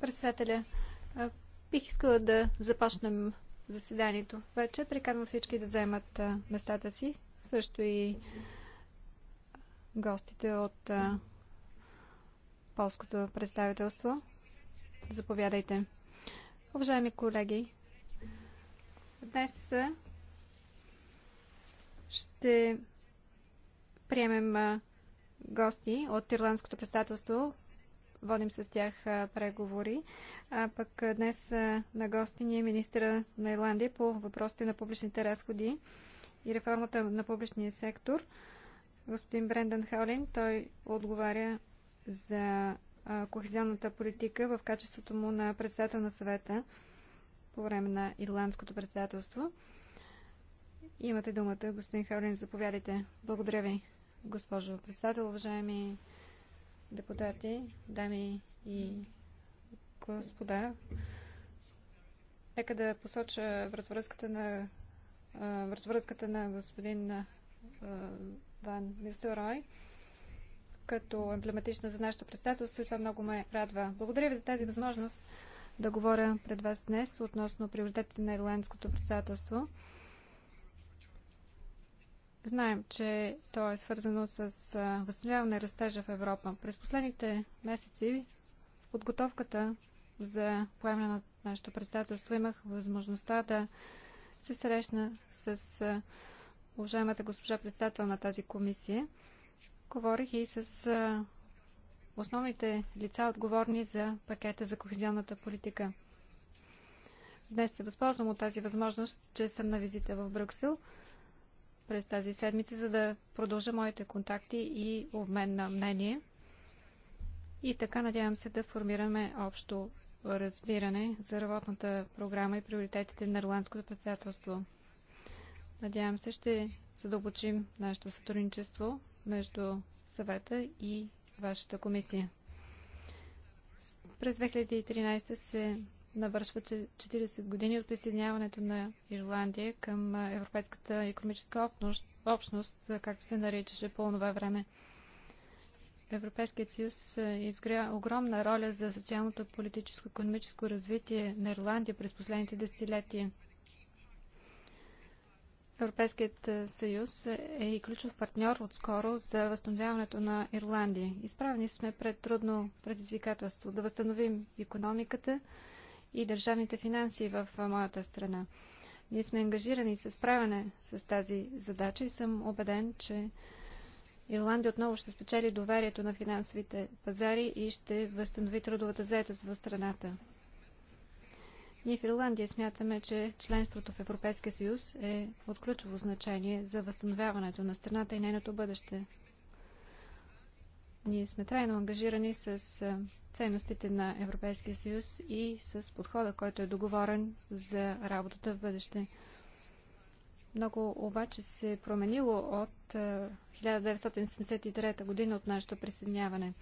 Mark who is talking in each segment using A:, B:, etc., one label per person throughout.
A: Председателя, бих искала да започнем заседанието вече. Приканвам всички да вземат местата си, също и гостите от полското представителство. Заповядайте. Уважаеми колеги, днес ще приемем гости от Ирландското представителство. Водим с тях преговори. А пък днес на гости ни е министра на Ирландия по въпросите на публичните разходи и реформата на публичния сектор. Господин Брендан Хаулин, той отговаря за кохезионната политика в качеството му на председател на съвета по време на ирландското председателство. Имате думата, господин Хаулин, заповядайте. Благодаря ви. Госпожо председател, уважаеми депутати, дами и господа, нека да посоча вратовръзката на, вратовръзката на господин Ван Мисорой като емблематична за нашето председателство и това много ме радва. Благодаря ви за тази възможност да говоря пред вас днес относно приоритетите на ирландското председателство. Знаем, че то е свързано с възстановяване растежа в Европа. През последните месеци в подготовката за поемане на нашето председателство имах възможността да се срещна с уважаемата госпожа председател на тази комисия. Говорих и с основните лица, отговорни за пакета за кохезионната политика. Днес се възползвам от тази възможност, че съм на визита в Брюксел – през тази седмица, за да продължа моите контакти и обмен на мнение. И така надявам се да формираме общо разбиране за работната програма и приоритетите на Ирландското председателство. Надявам се ще задълбочим нашето сътрудничество между съвета и вашата комисия. През 2013 се навършва 40 години от присъединяването на Ирландия към Европейската економическа общност, както се наричаше по това време. Европейският съюз изгря огромна роля за социалното, политическо, економическо развитие на Ирландия през последните десетилетия. Европейският съюз е и ключов партньор отскоро за възстановяването на Ирландия. Изправени сме пред трудно предизвикателство да възстановим економиката, и държавните финанси в моята страна. Ние сме ангажирани с справяне с тази задача и съм убеден, че Ирландия отново ще спечели доверието на финансовите пазари и ще възстанови трудовата заетост в страната. Ние в Ирландия смятаме, че членството в Европейския съюз е от ключово значение за възстановяването на страната и нейното бъдеще. Ние сме трайно ангажирани с ценностите на Европейския съюз и с подхода, който е договорен за работата в бъдеще. Много обаче се е променило от 1973 е, година от нашето присъединяване.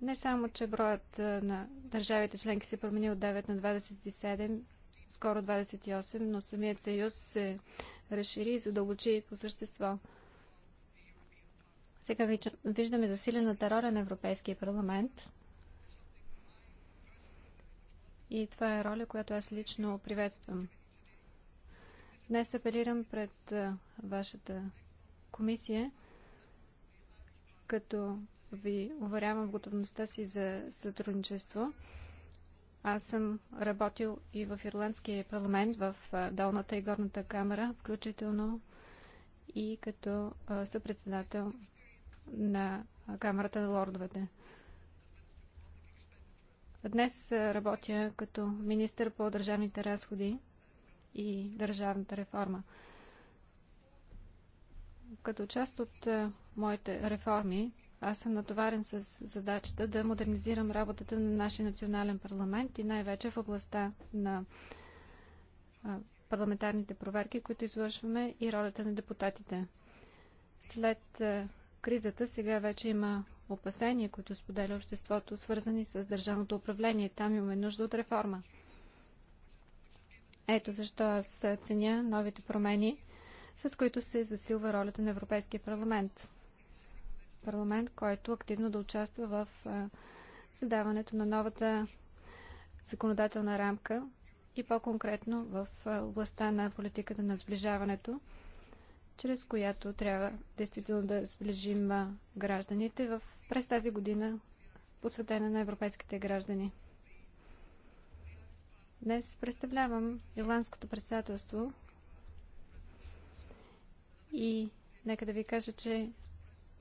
A: Не само, че броят е, на държавите членки се промени от 9 на 27, скоро 28, но самият съюз се разшири и задълбочи по същество. Сега виждаме засилената роля на Европейския парламент и това е роля, която аз лично приветствам. Днес апелирам пред вашата комисия, като ви уверявам в готовността си за сътрудничество. Аз съм работил и в Ирландския парламент, в долната и горната камера, включително и като съпредседател на Камерата на лордовете. Днес работя като министър по държавните разходи и държавната реформа. Като част от моите реформи, аз съм натоварен с задачата да модернизирам работата на нашия национален парламент и най-вече в областта на парламентарните проверки, които извършваме и ролята на депутатите. След кризата сега вече има опасения, които споделя обществото, свързани с държавното управление. Там имаме нужда от реформа. Ето защо аз ценя новите промени, с които се засилва ролята на Европейския парламент. Парламент, който активно да участва в създаването на новата законодателна рамка и по-конкретно в областта на политиката на сближаването, чрез която трябва действително да сближим гражданите в, през тази година, посветена на европейските граждани. Днес представлявам Ирландското председателство и нека да ви кажа, че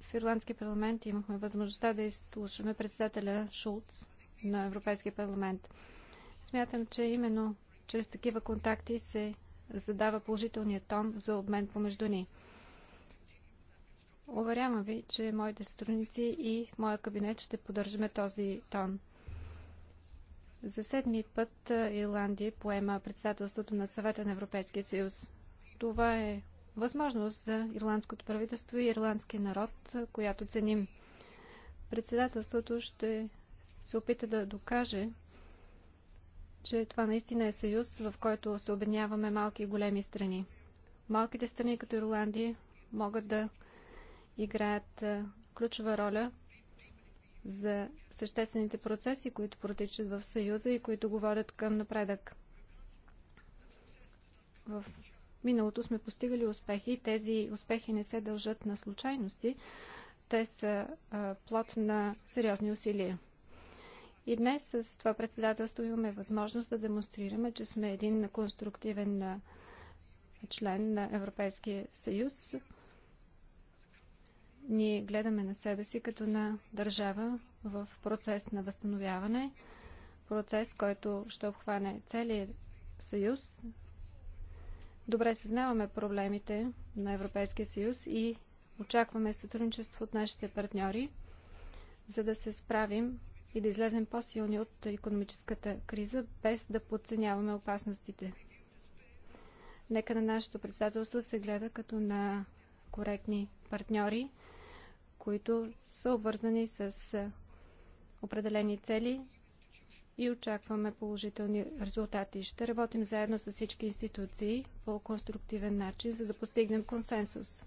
A: в Ирландския парламент имахме възможността да изслушаме председателя Шулц на Европейския парламент. Смятам, че именно чрез такива контакти се задава положителния тон за обмен помежду ни. Уверявам ви, че моите сътрудници и моя кабинет ще поддържаме този тон. За седми път Ирландия поема председателството на съвета на Европейския съюз. Това е възможност за ирландското правителство и ирландския народ, която ценим. Председателството ще се опита да докаже, че това наистина е съюз, в който се обедняваме малки и големи страни. Малките страни, като Ирландия, могат да играят ключова роля за съществените процеси, които протичат в Съюза и които го водят към напредък. В миналото сме постигали успехи. Тези успехи не се дължат на случайности. Те са плод на сериозни усилия. И днес с това председателство имаме възможност да демонстрираме, че сме един конструктивен член на Европейския съюз. Ние гледаме на себе си като на държава в процес на възстановяване, процес, който ще обхване целият съюз. Добре съзнаваме проблемите на Европейския съюз и очакваме сътрудничество от нашите партньори, за да се справим и да излезем по-силни от економическата криза, без да подценяваме опасностите. Нека на нашето председателство се гледа като на коректни партньори, които са обвързани с определени цели и очакваме положителни резултати. Ще работим заедно с всички институции по конструктивен начин, за да постигнем консенсус.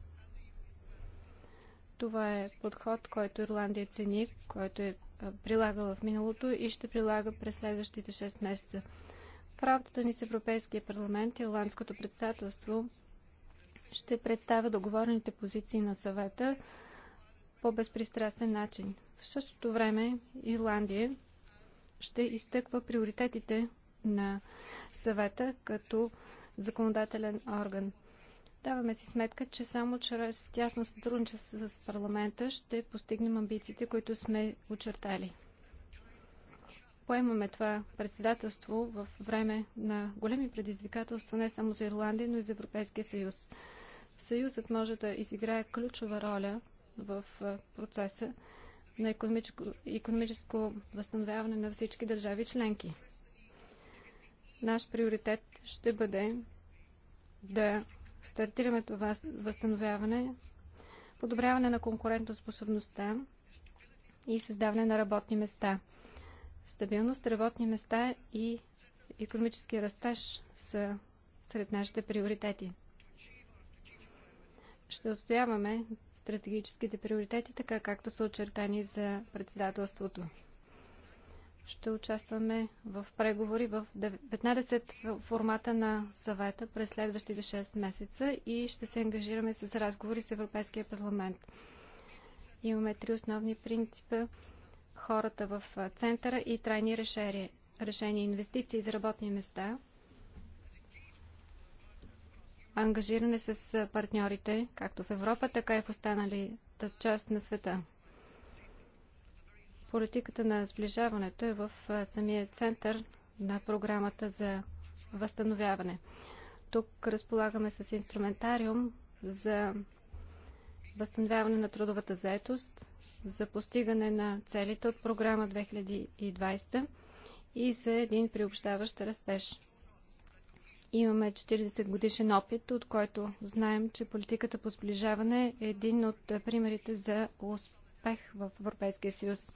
A: Това е подход, който Ирландия цени, който е прилагала в миналото и ще прилага през следващите 6 месеца. В работата ни с Европейския парламент и Ирландското председателство ще представя договорните позиции на съвета по безпристрастен начин. В същото време Ирландия ще изтъква приоритетите на съвета като законодателен орган – Даваме си сметка, че само чрез тясно сътрудничество с парламента ще постигнем амбициите, които сме очертали. Поемаме това председателство в време на големи предизвикателства не само за Ирландия, но и за Европейския съюз. Съюзът може да изиграе ключова роля в процеса на економическо, економическо възстановяване на всички държави членки. Наш приоритет ще бъде да стартираме това възстановяване, подобряване на конкурентоспособността и създаване на работни места. Стабилност, работни места и економически растеж са сред нашите приоритети. Ще отстояваме стратегическите приоритети, така както са очертани за председателството ще участваме в преговори в 15 формата на съвета през следващите 6 месеца и ще се ангажираме с разговори с Европейския парламент. Имаме три основни принципа хората в центъра и трайни решения. Решения инвестиции за работни места, ангажиране с партньорите, както в Европа, така и в останалата част на света. Политиката на сближаването е в самия център на програмата за възстановяване. Тук разполагаме с инструментариум за възстановяване на трудовата заетост, за постигане на целите от програма 2020 и за един приобщаващ растеж. Имаме 40 годишен опит, от който знаем, че политиката по сближаване е един от примерите за успех в Европейския съюз.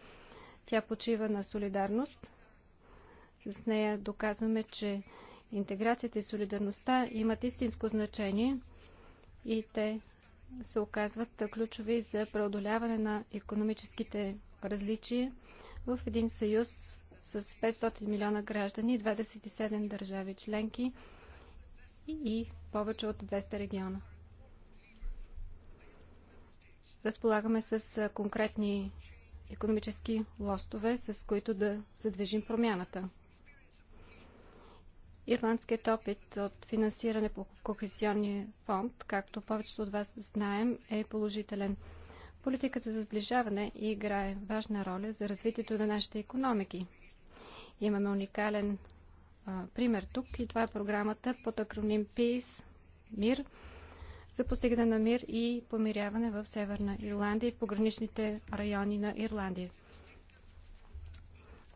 A: Тя почива на солидарност. С нея доказваме, че интеграцията и солидарността имат истинско значение и те се оказват ключови за преодоляване на економическите различия в един съюз с 500 милиона граждани, 27 държави членки и повече от 200 региона. Разполагаме с конкретни економически лостове, с които да задвижим промяната. Ирландският опит от финансиране по кохезионния фонд, както повечето от вас знаем, е положителен. Политиката за сближаване играе важна роля за развитието на нашите економики. Имаме уникален а, пример тук и това е програмата под акроним PEACE – МИР – за постигане на мир и помиряване в Северна Ирландия и в пограничните райони на Ирландия.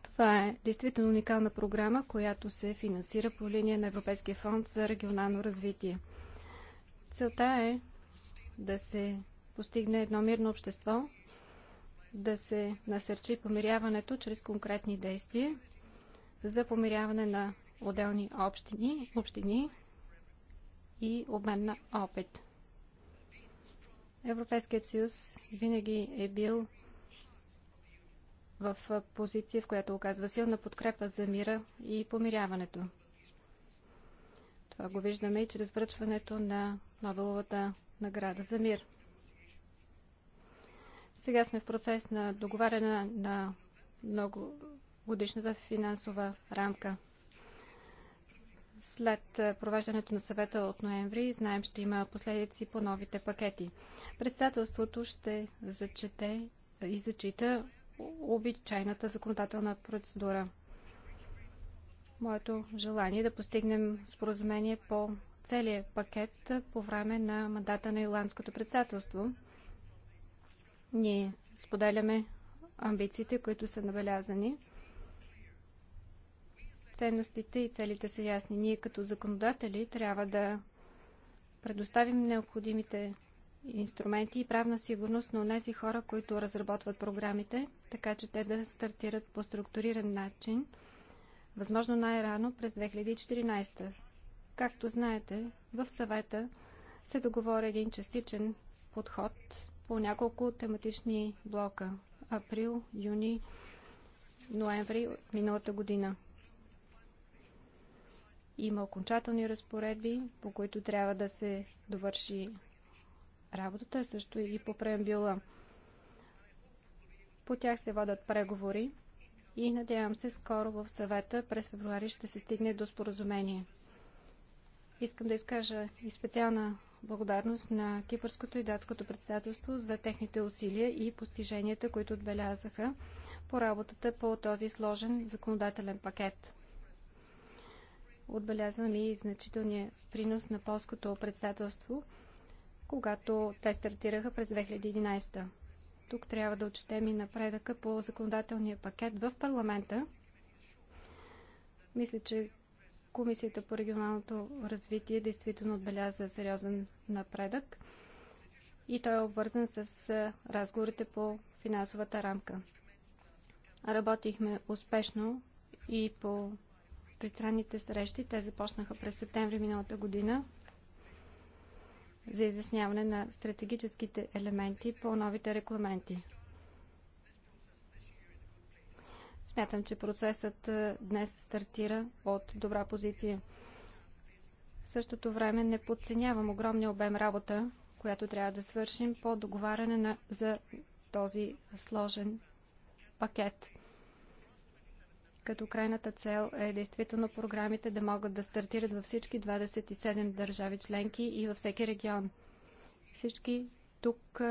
A: Това е действително уникална програма, която се финансира по линия на Европейския фонд за регионално развитие. Целта е да се постигне едно мирно общество, да се насърчи помиряването чрез конкретни действия за помиряване на отделни общини, общини и обмен на опит. Европейският съюз винаги е бил в позиция, в която оказва силна подкрепа за мира и помиряването. Това го виждаме и чрез връчването на Нобеловата награда за мир. Сега сме в процес на договаряне на много годишната финансова рамка. След е, провеждането на съвета от ноември, знаем, ще има последици по новите пакети. Председателството ще зачете е, и зачита обичайната законодателна процедура. Моето желание е да постигнем споразумение по целия пакет е, по време на мандата на Ирландското председателство. Ние споделяме амбициите, които са набелязани. Ценностите и целите са ясни. Ние като законодатели трябва да предоставим необходимите инструменти и правна сигурност на тези хора, които разработват програмите, така че те да стартират по структуриран начин, възможно най-рано през 2014. Както знаете, в съвета се договори един частичен подход по няколко тематични блока – април, юни, ноември миналата година. Има окончателни разпоредби, по които трябва да се довърши работата, също и по преамбюла. По тях се водят преговори и надявам се скоро в съвета през февруари ще се стигне до споразумение. Искам да изкажа и специална благодарност на Кипърското и датското председателство за техните усилия и постиженията, които отбелязаха по работата по този сложен законодателен пакет. Отбелязвам и значителния принос на полското председателство, когато те стартираха през 2011 Тук трябва да отчетем и напредъка по законодателния пакет в парламента. Мисля, че Комисията по регионалното развитие действително отбеляза сериозен напредък и той е обвързан с разговорите по финансовата рамка. Работихме успешно и по тристранните срещи. Те започнаха през септември миналата година за изясняване на стратегическите елементи по новите регламенти. Смятам, че процесът е, днес стартира от добра позиция. В същото време не подценявам огромния обем работа, която трябва да свършим по договаряне на, за този сложен пакет като крайната цел е действително програмите да могат да стартират във всички 27 държави членки и във всеки регион. Всички тук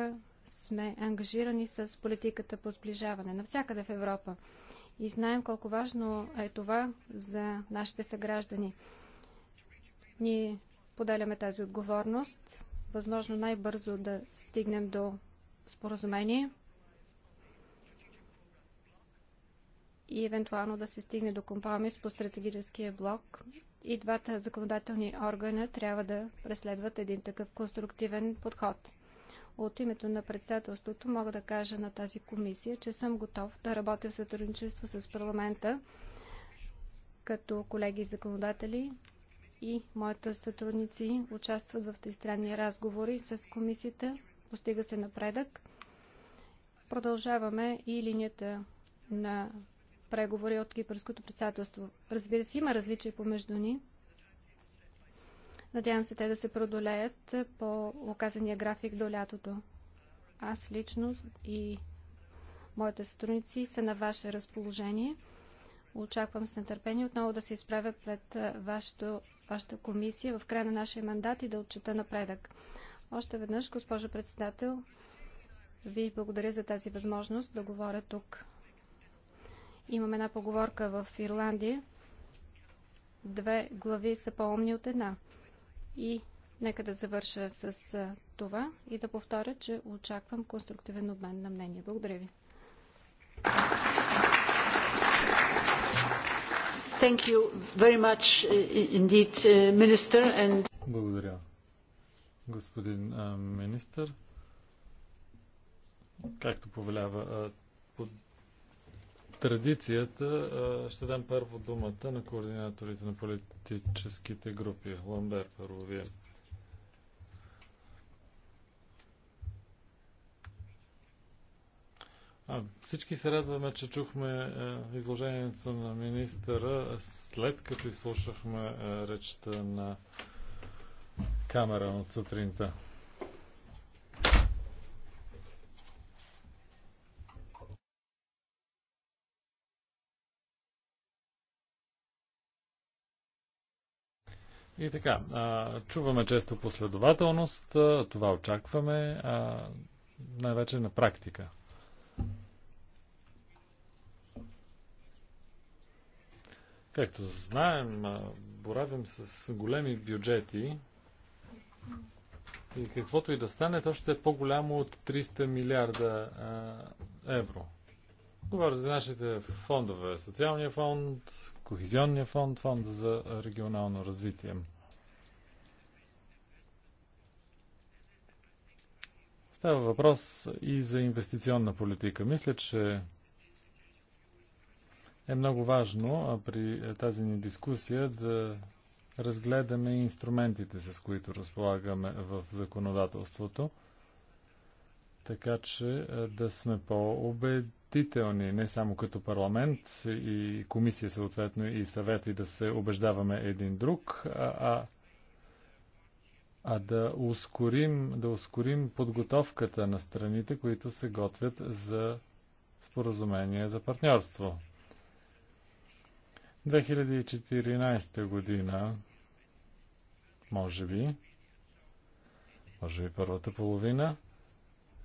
A: сме ангажирани с политиката по сближаване навсякъде в Европа и знаем колко важно е това за нашите съграждани. Ние поделяме тази отговорност, възможно най-бързо да стигнем до споразумение – и евентуално да се стигне до компромис по стратегическия блок. И двата законодателни органа трябва да преследват един такъв конструктивен подход. От името на председателството мога да кажа на тази комисия, че съм готов да работя в сътрудничество с парламента като колеги законодатели и моите сътрудници участват в тези странни разговори с комисията. Постига се напредък. Продължаваме и линията на преговори от кипърското председателство. Разбира се, има различия помежду ни. Надявам се те да се продолеят по оказания график до лятото. Аз лично и моите сътрудници са на ваше разположение. Очаквам с нетърпение отново да се изправя пред вашето, вашата комисия в края на нашия мандат и да отчета напредък. Още веднъж, госпожо председател, ви благодаря за тази възможност да говоря тук. Имам една поговорка в Ирландия. Две глави са по-умни от една. И нека да завърша с това и да повторя, че очаквам конструктивен обмен на мнение. Благодаря ви.
B: Thank you very much uh, indeed, uh, Minister. And...
C: Благодаря, господин министър. Както повелява традицията ще дам първо думата на координаторите на политическите групи. Ламбер, първо вие. А, всички се радваме, че чухме е, изложението на министъра след като изслушахме е, речта на камера от сутринта. И така, чуваме често последователност, това очакваме, а, най-вече на практика. Както знаем, боравим с големи бюджети и каквото и да стане, то ще е по-голямо от 300 милиарда евро. Говоря за нашите фондове. Социалния фонд, Кохизионния фонд, фонд за регионално развитие. Става въпрос и за инвестиционна политика. Мисля, че е много важно а при тази ни дискусия да разгледаме инструментите, с които разполагаме в законодателството, така че да сме по-убедителни, не само като парламент и комисия съответно и съвет и да се убеждаваме един друг, а, а а да ускорим, да ускорим подготовката на страните, които се готвят за споразумение за партньорство. 2014 година, може би, може би първата половина,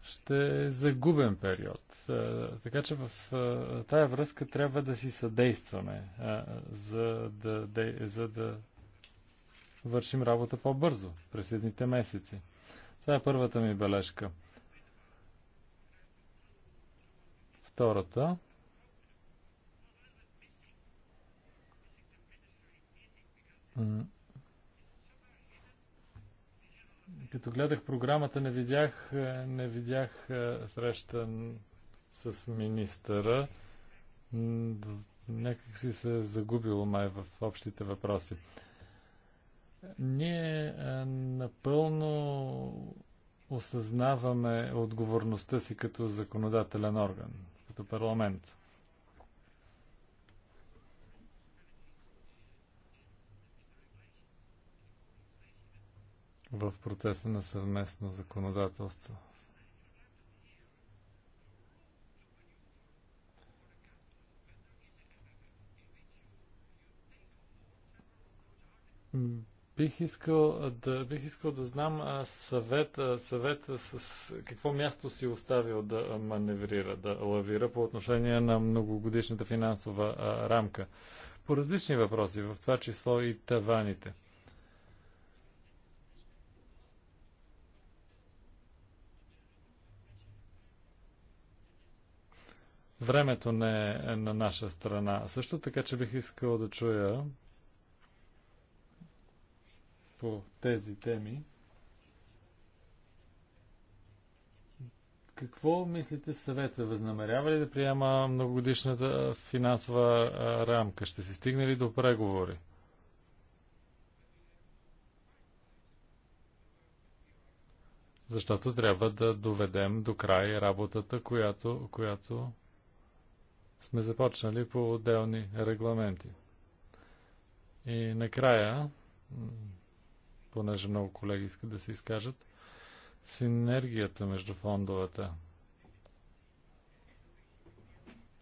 C: ще е загубен период. Така че в тая връзка трябва да си съдействаме, за да, за да вършим работа по-бързо през едните месеци. Това е първата ми бележка. Втората. Като гледах програмата, не видях, е, не видях е, среща с министъра. Някак си се е загубило май в общите въпроси. Ние е, напълно осъзнаваме отговорността си като законодателен орган, като парламент. в процеса на съвместно законодателство. Mm Бих искал да, бих искал да знам съвет, съвет с какво място си оставил да маневрира, да лавира по отношение на многогодишната финансова а, рамка. По различни въпроси, в това число и таваните. Времето не е на наша страна. Също така, че бих искал да чуя по тези теми. Какво мислите съвета? Възнамерява ли да приема многогодишната финансова рамка? Ще се стигне ли до преговори? Защото трябва да доведем до край работата, която, която сме започнали по отделни регламенти. И накрая понеже много колеги искат да се изкажат. Синергията между фондовете.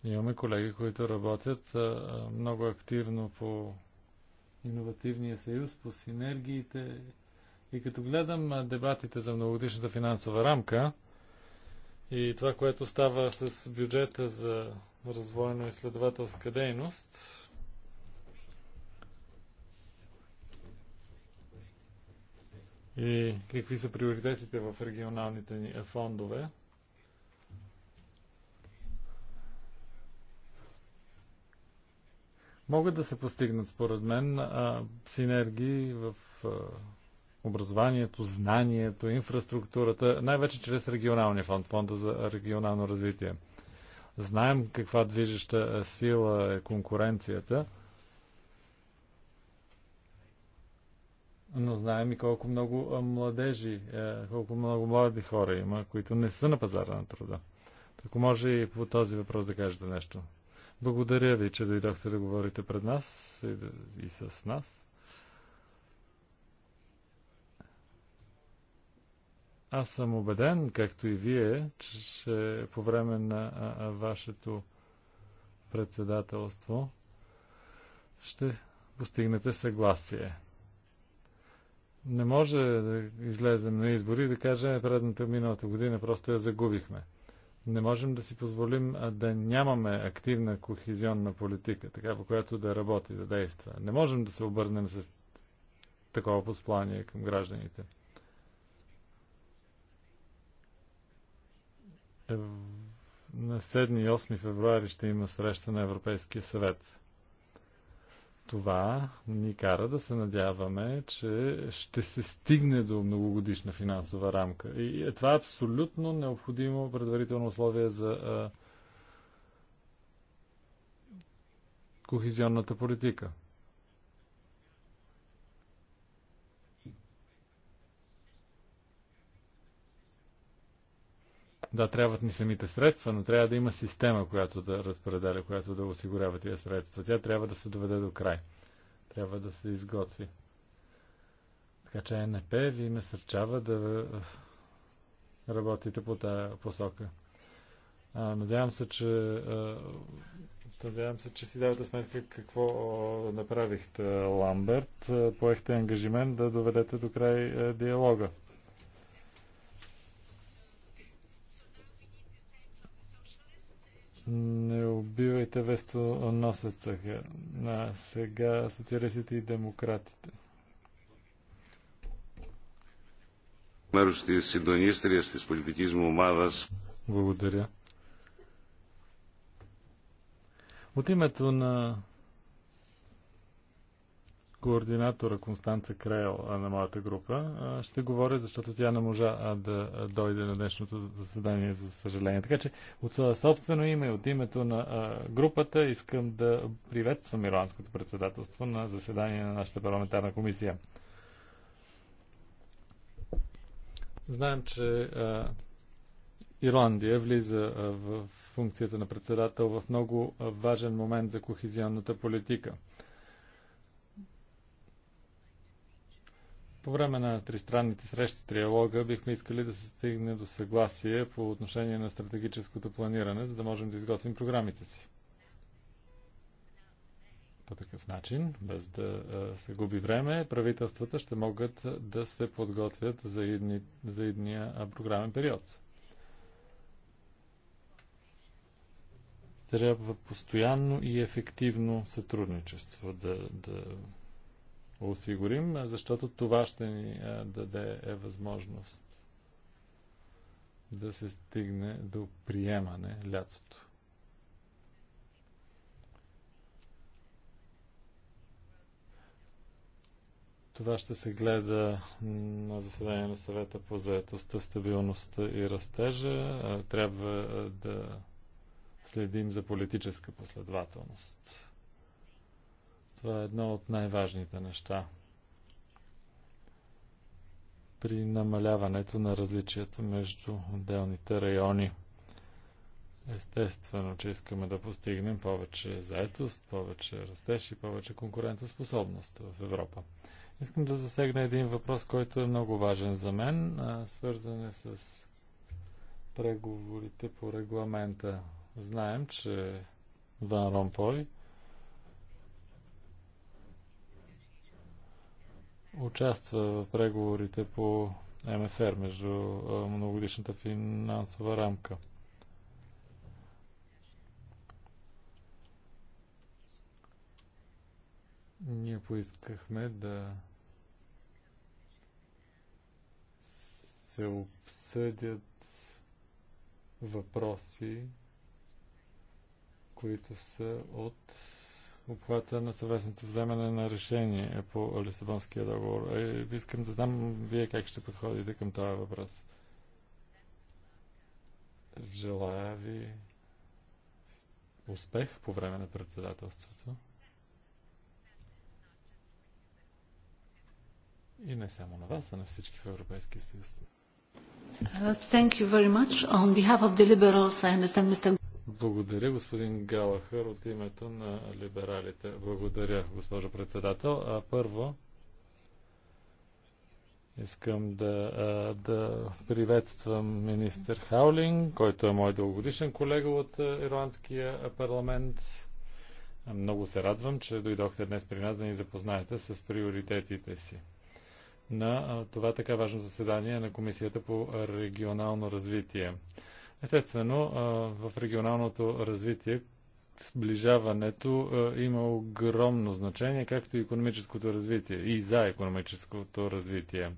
C: Имаме колеги, които работят много активно по иновативния съюз, по синергиите. И като гледам дебатите за многогодишната финансова рамка и това, което става с бюджета за развойно-изследователска дейност, и какви са приоритетите в регионалните ни фондове. Могат да се постигнат, според мен, синергии в образованието, знанието, инфраструктурата, най-вече чрез регионалния фонд, фонда за регионално развитие. Знаем каква движеща сила е конкуренцията – Но знаем и колко много младежи, е, колко много млади хора има, които не са на пазара на труда. Ако може и по този въпрос да кажете нещо. Благодаря ви, че дойдохте да говорите пред нас и, да, и с нас. Аз съм убеден, както и вие, че по време на а, а, вашето председателство ще постигнете съгласие. Не може да излезем на избори и да кажем е предната миналата година просто я загубихме. Не можем да си позволим да нямаме активна кохезионна политика, така по която да работи, да действа. Не можем да се обърнем с такова послание към гражданите. Е, на 7 и 8 февруари ще има среща на Европейския съвет. Това ни кара да се надяваме, че ще се стигне до многогодишна финансова рамка. И е, това е абсолютно необходимо предварително условие за а, кохезионната политика. Да, трябват ни самите средства, но трябва да има система, която да разпределя, която да осигурява тия средства. Тя трябва да се доведе до край. Трябва да се изготви. Така че НП ви насърчава да работите по тази посока. А, надявам се, че Надявам се, че си давате сметка какво направихте, Ламберт. Поехте ангажимент да доведете до край диалога. Не убивайте вестоносеца. А сега социалистите и демократите. Благодаря. От името на координатора Констанца Крейл на моята група. Ще говоря, защото тя не можа да дойде на днешното заседание, за съжаление. Така че от своя собствено име и от името на групата искам да приветствам Ирландското председателство на заседание на нашата парламентарна комисия. Знаем, че Ирландия влиза в функцията на председател в много важен момент за кохезионната политика – По време на тристранните срещи с триалога бихме искали да се стигне до съгласие по отношение на стратегическото планиране, за да можем да изготвим програмите си. По такъв начин, без да се губи време, правителствата ще могат да се подготвят за, едни, за едния програмен период. Трябва постоянно и ефективно сътрудничество да, да осигурим, защото това ще ни даде е възможност да се стигне до приемане лятото. Това ще се гледа на заседание на съвета по заетостта, стабилността и растежа. Трябва да следим за политическа последователност. Това е едно от най-важните неща при намаляването на различията между отделните райони. Естествено, че искаме да постигнем повече заетост, повече растеж и повече конкурентоспособност в Европа. Искам да засегна един въпрос, който е много важен за мен, свързан е с преговорите по регламента. Знаем, че Ван Ромпой участва в преговорите по МФР между многогодишната финансова рамка. Ние поискахме да се обсъдят въпроси, които са от обхвата на съвестното вземане на решение по Лисабонския договор. Е, искам да знам вие как ще подходите към този въпрос. Желая ви успех по време на председателството. И не само на вас, а на всички в Европейския съюз.
B: Uh, thank you very much. On behalf of the Liberals, I
C: understand Mr. Благодаря, господин Галахър, от името на либералите. Благодаря, госпожо председател. А първо, искам да, да приветствам министър Хаулинг, който е мой дългогодишен колега от Ирландския парламент. Много се радвам, че дойдохте днес при нас да ни запознаете с приоритетите си на това така важно заседание на Комисията по регионално развитие. Естествено, в регионалното развитие сближаването има огромно значение, както и економическото развитие, и за економическото развитие.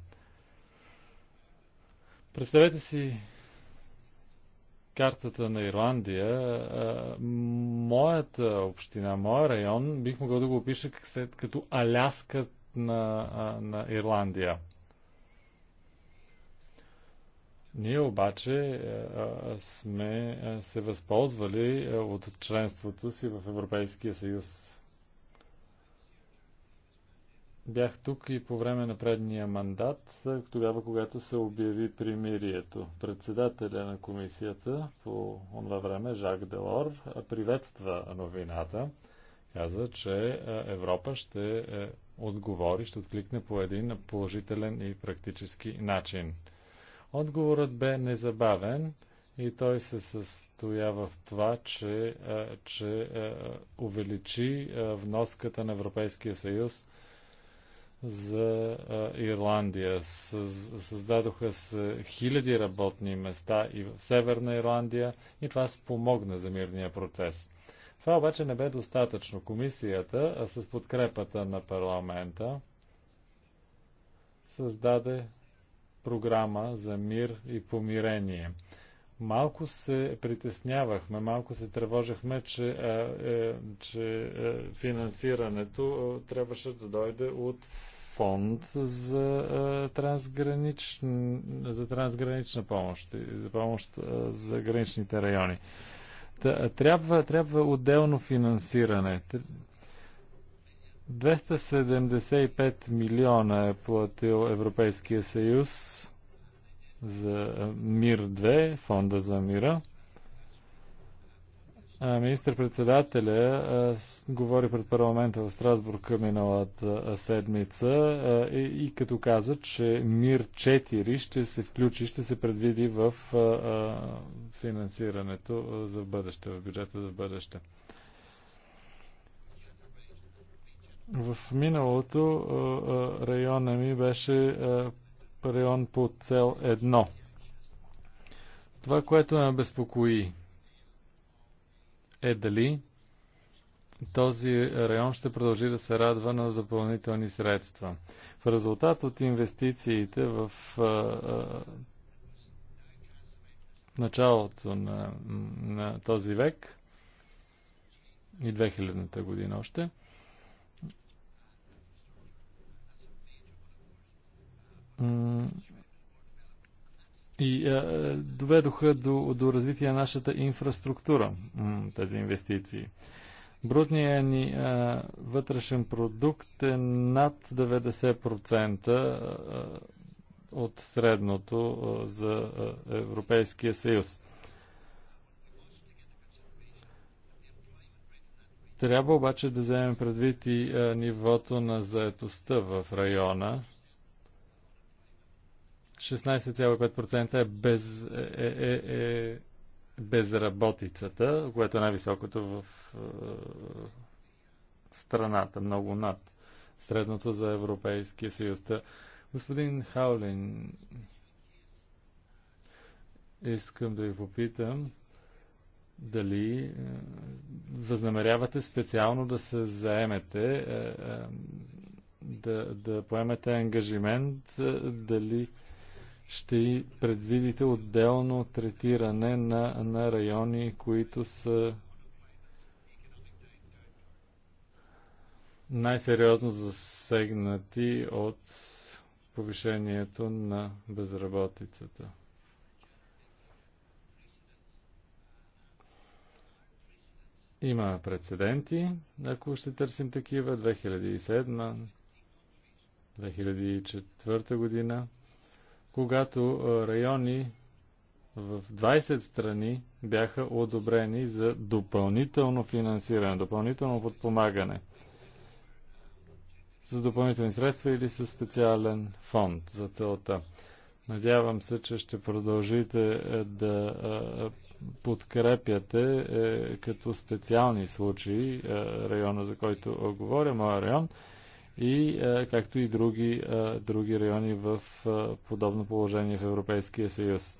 C: Представете си картата на Ирландия. Моята община, моя район, бих могъл да го опиша като Аляска на, на Ирландия. Ние обаче е, сме е, се възползвали е, от членството си в Европейския съюз. Бях тук и по време на предния мандат, тогава когато се обяви примирието. Председателя на комисията по това време, Жак Делор, приветства новината. Каза, че Европа ще отговори, ще откликне по един положителен и практически начин. Отговорът бе незабавен и той се състоя в това, че, е, че е, увеличи е, вноската на Европейския съюз за Ирландия. Създадоха се хиляди работни места и в Северна Ирландия и това спомогна за мирния процес. Това обаче не бе достатъчно. Комисията, с подкрепата на парламента, създаде програма за мир и помирение. Малко се притеснявахме, малко се тревожихме, че, а, е, е, че е, финансирането а, е, трябваше да дойде от фонд за, а, е, трансгранич, за трансгранична помощ и за помощ а, за граничните райони. Та, трябва, трябва отделно финансиране. 275 милиона е платил Европейския съюз за Мир 2, фонда за мира. Министър-председателя говори пред парламента в Страсбург миналата седмица а, и, и като каза, че Мир 4 ще се включи, ще се предвиди в а, а, финансирането за бъдеще, в бюджета за бъдеще. В миналото района ми беше район по цел 1. Това, което ме безпокои е дали този район ще продължи да се радва на допълнителни средства. В резултат от инвестициите в началото на, на този век и 2000-та година още, и е, е, доведоха до, до развитие на нашата инфраструктура тези инвестиции. Брутният ни е, вътрешен продукт е над 90% е, е, от средното за Европейския съюз. Трябва обаче да вземем предвид и нивото на заетостта в района. 16,5% е, без, е, е, е, е безработицата, което е най-високото в е, страната, много над средното за Европейския съюз. господин Хаулин, искам да ви попитам дали е, възнамерявате специално да се заемете, е, е, да, да поемете ангажимент, е, дали ще предвидите отделно третиране на, на райони, които са най-сериозно засегнати от повишението на безработицата. Има прецеденти, ако ще търсим такива, 2007, 2004 година когато райони в 20 страни бяха одобрени за допълнително финансиране, допълнително подпомагане с допълнителни средства или с специален фонд за целта. Надявам се, че ще продължите е, да подкрепяте е, като специални случаи е, района, за който говоря, моя район – и е, както и други, е, други райони в е, подобно положение в Европейския съюз.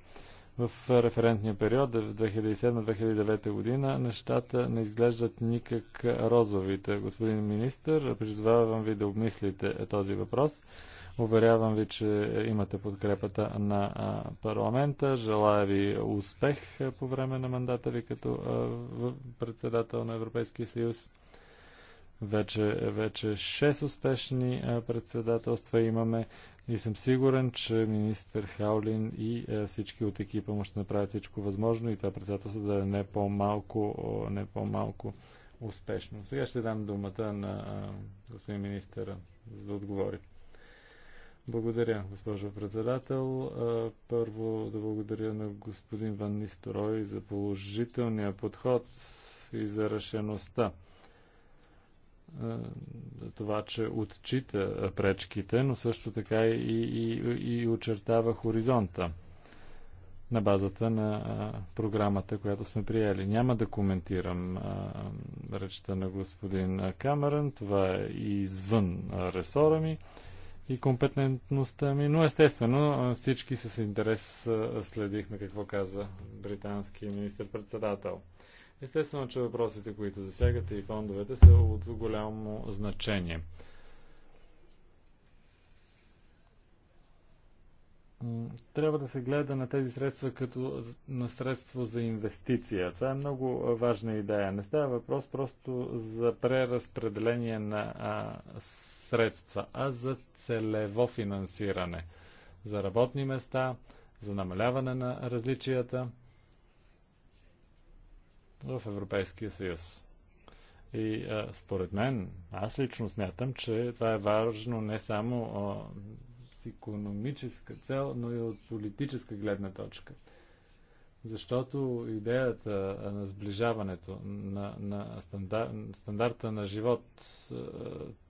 C: В референтния период 2007-2009 година нещата не изглеждат никак розовите. Господин министр, призвавам ви да обмислите този въпрос. Уверявам ви, че имате подкрепата на парламента. Желая ви успех по време на мандата ви като председател на Европейския съюз. Вече, вече 6 успешни председателства имаме и съм сигурен, че министър Хаулин и всички от екипа му ще направят всичко възможно и това председателство да е не по-малко, не по-малко успешно. Сега ще дам думата на господин министъра, за да отговори. Благодаря, госпожо председател. Първо да благодаря на господин Ван Нисторой за положителния подход и за решеността е, за това, че отчита пречките, но също така и, и, и очертава хоризонта на базата на а, програмата, която сме приели. Няма да коментирам а, речта на господин Камерън, това е извън а, ресора ми и компетентността ми, но естествено всички с интерес следихме какво каза британски министр-председател. Естествено, че въпросите, които засягате и фондовете, са от голямо значение. трябва да се гледа на тези средства като на средство за инвестиция. Това е много важна идея. Не става въпрос просто за преразпределение на а, средства, а за целево финансиране. За работни места, за намаляване на различията в Европейския съюз. И а, според мен, аз лично смятам, че това е важно не само а, с економическа цел, но и от политическа гледна точка. Защото идеята на сближаването, на, на стандар, стандарта на живот,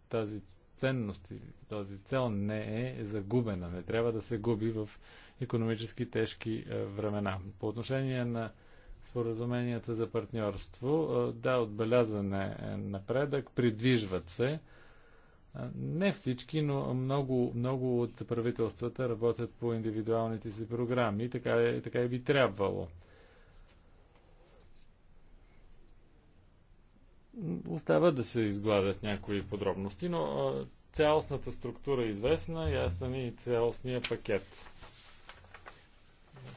C: тази ценност и този цел не е загубена, не трябва да се губи в економически тежки времена. По отношение на споразуменията за партньорство. Е, да, отбелязане е напредък, придвижват се. Е, не всички, но много, много от правителствата работят по индивидуалните си програми. Така, е, така и би трябвало. Остава да се изгладят някои подробности, но цялостната структура е известна, ясен и цялостния пакет.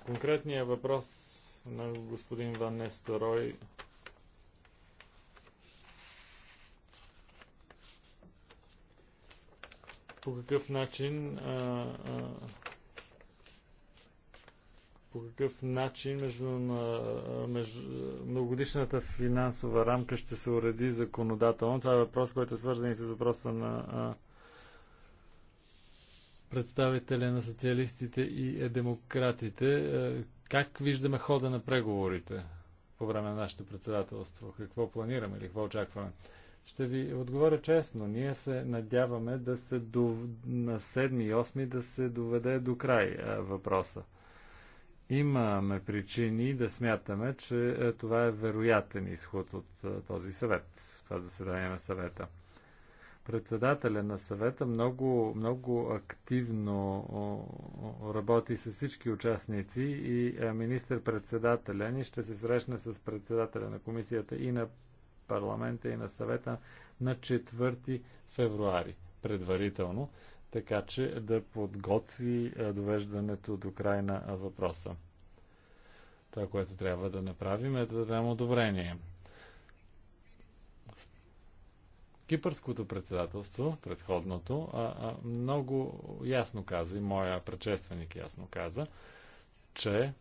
C: Конкретният въпрос на господин Ван Нестерой. По какъв начин а, а, по какъв начин между, между многогодишната финансова рамка ще се уреди законодателно? Това е въпрос, който е свързан и с въпроса на а, представителя на социалистите и е демократите. Как виждаме хода на преговорите по време на нашето председателство? Какво планираме или какво очакваме? Ще ви отговоря честно. Ние се надяваме да се до... на 7 и 8 да се доведе до край а, е, въпроса. Имаме причини да смятаме, че е, това е вероятен изход от а, е, този съвет, това заседание на съвета председателя на съвета много, много активно работи с всички участници и е, министър-председателя ни ще се срещне с председателя на комисията и на парламента и на съвета на 4 февруари предварително, така че да подготви е, довеждането до край на въпроса. Това, което трябва да направим е да дадем одобрение Кипърското председателство, предходното, а, а, много ясно каза и моя предшественик ясно каза, че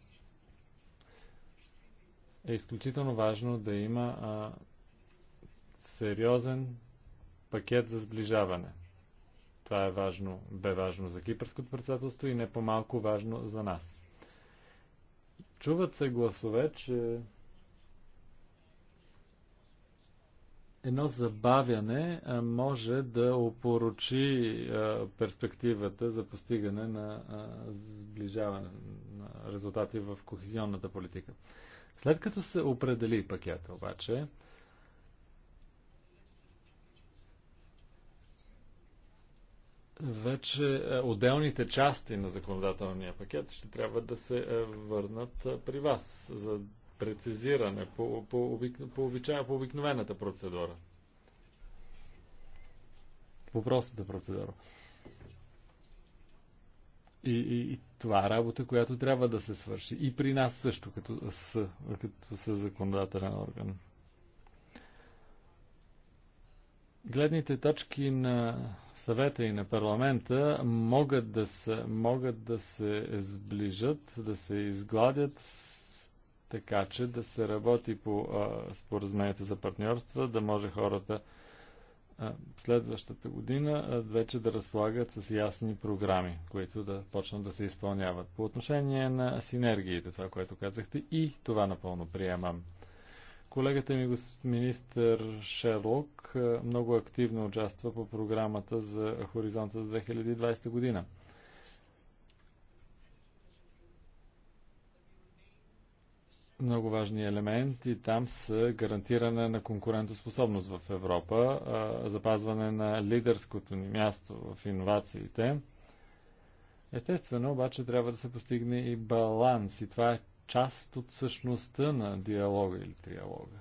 C: е изключително важно да има а, сериозен пакет за сближаване. Това е важно, бе важно за кипърското председателство и не по-малко важно за нас. Чуват се гласове, че едно забавяне може да опорочи перспективата за постигане на сближаване на резултати в кохезионната политика. След като се определи пакета обаче, вече отделните части на законодателния пакет ще трябва да се върнат при вас, за прецизиране по, по, обик, по, обича, по обикновената процедура. По простата процедура. И, и, и това е работа, която трябва да се свърши. И при нас също, като с, като с законодателен орган. гледните точки на съвета и на парламента могат да се, могат да се сближат, да се изгладят с така че да се работи по споразумението за партньорства, да може хората следващата година вече да разполагат с ясни програми, които да почнат да се изпълняват. По отношение на синергиите, това, което казахте, и това напълно приемам. Колегата ми, министър Шерлок, много активно участва по програмата за Хоризонта за 2020 година. много важни елементи там са гарантиране на конкурентоспособност в Европа, запазване на лидерското ни място в иновациите. Естествено, обаче трябва да се постигне и баланс и това е част от същността на диалога или триалога.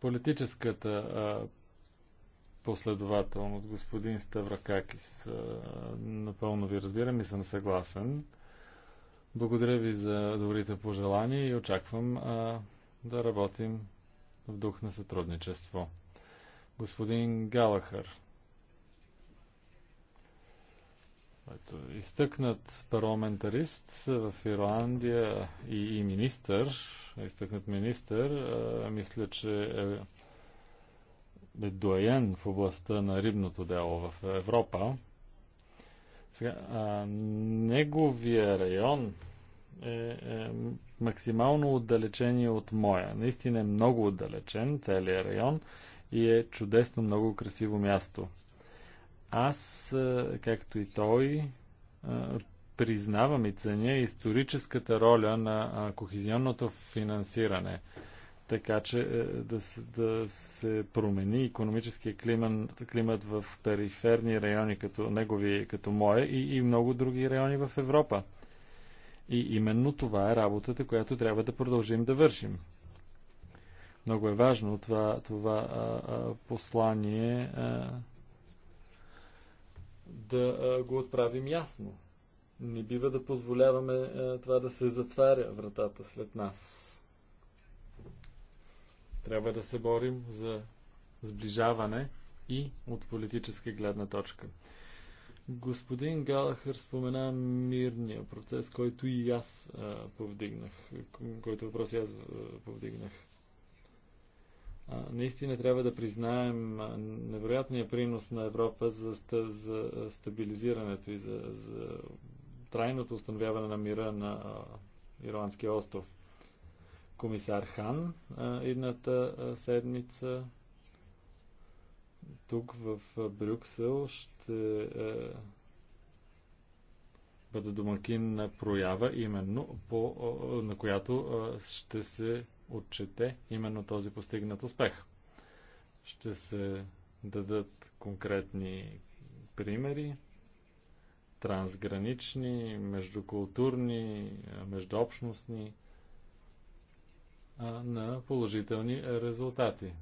C: Политическата последователност, господин Ставракакис, напълно ви разбирам и съм съгласен. Благодаря ви за добрите пожелания и очаквам а, да работим в дух на сътрудничество. Господин Галахър, който е изтъкнат парламентарист в Ирландия и, и министър, изтъкнат министър, а, мисля, че е, е доен в областта на рибното дело в Европа. Сега, а, неговия район е, е максимално отдалечен от моя. Наистина е много отдалечен целият район и е чудесно, много красиво място. Аз, както и той, признавам и ценя историческата роля на кохезионното финансиране – така че е, да, да се промени економическия климат, климат в периферни райони, като негови, като мое и, и много други райони в Европа. И именно това е работата, която трябва да продължим да вършим. Много е важно това, това а, а, послание а, да а, го отправим ясно. Не бива да позволяваме а, това да се затваря вратата след нас. Трябва да се борим за сближаване и от политическа гледна точка. Господин Галахър спомена мирния процес, който и аз а, повдигнах, който въпрос и аз а, повдигнах. А, наистина трябва да признаем невероятния принос на Европа за, за стабилизирането и за, за трайното установяване на мира на а, Ирландския остров комисар Хан едната седмица. Тук в Брюксел ще бъде домакин на проява, именно по, на която ще се отчете именно този постигнат успех. Ще се дадат конкретни примери, трансгранични, междукултурни, междуобщностни на положителни резултати.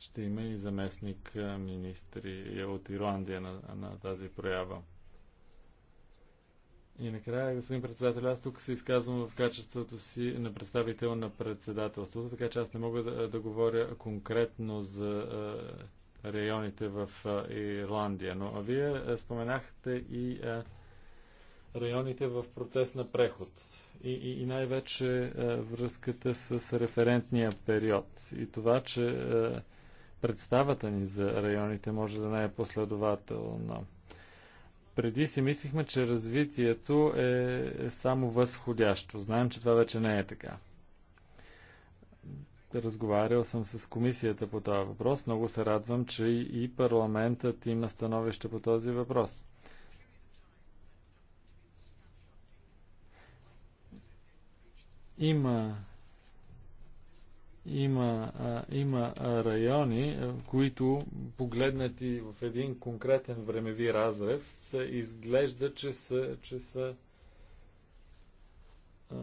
C: Ще има и заместник министри от Ирландия на, на тази проява. И накрая, господин председател, аз тук се изказвам в качеството си на представител на председателството, така че аз не мога да, да говоря конкретно за а, районите в а, Ирландия. Но а вие споменахте и районите в процес на преход и, и, и най-вече е, връзката с референтния период и това, че а, е, представата ни за районите може да не е последователна. Преди си мислихме, че развитието е, е само възходящо. Знаем, че това вече не е така. Разговарял съм с комисията по този въпрос. Много се радвам, че и парламентът има становище по този въпрос. Има има, има райони, които погледнати в един конкретен времеви разрев, се изглежда, че са, че са а,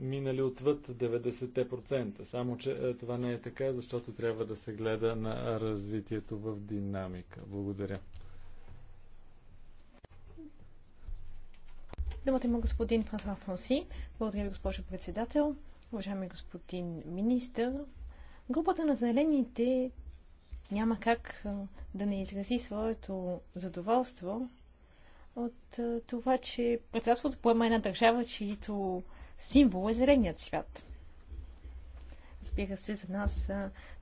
C: минали отвъд 90%. Само, че а, това не е така, защото трябва да се гледа на развитието в динамика. Благодаря.
B: Думата има господин Франсуа Франси. Благодаря ви, госпожо председател. Уважаеми господин министр, групата на зелените няма как да не изрази своето задоволство от това, че председателството поема една държава, чието символ е зеленият свят. Разбира се, за нас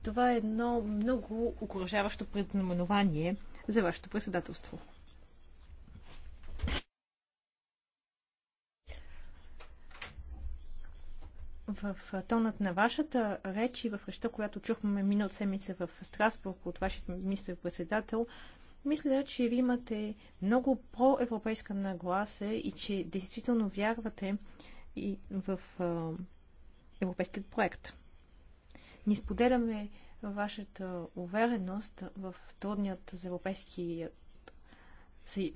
B: това е едно много окоръжаващо преднаменование за вашето председателство. в тонът на вашата реч и в речта, която чухме минал седмица в Страсбург от вашия министр-председател, мисля, че ви имате много по-европейска нагласа и че действително вярвате и в а, европейският проект. Ни споделяме вашата увереност в трудният за европейски в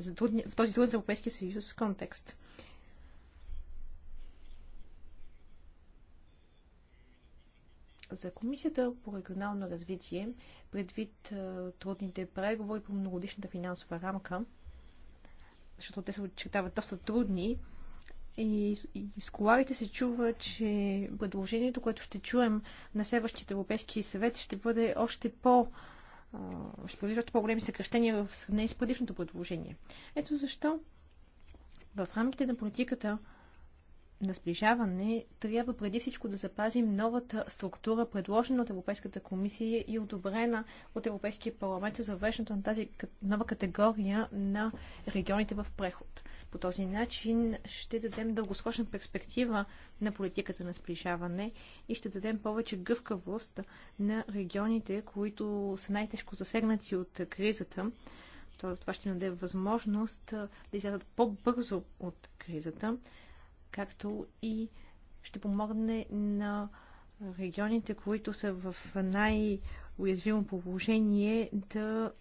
B: този труден за Европейския съюз контекст. За Комисията по регионално развитие, предвид трудните преговори по многодишната финансова рамка, защото те се очертават доста трудни, и, и в коларите се чува, че предложението, което ще чуем на следващите Европейски съвет, ще бъде още по- ще бъде още по-големи съкръщения в сравнение с предишното предложение. Ето защо в рамките на политиката на сближаване, трябва преди всичко да запазим новата структура, предложена от Европейската комисия и одобрена от Европейския парламент за завеждането на тази нова категория на регионите в преход. По този начин ще дадем дългосрочна перспектива на политиката на сближаване и ще дадем повече гъвкавост на регионите, които са най-тежко засегнати от кризата. Това ще даде възможност да излязат по-бързо от кризата както и ще помогне на регионите, които са в най-уязвимо положение, да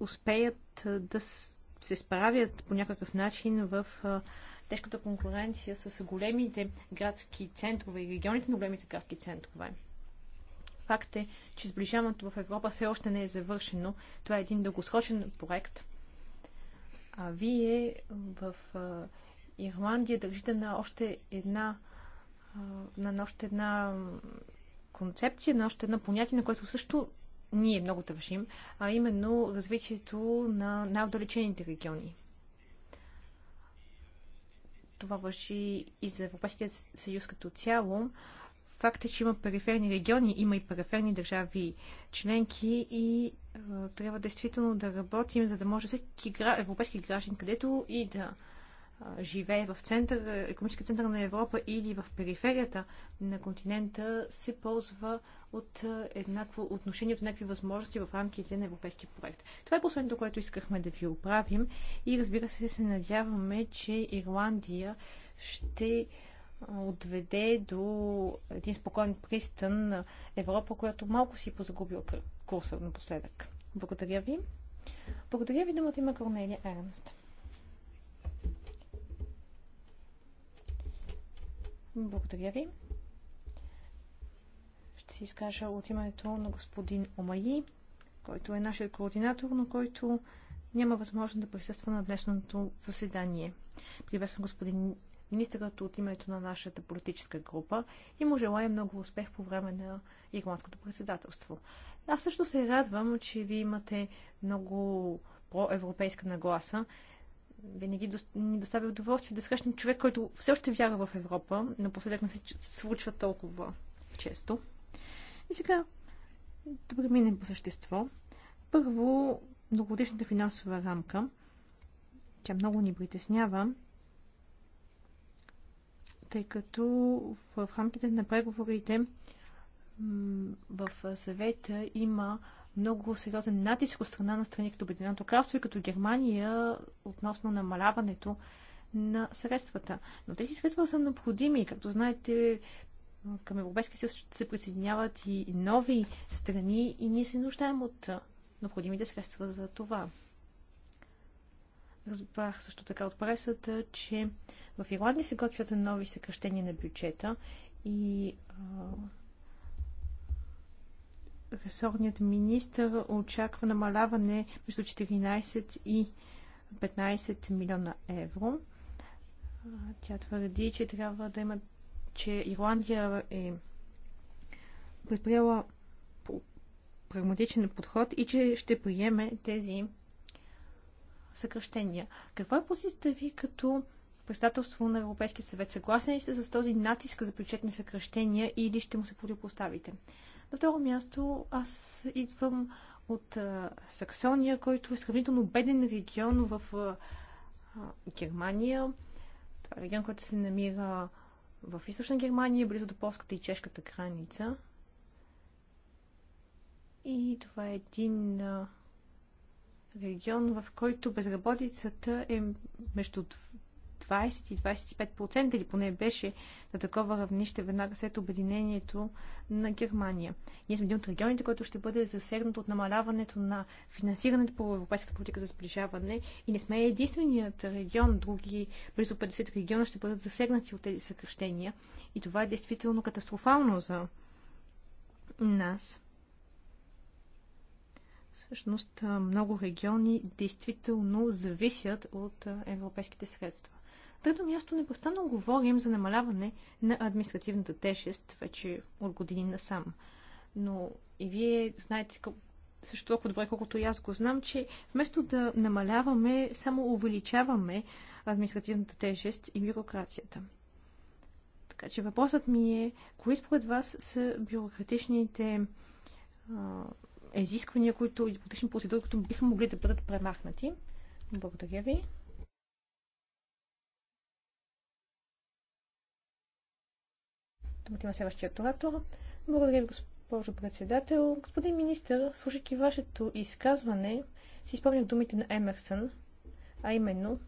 B: успеят да се справят по някакъв начин в тежката конкуренция с големите градски центрове и регионите на големите градски центрове. Факт е, че сближаването в Европа все още не е завършено. Това е един дългосрочен проект. А вие в Ирландия държите на още една на още една концепция, на още едно понятие, на което също ние много държим, а именно развитието на най-отдалечените региони. Това върши и за Европейския съюз като цяло. Факт е, че има периферни региони, има и периферни държави членки и е, трябва действително да работим, за да може всеки гра... европейски граждан, където и да живее в център, економически център на Европа или в периферията на континента, се ползва от еднакво отношение, от някакви възможности в рамките на европейски проект. Това е последното, което искахме да ви оправим и разбира се, се надяваме, че Ирландия ще отведе до един спокоен пристан на Европа, която малко си позагубила курса напоследък. Благодаря ви. Благодаря ви, думата има Корнелия Ернст. Благодаря ви. Ще се изкажа от името на господин Омаи, който е нашият координатор, но който няма възможност да присъства на днешното заседание. Приветствам господин министърът от името на нашата политическа група и му желая много успех по време на ирландското председателство. Аз също се радвам, че ви имате много проевропейска нагласа винаги ни доставя удоволствие да срещнем човек, който все още вярва в Европа. но последък не се случва толкова често. И сега да преминем по същество. Първо, многогодишната финансова рамка. Тя много ни притеснява, тъй като в рамките на преговорите в съвета има много сериозен натиск от страна на страни като Обединеното кралство и като Германия относно намаляването на средствата. Но тези средства са необходими. Както знаете, към Европейския съюз се присъединяват и нови страни и ние се нуждаем от необходимите средства за това. Разбрах също така от пресата, че в Ирландия се готвят нови съкръщения на бюджета и ресорният министр очаква намаляване между 14 и 15 милиона евро. Тя твърди, че трябва да има, че Ирландия е предприела прагматичен подход и че ще приеме тези съкръщения. Каква е позицията ви като председателство на Европейския съвет? Съгласен ли сте с този натиск за бюджетни съкръщения или ще му се противопоставите? На второ място аз идвам от а, Саксония, който е сравнително беден регион в а, Германия. Това е регион, който се намира в източна Германия, близо до полската и чешката граница. И това е един а, регион, в който безработицата е между 20-25% или поне беше на такова равнище веднага след обединението на Германия. Ние сме един от регионите, който ще бъде засегнат от намаляването на финансирането по европейската политика за сближаване и не сме единственият регион. Други близо 50 региона ще бъдат засегнати от тези съкръщения и това е действително катастрофално за нас. Всъщност много региони действително зависят от европейските средства трето място не постана говорим за намаляване на административната тежест вече от години насам. Но и вие знаете също толкова добре, колкото и аз го знам, че вместо да намаляваме, само увеличаваме административната тежест и бюрокрацията. Така че въпросът ми е, кои според вас са бюрократичните а, изисквания, които, бюрократични процедури, които биха могли да бъдат премахнати? Благодаря ви. Думата има следващия оратор. Благодаря ви, госпожо председател. Господин министър, слушайки вашето изказване, си спомням думите на Емерсън, а именно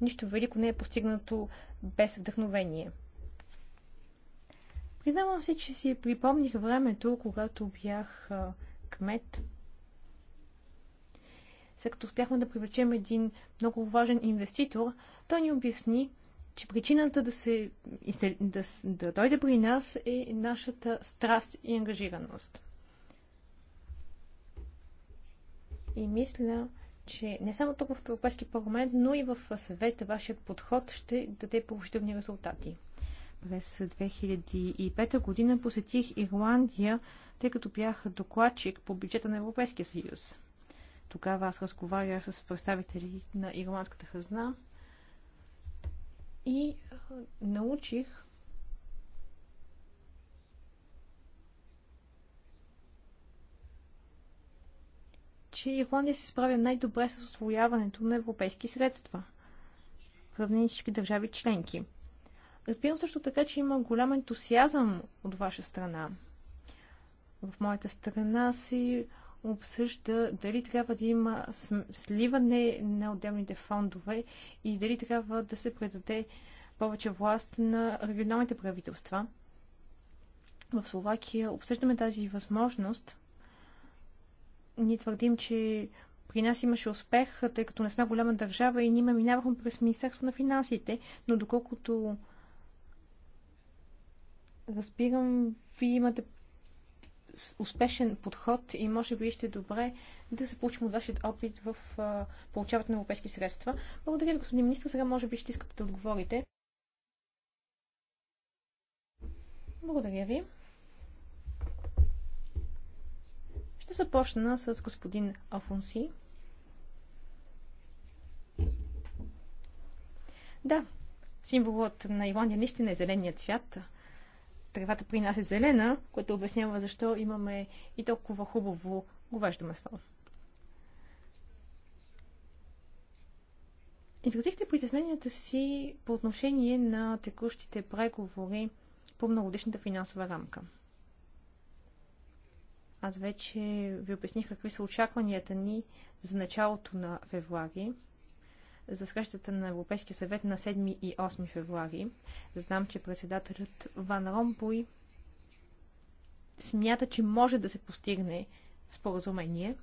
B: нищо велико не е постигнато без вдъхновение. Признавам се, че си припомних времето, когато бях а, кмет. След като успяхме да привлечем един много важен инвеститор, той ни обясни, че причината да, се, да, да дойде при нас е нашата страст и ангажираност. И мисля, че не само тук в Европейски парламент, но и в съвета вашият подход ще даде положителни резултати. През 2005 година посетих Ирландия, тъй като бях докладчик по бюджета на Европейския съюз. Тогава аз разговарях с представители на ирландската хазна и научих че Ирландия се справя най-добре с освояването на европейски средства, с всички държави членки. Разбирам също така, че има голям ентусиазъм от ваша страна. В моята страна си обсъжда дали трябва да има сливане на отделните фондове и дали трябва да се предаде повече власт на регионалните правителства. В Словакия обсъждаме тази възможност. Ние твърдим, че при нас имаше успех, тъй като не сме голяма държава и ние минавахме през Министерство на финансите, но доколкото разбирам, вие имате успешен подход и може би ще е добре да се получим от вашия опит в получаването на европейски средства. Благодаря господин министр. Сега може би ще искате да отговорите. Благодаря ви. Ще започна с господин Афонси. Да, символът на Ирландия наистина е зеления цвят тревата при нас е зелена, което обяснява защо имаме и толкова хубаво говеждо месо. Изразихте притесненията си по отношение на текущите преговори по многодишната финансова рамка. Аз вече ви обясних какви са очакванията ни за началото на февруари за срещата на Европейския съвет на 7 и 8 февруари. Знам, че председателят Ван Ромпой смята, че може да се постигне споразумение.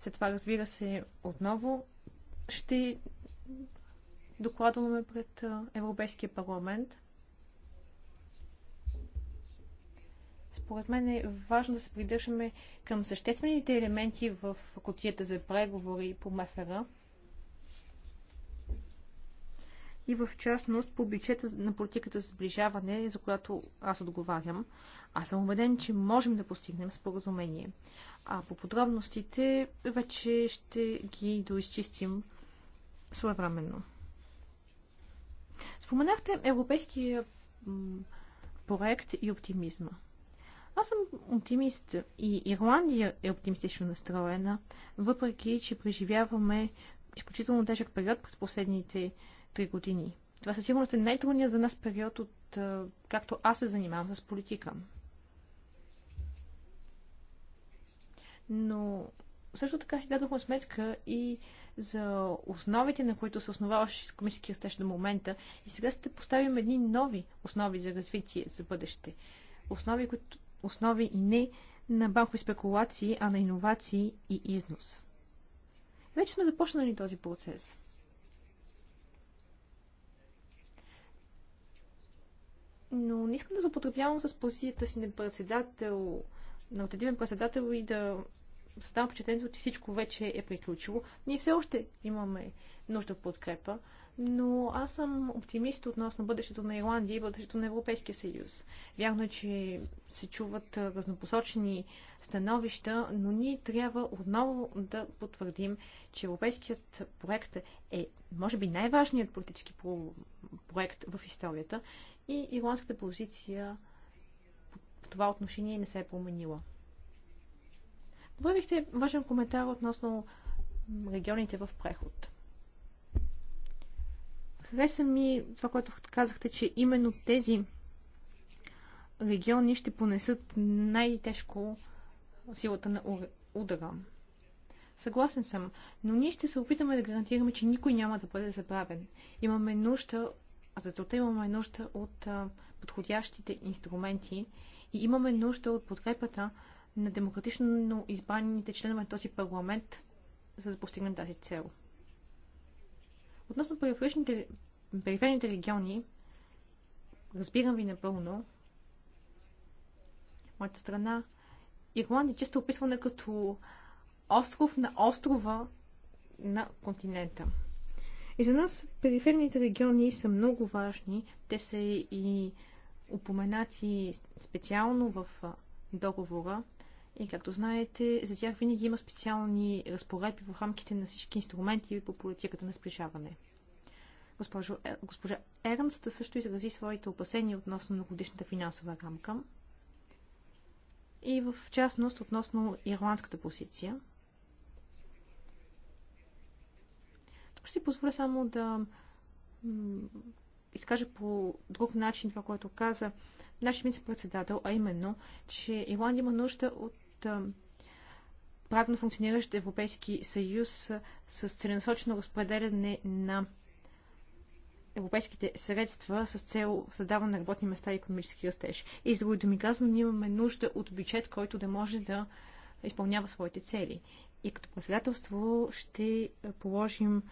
B: След това, разбира се, отново ще докладваме пред Европейския парламент. Според мен е важно да се придържаме към съществените елементи в котията за преговори по МФР. и в частност по бюджета на политиката за сближаване, за която аз отговарям. Аз съм убеден, че можем да постигнем споразумение. А по подробностите вече ще ги доизчистим своевременно. Споменахте европейския проект и оптимизма. Аз съм оптимист и Ирландия е оптимистично настроена, въпреки че преживяваме изключително тежък период пред последните три години. Това със сигурност е най-трудният за нас период от както аз се занимавам с политика. Но също така си дадохме сметка и за основите, на които се основаваше комисия стеж до момента. И сега ще поставим едни нови основи за развитие за бъдеще. Основи, които, основи не на банкови спекулации, а на иновации и износ. Вече сме започнали този процес. но не искам да злоупотребявам с позицията си на председател, на отедивен председател и да създавам впечатлението, че всичко вече е приключило. Ние все още имаме нужда от подкрепа, но аз съм оптимист относно бъдещето на Ирландия и бъдещето на Европейския съюз. Вярно е, че се чуват разнопосочни становища, но ние трябва отново да потвърдим, че европейският проект е, може би, най-важният политически проект в историята и ирландската позиция в това отношение не се е променила. Добавихте важен коментар относно регионите в преход. Хареса ми това, което казахте, че именно тези региони ще понесат най-тежко силата на удара. Съгласен съм, но ние ще се опитаме да гарантираме, че никой няма да бъде забравен. Имаме нужда а За целта имаме нужда от подходящите инструменти и имаме нужда от подкрепата на демократично избраните членове на този парламент, за да постигнем тази цел. Относно периферните региони, разбирам ви напълно, моята страна, Ирландия често е описвана като остров на острова на континента. И за нас периферните региони са много важни. Те са и упоменати специално в договора. И както знаете, за тях винаги има специални разпоредби в рамките на всички инструменти по политиката на сближаване. Госпожо, е, госпожа Ернст също изрази своите опасения относно многодишната финансова рамка и в частност относно ирландската позиция – Ще си позволя само да изкажа по друг начин това, което каза нашия министр-председател, а именно, че Ирландия има нужда от правилно функциониращ Европейски съюз с целенасочено разпределяне на европейските средства с цел създаване на работни места и економически растеж. И за ми казвам, ние имаме нужда от бюджет, който да може да изпълнява своите цели. И като председателство ще положим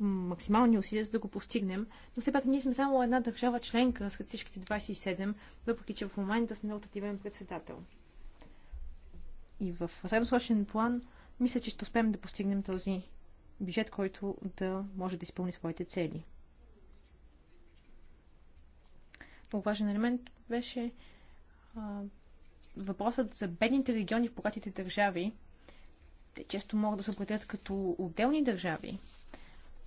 B: максимални усилия, за да го постигнем. Но все пак ние сме само една държава членка сред всичките 27, въпреки че в момента сме ротативен председател. И в средносрочен план мисля, че ще успеем да постигнем този бюджет, който да може да изпълни своите цели. Много важен елемент беше а, въпросът за бедните региони в богатите държави. Те често могат да се определят като отделни държави,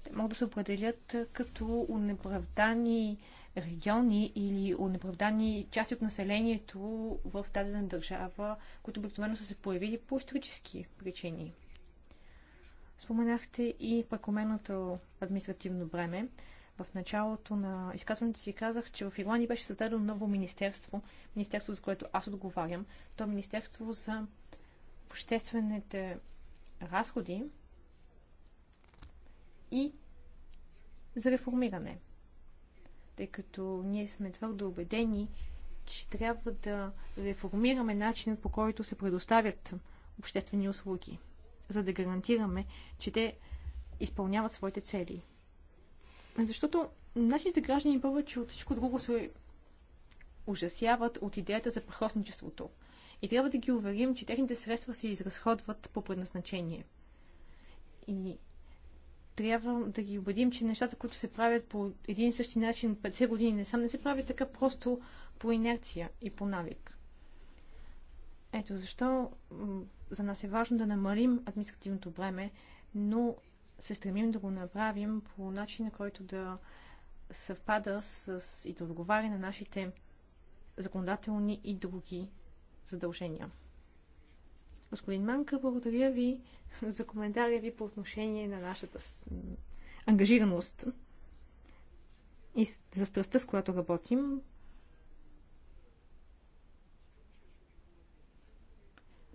B: те могат да се определят като унеправдани региони или унеправдани части от населението в тази държава, които обикновено са се появили по исторически причини. Споменахте и прекоменото административно бреме. В началото на изказването си казах, че в Ирландия беше създадено ново министерство, министерство, за което аз отговарям. То е министерство за обществените разходи, и за реформиране. Тъй като ние сме твърдо убедени, че трябва да реформираме начинът по който се предоставят обществени услуги, за да гарантираме, че те изпълняват своите цели. Защото нашите граждани повече от всичко друго се ужасяват от идеята за прахосничеството. И трябва да ги уверим, че техните средства се изразходват по предназначение. И трябва да ги убедим, че нещата, които се правят по един и същи начин 50 години не сам не се правят така просто по инерция и по навик. Ето защо за нас е важно да намалим административното бреме, но се стремим да го направим по начин, който да съвпада с и да отговаря на нашите законодателни и други задължения. Господин Манка, благодаря ви за коментария ви по отношение на нашата ангажираност и за страстта, с която работим.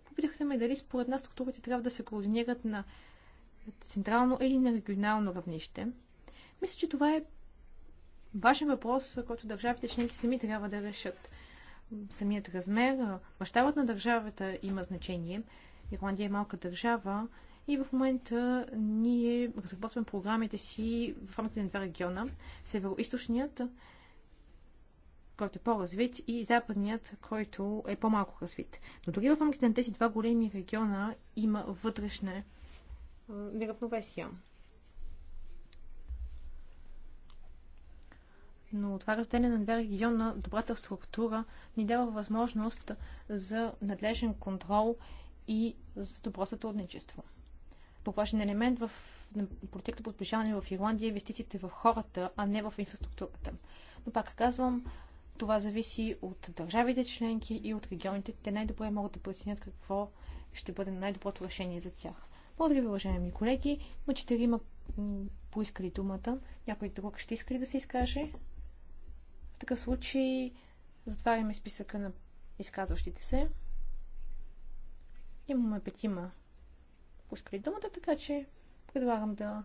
B: Попитахте ме дали според нас структурите трябва да се координират на централно или на регионално равнище. Мисля, че това е важен въпрос, който държавите членки сами трябва да решат самият размер, мащабът на държавата има значение. Ирландия е малка държава и в момента ние разработваме програмите си в рамките на два региона. североисточният, който е по-развит, и западният, който е по-малко развит. Но дори в рамките на тези два големи региона има вътрешна неравновесия. но това разделяне на две региона, добрата структура ни дава възможност за надлежен контрол и за добро сътрудничество. По важен елемент в политиката по отближаване в Ирландия е инвестициите в хората, а не в инфраструктурата. Но пак казвам, това зависи от държавите членки и от регионите. Те най-добре могат да преценят какво ще бъде най-доброто решение за тях. Благодаря ви, уважаеми колеги. Има четирима поискали думата. Някой друг ще иска ли да се изкаже? В такъв случай затваряме списъка на изказващите се. Имаме петима пускали думата, така че предлагам да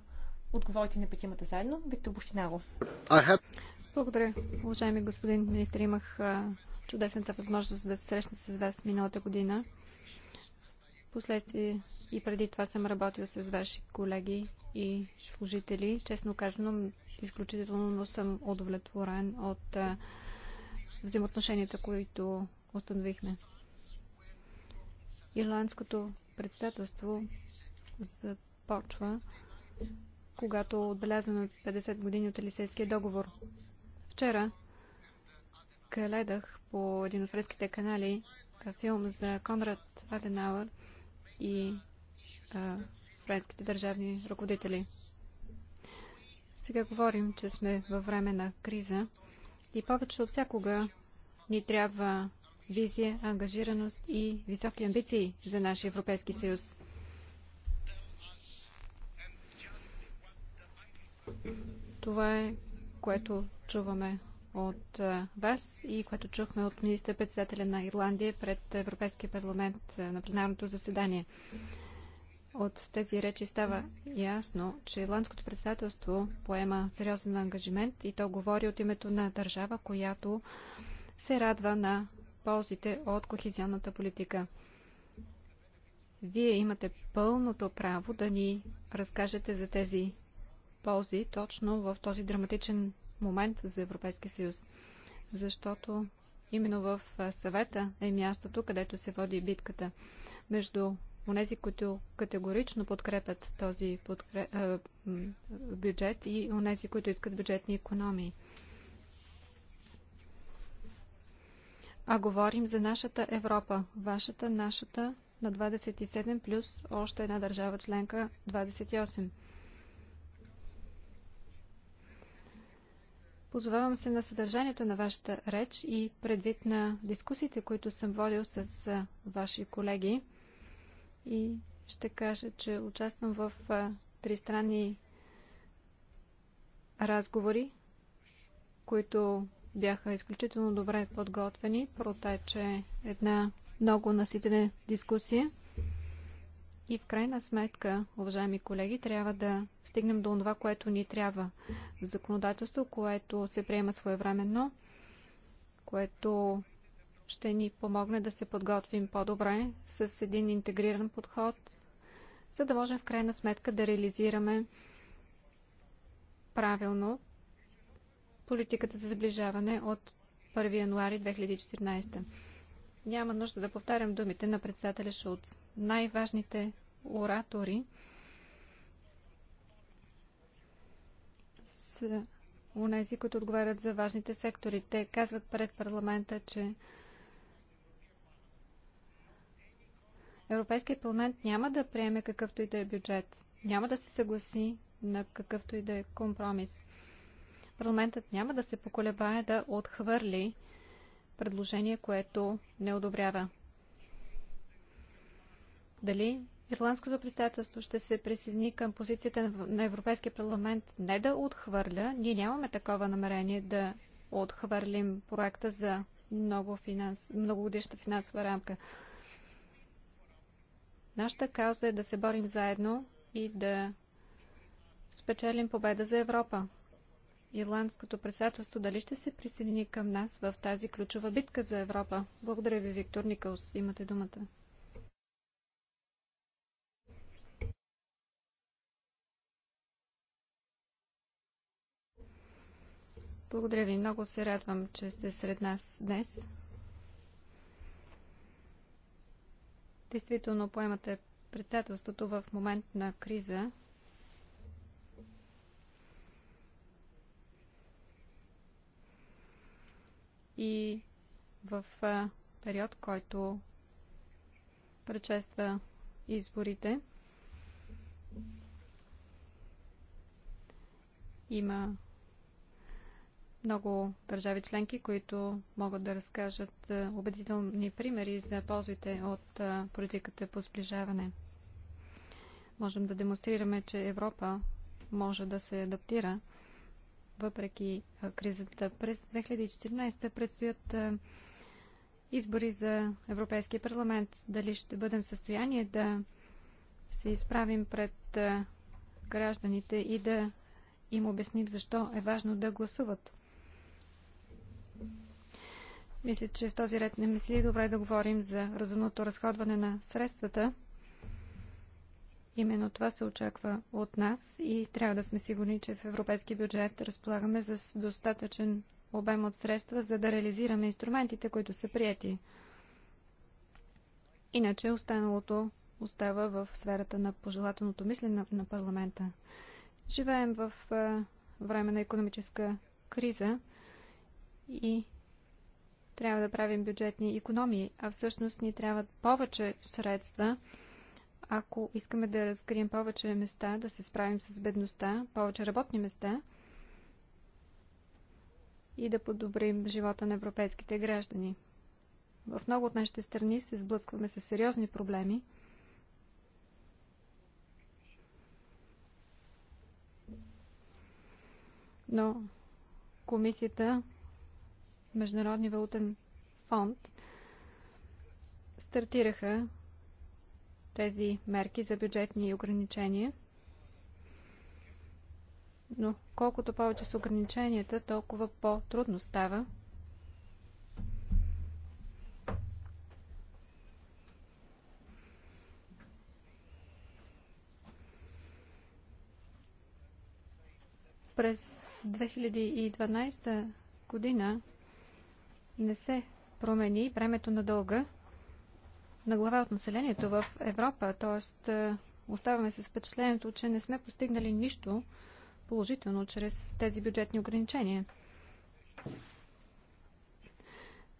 B: отговорите на петимата заедно. Виктор Бущинаро. Have... Благодаря, уважаеми господин министр. Имах
A: чудесната възможност да се срещна с вас миналата година. Последствие и преди това съм работил с ваши колеги и служители. Честно казано, изключително съм удовлетворен от взаимоотношенията, които установихме. Ирландското председателство започва, когато отбелязваме 50 години от Елисейския договор. Вчера гледах по един от френските канали филм за Конрад Аденауер и а, френските държавни ръководители. Сега говорим, че сме във време на криза и повече от всякога ни трябва визия, ангажираност и високи амбиции за нашия Европейски съюз. Това е, което чуваме от вас и което чухме от министър-председателя на Ирландия пред Европейския парламент на пленарното заседание. От тези речи става ясно, че ирландското председателство поема сериозен ангажимент и то говори от името на държава, която се радва на ползите от кохезионната политика. Вие имате пълното право да ни разкажете за тези ползи точно в този драматичен момент за Европейския съюз. Защото именно в съвета е мястото, където се води битката между онези, които категорично подкрепят този подкреп, е, бюджет и онези, които искат бюджетни економии. А говорим за нашата Европа, вашата, нашата на 27 плюс още една държава членка 28. Позовавам се на съдържанието на вашата реч и предвид на дискусиите, които съм водил с ваши колеги, и ще кажа, че участвам в тристранни разговори, които бяха изключително добре подготвени. Протече една много наситена дискусия. И в крайна сметка, уважаеми колеги, трябва да стигнем до това, което ни трябва. Законодателство, което се приема своевременно, което ще ни помогне да се подготвим по-добре с един интегриран подход, за да можем в крайна сметка да реализираме правилно политиката за заближаване от 1 януари 2014. Няма нужда да повтарям думите на председателя Шулц. Най-важните оратори са унези, които отговарят за важните сектори. Те казват пред парламента, че Европейският парламент няма да приеме какъвто и да е бюджет, няма да се съгласи на какъвто и да е компромис. Парламентът няма да се поколебае да отхвърли предложение, което не одобрява. Дали Ирландското представителство ще се присъедини към позицията на Европейския парламент не да отхвърля. Ние нямаме такова намерение да отхвърлим проекта за много финанс... многогодишна финансова рамка. Нашата кауза е да се борим заедно и да спечелим победа за Европа. Ирландското председателство дали ще се присъедини към нас в тази ключова битка за Европа? Благодаря ви, Виктор Никълс. Имате думата. Благодаря ви. Много се радвам, че сте сред нас днес. Действително поемате председателството в момент на криза. И в период, който предшества изборите, има много държави членки, които могат да разкажат е, убедителни примери за ползите от е, политиката по сближаване. Можем да демонстрираме, че Европа може да се адаптира въпреки е, кризата. През 2014 предстоят избори за Европейския парламент. Дали ще бъдем в състояние да се изправим пред гражданите и да им обясним защо е важно да гласуват. Мисля, че в този ред не мисли е добре да говорим за разумното разходване на средствата. Именно това се очаква от нас и трябва да сме сигурни, че в европейски бюджет разполагаме с достатъчен обем от средства, за да реализираме инструментите, които са прияти. Иначе останалото остава в сферата на пожелателното мислене на парламента. Живеем в време на економическа криза и трябва да правим бюджетни економии, а всъщност ни трябват повече средства, ако искаме да разкрием повече места, да се справим с бедността, повече работни места и да подобрим живота на европейските граждани. В много от нашите страни се сблъскваме с сериозни проблеми. Но комисията Международния валутен фонд стартираха тези мерки за бюджетни ограничения. Но колкото повече са ограниченията, толкова по-трудно става през 2012 година не се промени времето на дълга на глава от населението в Европа, т.е. оставаме с впечатлението, че не сме постигнали нищо положително чрез тези бюджетни ограничения.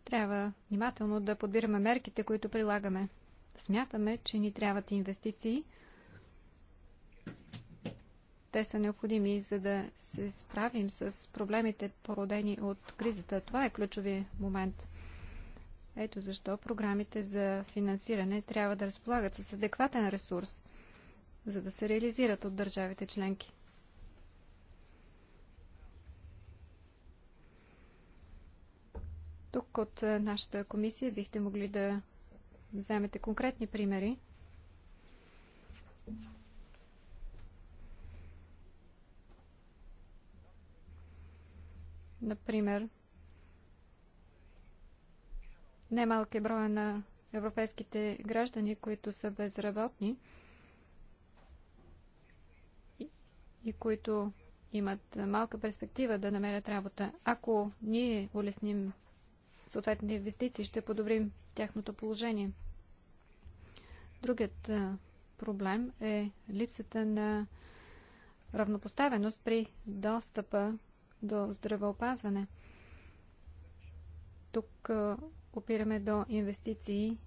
A: Трябва внимателно да подбираме мерките, които прилагаме. Смятаме, че ни трябват инвестиции – те са необходими, за да се справим с проблемите, породени от кризата. Това е ключови момент. Ето защо програмите за финансиране трябва да разполагат с адекватен ресурс, за да се реализират от държавите членки. Тук от е, нашата комисия бихте могли да вземете конкретни примери. Например, немалки е броя на европейските граждани, които са безработни и, и които имат малка перспектива да намерят работа. Ако ние улесним съответните инвестиции, ще подобрим тяхното положение. Другият проблем е липсата на равнопоставеност при достъпа до здравеопазване. Тук опираме до инвестиции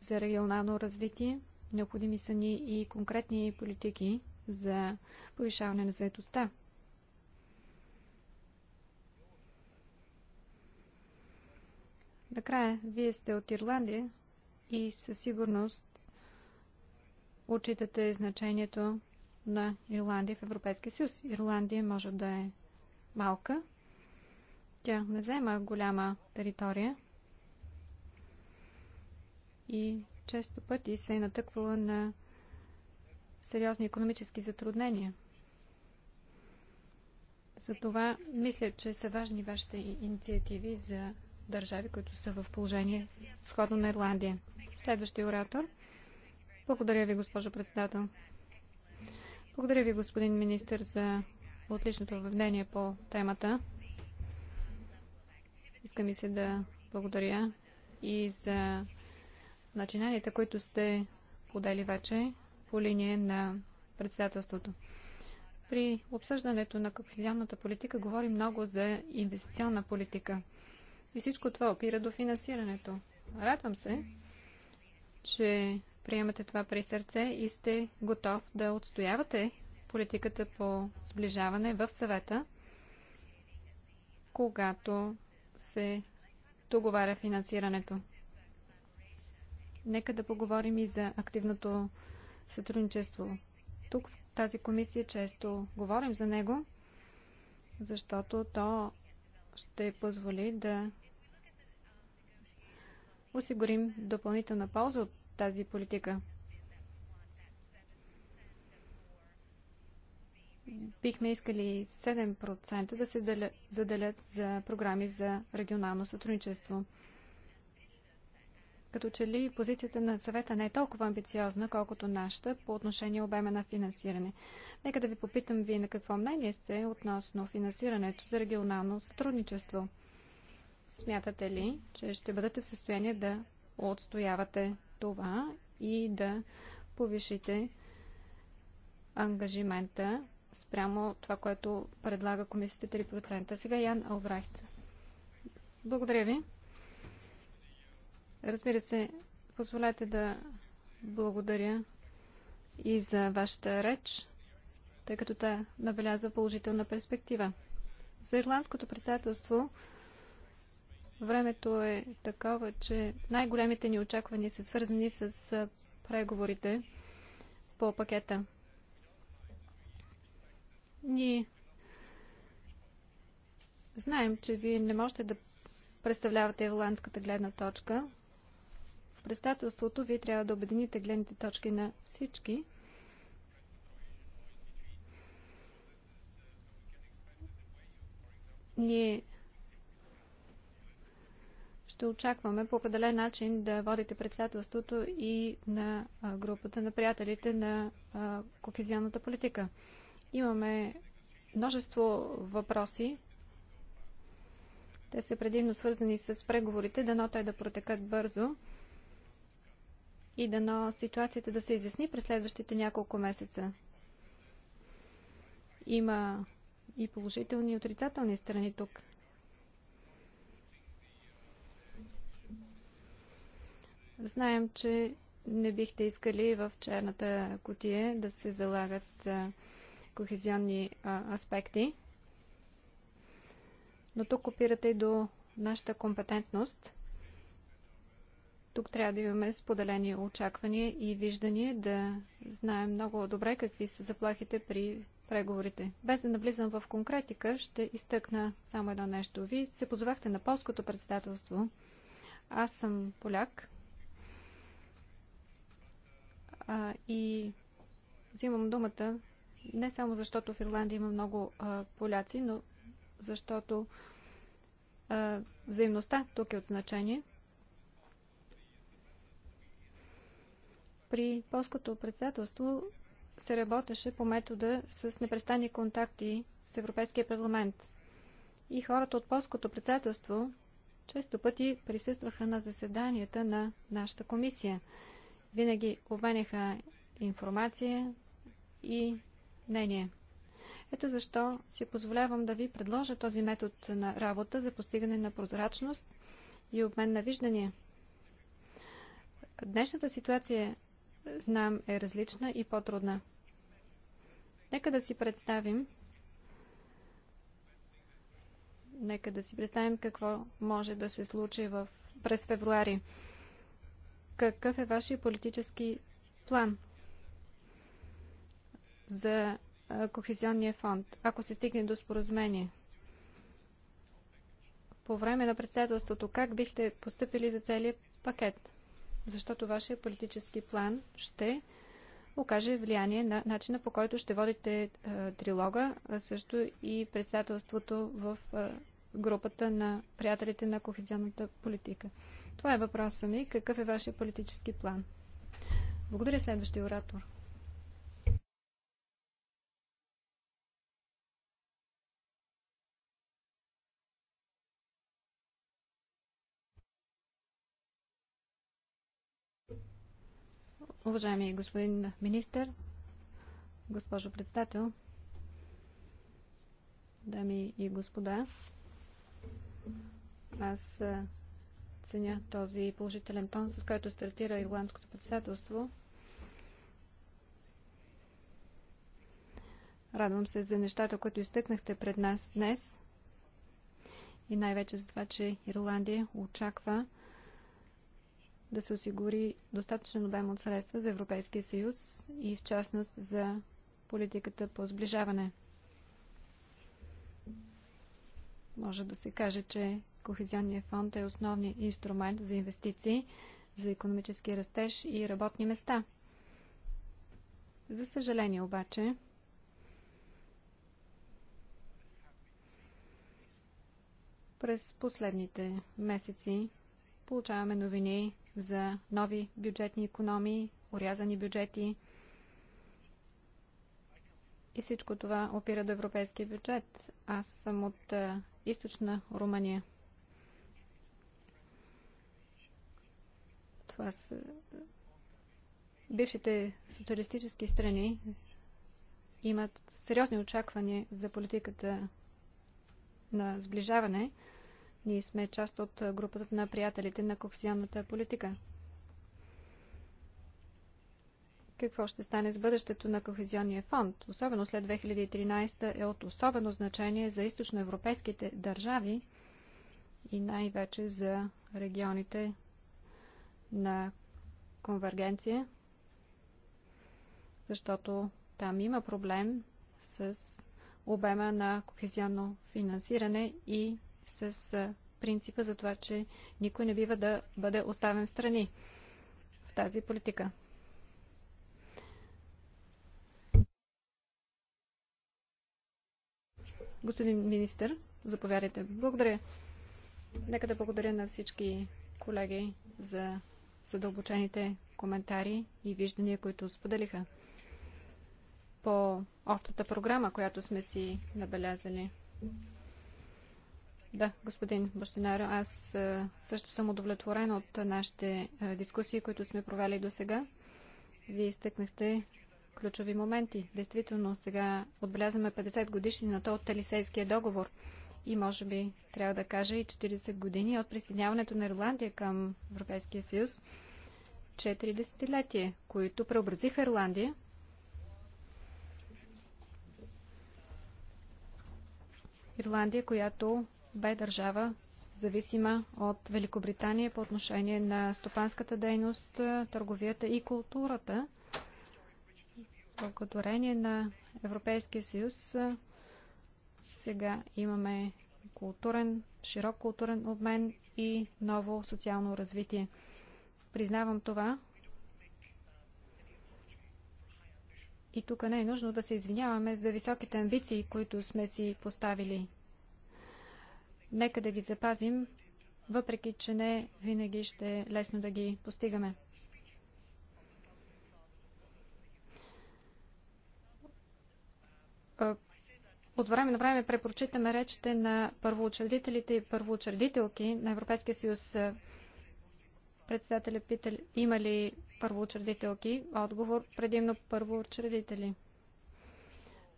A: за регионално развитие. Необходими са ни и конкретни политики за повишаване на заедостта. Накрая, вие сте от Ирландия и със сигурност отчитате значението на Ирландия в Европейския съюз. Ирландия може да е малка. Тя не взема голяма територия и често пъти се е натъквала на сериозни економически затруднения. Затова мисля, че са важни вашите инициативи за държави, които са в положение сходно на Ирландия. Следващия оратор. Благодаря ви, госпожо председател. Благодаря ви, господин министр, за Отличното въведение по темата. Искам и се да благодаря и за начинанията, които сте подели вече по линия на председателството. При обсъждането на капиталната политика говори много за инвестиционна политика. И всичко това опира до финансирането. Радвам се, че приемате това при сърце и сте готов да отстоявате политиката по сближаване в съвета, когато се договаря финансирането. Нека да поговорим и за активното сътрудничество. Тук в тази комисия често говорим за него, защото то ще позволи да осигурим допълнителна полза от тази политика. бихме искали 7% да се заделят за програми за регионално сътрудничество. Като че ли позицията на съвета не е толкова амбициозна, колкото нашата по отношение обема на финансиране. Нека да ви попитам вие на какво мнение сте относно финансирането за регионално сътрудничество. Смятате ли, че ще бъдете в състояние да отстоявате това и да повишите ангажимента спрямо това, което предлага комисията 3%. Сега Ян Албрахт. Благодаря ви. Разбира се, позволете да благодаря и за вашата реч, тъй като тя набеляза положителна перспектива. За ирландското представителство времето е такова, че най-големите ни очаквания са свързани с преговорите по пакета ние знаем, че вие не можете да представлявате ирландската гледна точка. В представителството вие трябва да обедините гледните точки на всички. Ние ще очакваме по определен начин да водите председателството и на групата на приятелите на кохезионната политика. Имаме множество въпроси. Те са предимно свързани с преговорите. Дано той да протекат бързо и дано ситуацията да се изясни през следващите няколко месеца. Има и положителни и отрицателни страни тук. Знаем, че не бихте искали в черната котия да се залагат кохезионни а, аспекти. Но тук опирате и до нашата компетентност. Тук трябва да имаме споделени очаквания и виждания, да знаем много добре какви са заплахите при преговорите. Без да навлизам в конкретика, ще изтъкна само едно нещо. Вие се позовахте на полското председателство. Аз съм поляк а, и взимам думата не само защото в Ирландия има много а, поляци, но защото а, взаимността тук е от значение. При полското председателство се работеше по метода с непрестанни контакти с Европейския парламент. И хората от полското председателство често пъти присъстваха на заседанията на нашата комисия. Винаги обменяха информация и мнение. Ето защо си позволявам да ви предложа този метод на работа за постигане на прозрачност и обмен на виждания. Днешната ситуация, знам, е различна и по-трудна. Нека да си представим нека да си представим какво може да се случи в, през февруари. Какъв е вашия политически план? за Кохезионния фонд, ако се стигне до споразумение? По време на председателството, как бихте поступили за целият пакет? Защото вашия политически план ще окаже влияние на начина по който ще водите а, трилога, а също и председателството в а, групата на приятелите на кохезионната политика. Това е въпросът ми. Какъв е вашия политически план? Благодаря следващия оратор. Уважаеми господин министр, госпожо председател, дами и господа, аз ценя този положителен тон, с който стартира ирландското председателство. Радвам се за нещата, които изтъкнахте пред нас днес и най-вече за това, че Ирландия очаква да се осигури достатъчен обем от средства за Европейския съюз и в частност за политиката по сближаване. Може да се каже, че Кохезионния фонд е основният инструмент за инвестиции, за економически растеж и работни места. За съжаление обаче, през последните месеци получаваме новини за нови бюджетни економии, урязани бюджети. И всичко това опира до европейския бюджет. Аз съм от източна Румъния. Това са бившите социалистически страни имат сериозни очаквания за политиката на сближаване – ние сме част от групата на приятелите на кохезионната политика. Какво ще стане с бъдещето на кохезионния фонд, особено след 2013, е от особено значение за източноевропейските държави и най-вече за регионите на конвергенция, защото там има проблем с обема на кохезионно финансиране и с принципа за това, че никой не бива да бъде оставен в страни в тази политика. Господин министр, заповядайте. Благодаря. Нека да благодаря на всички колеги за задълбочените коментари и виждания, които споделиха по общата програма, която сме си набелязали. Да, господин Бащинаро, аз също съм удовлетворен от нашите дискусии, които сме провели до сега. Вие изтъкнахте ключови моменти. Действително, сега отбелязваме 50 годишнината от Елисейския договор и може би трябва да кажа и 40 години от присъединяването на Ирландия към Европейския съюз. 4 десетилетия, които преобразиха Ирландия Ирландия, която бе държава зависима от Великобритания по отношение на стопанската дейност, търговията и културата. Благодарение на Европейския съюз сега имаме културен, широк културен обмен и ново социално развитие. Признавам това. И тук не е нужно да се извиняваме за високите амбиции, които сме си поставили. Нека да ги запазим, въпреки че не винаги ще е лесно да ги постигаме. Е, от време на време препрочитаме речите на първоучредителите и първоучредителки на Европейския съюз. Председателя пита има ли първоучредителки? Отговор предимно първоучредители.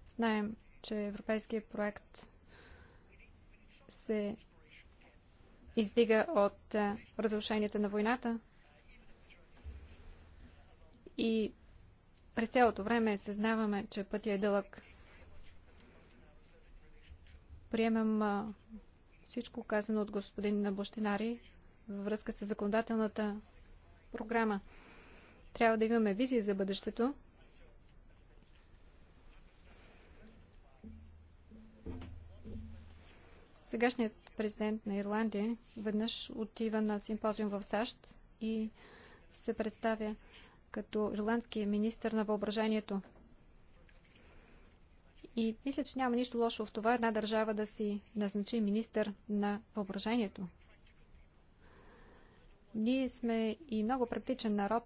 A: Знаем, че европейският проект се издига от разрушенията на войната и през цялото време съзнаваме, че пътя е дълъг. Приемам всичко казано от господин Бощинари във връзка с законодателната програма. Трябва да имаме визия за бъдещето. Сегашният президент на Ирландия веднъж отива на симпозиум в САЩ и се представя като ирландския министр на въображението. И мисля, че няма нищо лошо в това една държава да си назначи министър на въображението. Ние сме и много практичен народ.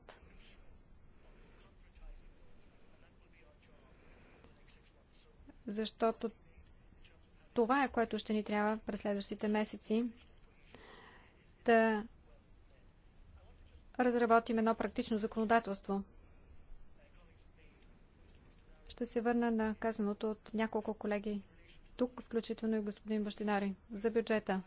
A: Защото това е което ще ни трябва през следващите месеци да разработим едно практично законодателство. Ще се върна на казаното от няколко колеги тук, включително и господин Бащинари, за бюджета.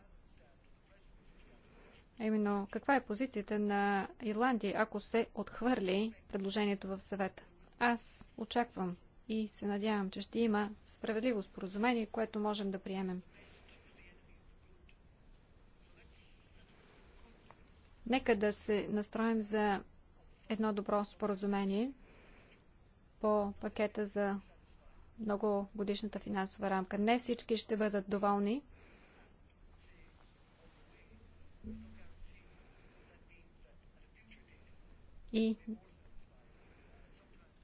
A: Именно каква е позицията на Ирландия, ако се отхвърли предложението в съвета? Аз очаквам и се надявам, че ще има справедливо споразумение, което можем да приемем. Нека да се настроим за едно добро споразумение по пакета за многогодишната финансова рамка. Не всички ще бъдат доволни. И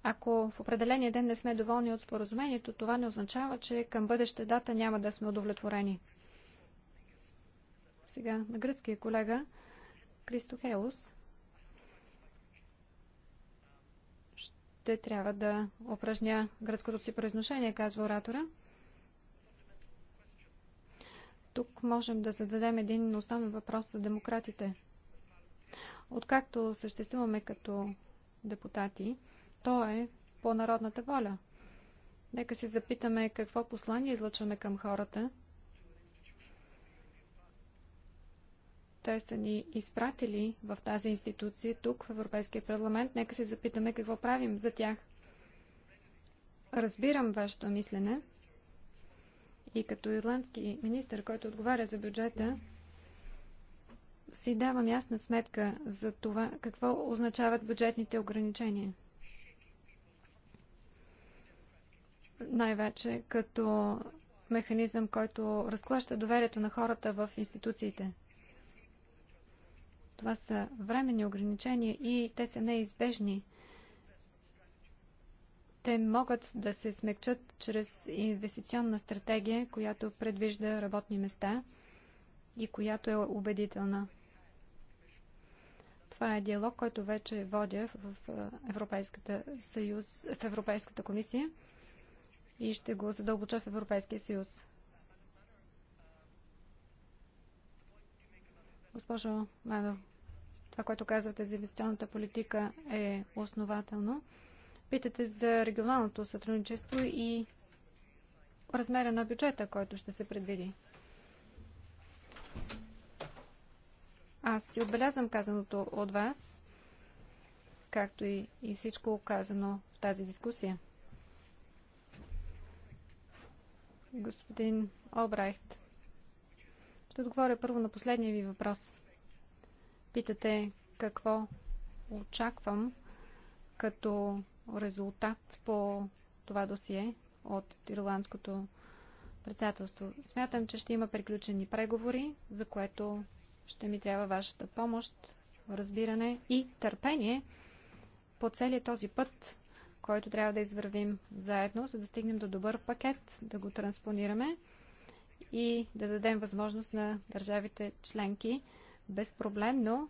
A: ако в определения ден не сме доволни от споразумението, това не означава, че към бъдеща дата няма да сме удовлетворени. Сега на гръцкия колега Кристо Хелус ще трябва да упражня гръцкото си произношение, казва оратора. Тук можем да зададем един основен въпрос за демократите. Откакто съществуваме като депутати, то е по народната воля. Нека си запитаме какво послание излъчваме към хората. Те са ни изпратили в тази институция, тук в Европейския парламент. Нека се запитаме какво правим за тях. Разбирам вашето мислене и като ирландски министр, който отговаря за бюджета, си давам ясна сметка за това какво означават бюджетните ограничения. най-вече като механизъм, който разклаща доверието на хората в институциите. Това са временни ограничения и те са неизбежни. Те могат да се смекчат чрез инвестиционна стратегия, която предвижда работни места и която е убедителна. Това е диалог, който вече водя в Европейската, съюз, в Европейската комисия и ще го задълбоча в Европейския съюз. Госпожо Мадо, това, което казвате за инвестиционната политика е основателно. Питате за регионалното сътрудничество и размера на бюджета, който ще се предвиди. Аз си отбелязвам казаното от вас, както и, и всичко казано в тази дискусия. господин Обрайхт. Ще отговоря първо на последния ви въпрос. Питате какво очаквам като резултат по това досие от ирландското председателство. Смятам, че ще има приключени преговори, за което ще ми трябва вашата помощ, разбиране и търпение по целия този път който трябва да извървим заедно, за да стигнем до добър пакет, да го транспонираме и да дадем възможност на държавите членки безпроблемно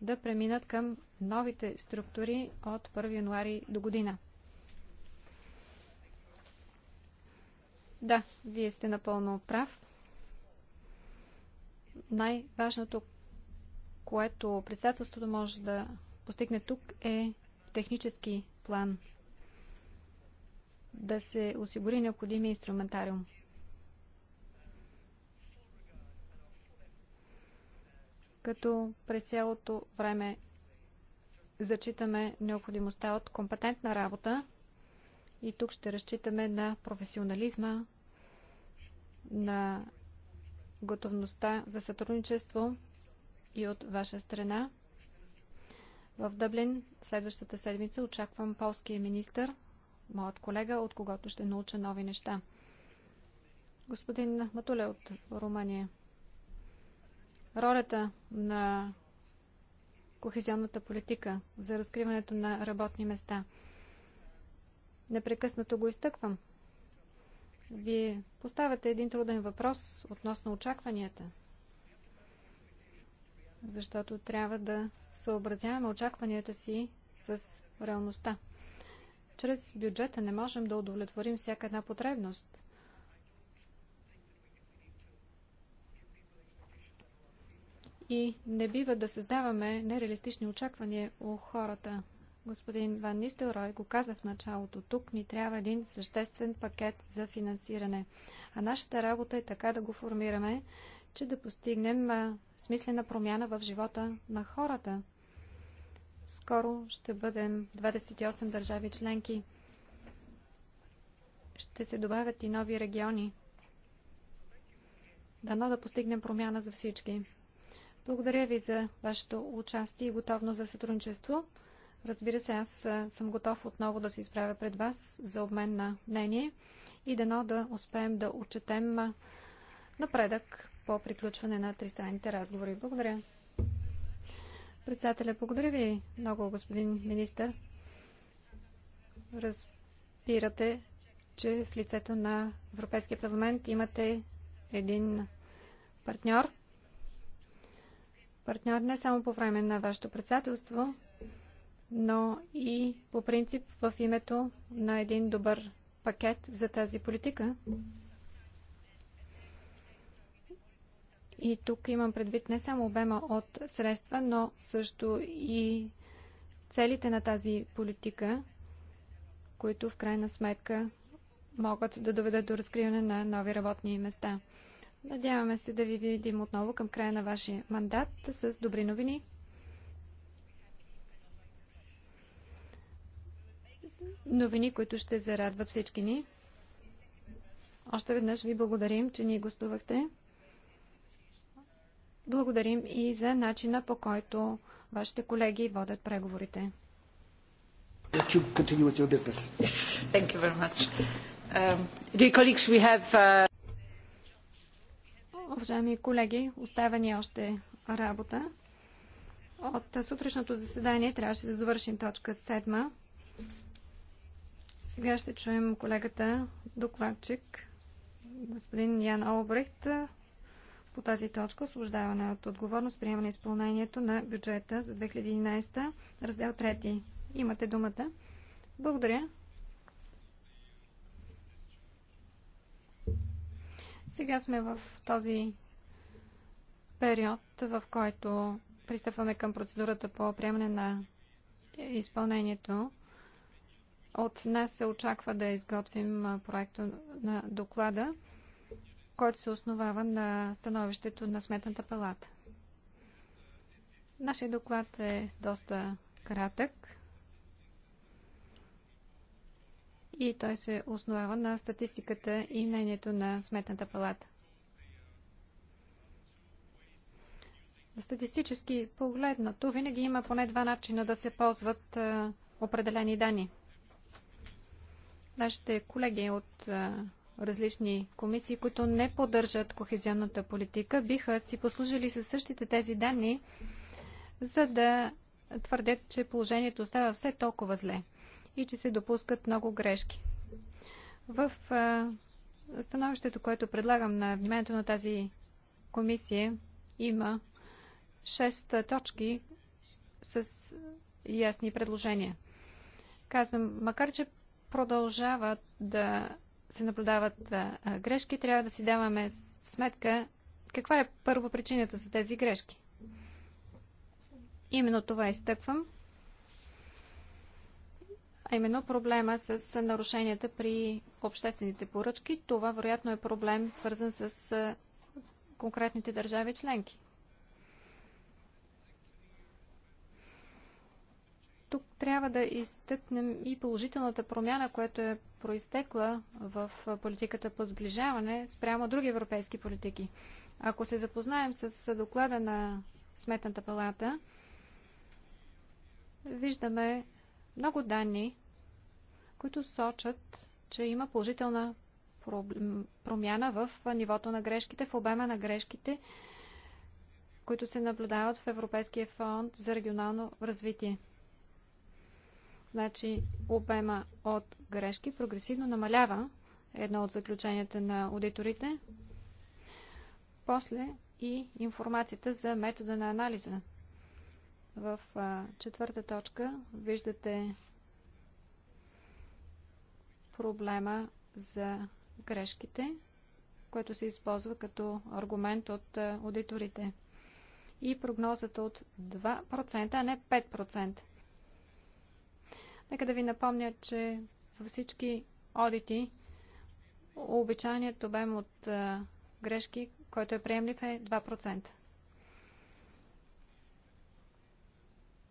A: да преминат към новите структури от 1 януари до година. Да, вие сте напълно прав. Най-важното, което председателството може да постигне тук е в технически план – да се осигури необходимия инструментариум. Като през цялото време зачитаме необходимостта от компетентна работа и тук ще разчитаме на професионализма, на готовността за сътрудничество и от ваша страна. В Дъблин следващата седмица очаквам полския министр моят колега, от когото ще науча нови неща. Господин Матуле от Румъния. Ролята на кохезионната политика за разкриването на работни места. Непрекъснато го изтъквам. Вие поставяте един труден въпрос относно очакванията. Защото трябва да съобразяваме очакванията си с реалността чрез бюджета не можем да удовлетворим всяка една потребност. И не бива да създаваме нереалистични очаквания у хората. Господин Ван Нистелрой го каза в началото. Тук ни трябва един съществен пакет за финансиране. А нашата работа е така да го формираме, че да постигнем смислена промяна в живота на хората – скоро ще бъдем 28 държави членки. Ще се добавят и нови региони. Дано да постигнем промяна за всички. Благодаря ви за вашето участие и готовност за сътрудничество. Разбира се, аз съм готов отново да се изправя пред вас за обмен на мнение и дано да успеем да отчетем напредък по приключване на тристранните разговори. Благодаря. Председателя, благодаря ви много, господин министър. Разбирате, че в лицето на Европейския парламент имате един партньор. Партньор не само по време на вашето председателство, но и по принцип в името на един добър пакет за тази политика. И тук имам предвид не само обема от средства, но също и целите на тази политика, които в крайна сметка могат да доведат до разкриване на нови работни места. Надяваме се да ви видим отново към края на вашия мандат с добри новини. Новини, които ще зарадват всички ни. Още веднъж ви благодарим, че ни гостувахте. Благодарим и за начина по който вашите колеги водят преговорите.
C: Um,
B: uh,
A: Уважаеми колеги, остава ни още работа. От сутрешното заседание трябваше да довършим точка 7. Сега ще чуем колегата докладчик, господин Ян Олбрехт, по тази точка освобождаване от отговорност, приемане изпълнението на бюджета за 2011, раздел 3. Имате думата. Благодаря. Сега сме в този период, в който пристъпваме към процедурата по приемане на изпълнението. От нас се очаква да изготвим проекта на доклада който се основава на становището на Сметната палата. Нашия доклад е доста кратък и той се основава на статистиката и мнението на Сметната палата. Статистически погледнато, винаги има поне два начина да се ползват определени данни. Нашите колеги от различни комисии, които не поддържат кохезионната политика, биха си послужили със същите тези данни, за да твърдят, че положението става все толкова зле и че се допускат много грешки. В становището, което предлагам на вниманието на тази комисия, има 6 точки с ясни предложения. Казвам, макар че продължават да се наблюдават грешки, трябва да си даваме сметка каква е първо причината за тези грешки. Именно това изтъквам. А именно проблема с нарушенията при обществените поръчки. Това, вероятно, е проблем свързан с конкретните държави членки. Тук трябва да изтъкнем и положителната промяна, която е проистекла в политиката по сближаване спрямо други европейски политики. Ако се запознаем с доклада на Сметната палата, виждаме много данни, които сочат, че има положителна промяна в нивото на грешките, в обема на грешките, които се наблюдават в Европейския фонд за регионално развитие. Значи обема от грешки прогресивно намалява, едно от заключенията на аудиторите. После и информацията за метода на анализа. В четвърта точка виждате проблема за грешките, което се използва като аргумент от аудиторите. И прогнозата от 2%, а не 5%. Нека да ви напомня, че във всички одити обичайният обем от грешки, който е приемлив е 2%.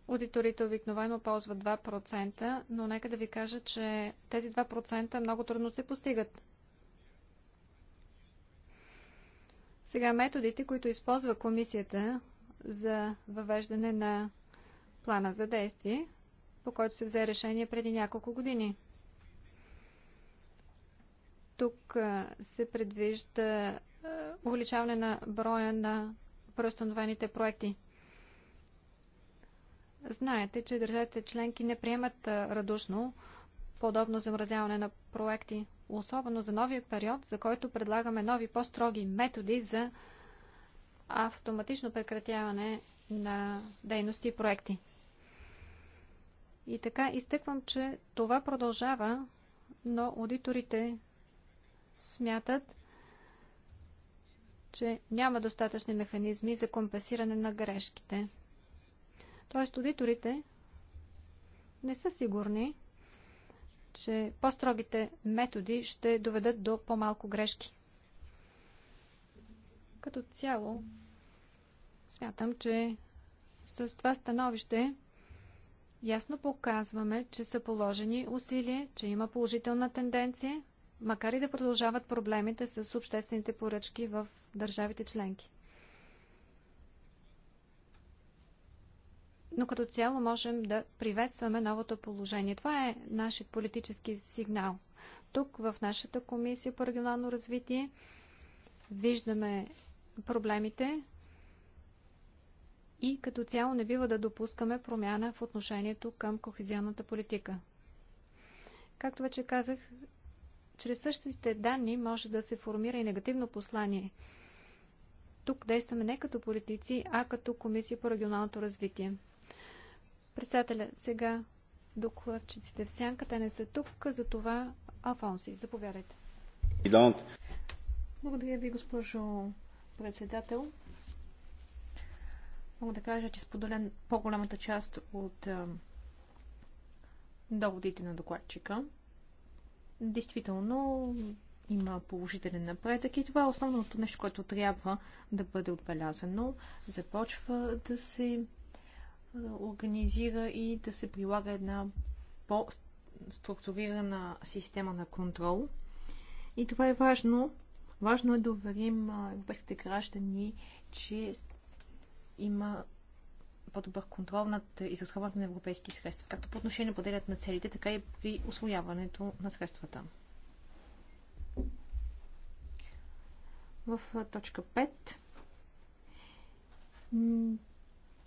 A: Аудиторите обикновено ползват 2%, но нека да ви кажа, че тези 2% много трудно се постигат. Сега методите, които използва комисията за въвеждане на плана за действие – по който се взе решение преди няколко години. Тук се предвижда увеличаване на броя на преустановените проекти. Знаете, че държавите членки не приемат радушно подобно замразяване на проекти, особено за новия период, за който предлагаме нови по-строги методи за автоматично прекратяване на дейности и проекти. И така изтъквам, че това продължава, но аудиторите смятат, че няма достатъчни механизми за компенсиране на грешките. Тоест, аудиторите не са сигурни, че по-строгите методи ще доведат до по-малко грешки. Като цяло, смятам, че с това становище ясно показваме, че са положени усилия, че има положителна тенденция, макар и да продължават проблемите с обществените поръчки в държавите членки. Но като цяло можем да приветстваме новото положение. Това е нашият политически сигнал. Тук в нашата комисия по регионално развитие виждаме проблемите, и като цяло не бива да допускаме промяна в отношението към кохезионната политика. Както вече казах, чрез същите данни може да се формира и негативно послание. Тук действаме не като политици, а като Комисия по регионалното развитие. Председателя, сега докладчиците в сянката не са тук, за
B: това, Афонси, заповядайте. Благодаря ви, госпожо председател мога да кажа, че споделям по-голямата част от доводите на докладчика. Действително има положителен напредък и това е основното нещо, което трябва да бъде отбелязано. Започва да се организира и да се прилага една по-структурирана система на контрол. И това е важно. Важно е да уверим европейските граждани, че има по-добър контрол над изразходването на европейски средства, както по отношение на поделят на целите, така и при освояването на средствата. В точка 5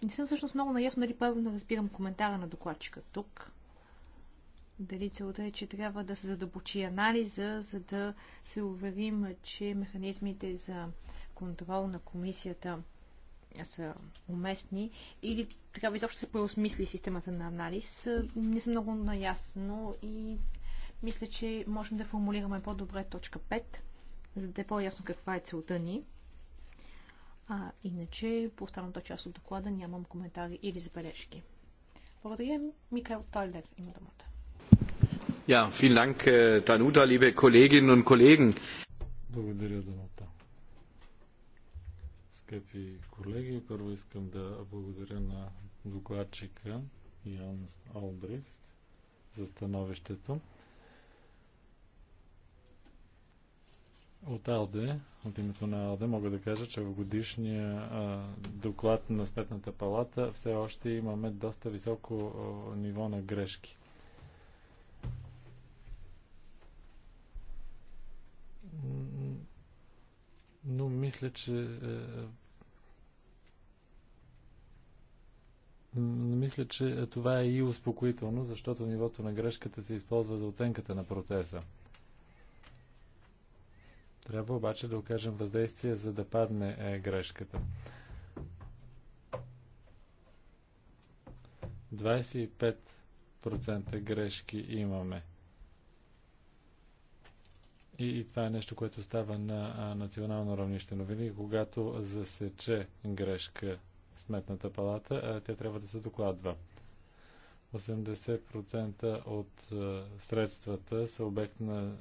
B: не съм всъщност много наясно нали правилно разбирам коментара на докладчика тук. Дали целта е, че трябва да се задълбочи анализа, за да се уверим, че механизмите за контрол на комисията са уместни или трябва изобщо се преосмисли системата на анализ. Не съм много наясно и мисля, че можем да формулираме по-добре точка 5, за да е по-ясно каква е целта ни. А иначе по останалата част от доклада нямам коментари или забележки. Благодаря. Микаел Тойлер има думата. Ja, vielen
A: Dank, äh, Danuta, liebe Kolleginnen und Kollegen.
C: Благодаря, Данута скъпи колеги, първо искам да благодаря на докладчика Ян Олбрихт за становището. От АЛДЕ, от името на АЛДЕ, мога да кажа, че в годишния а, доклад на Сметната палата все още имаме доста високо а, ниво на грешки. Но мисля, че е, мисля, че това е и успокоително, защото нивото на грешката се използва за оценката на процеса. Трябва обаче да окажем въздействие, за да падне е, грешката. 25% грешки имаме. И, и това е нещо, което става на а, национално равнище. Но винаги, когато засече грешка сметната палата, тя трябва да се докладва. 80% от средствата са обект на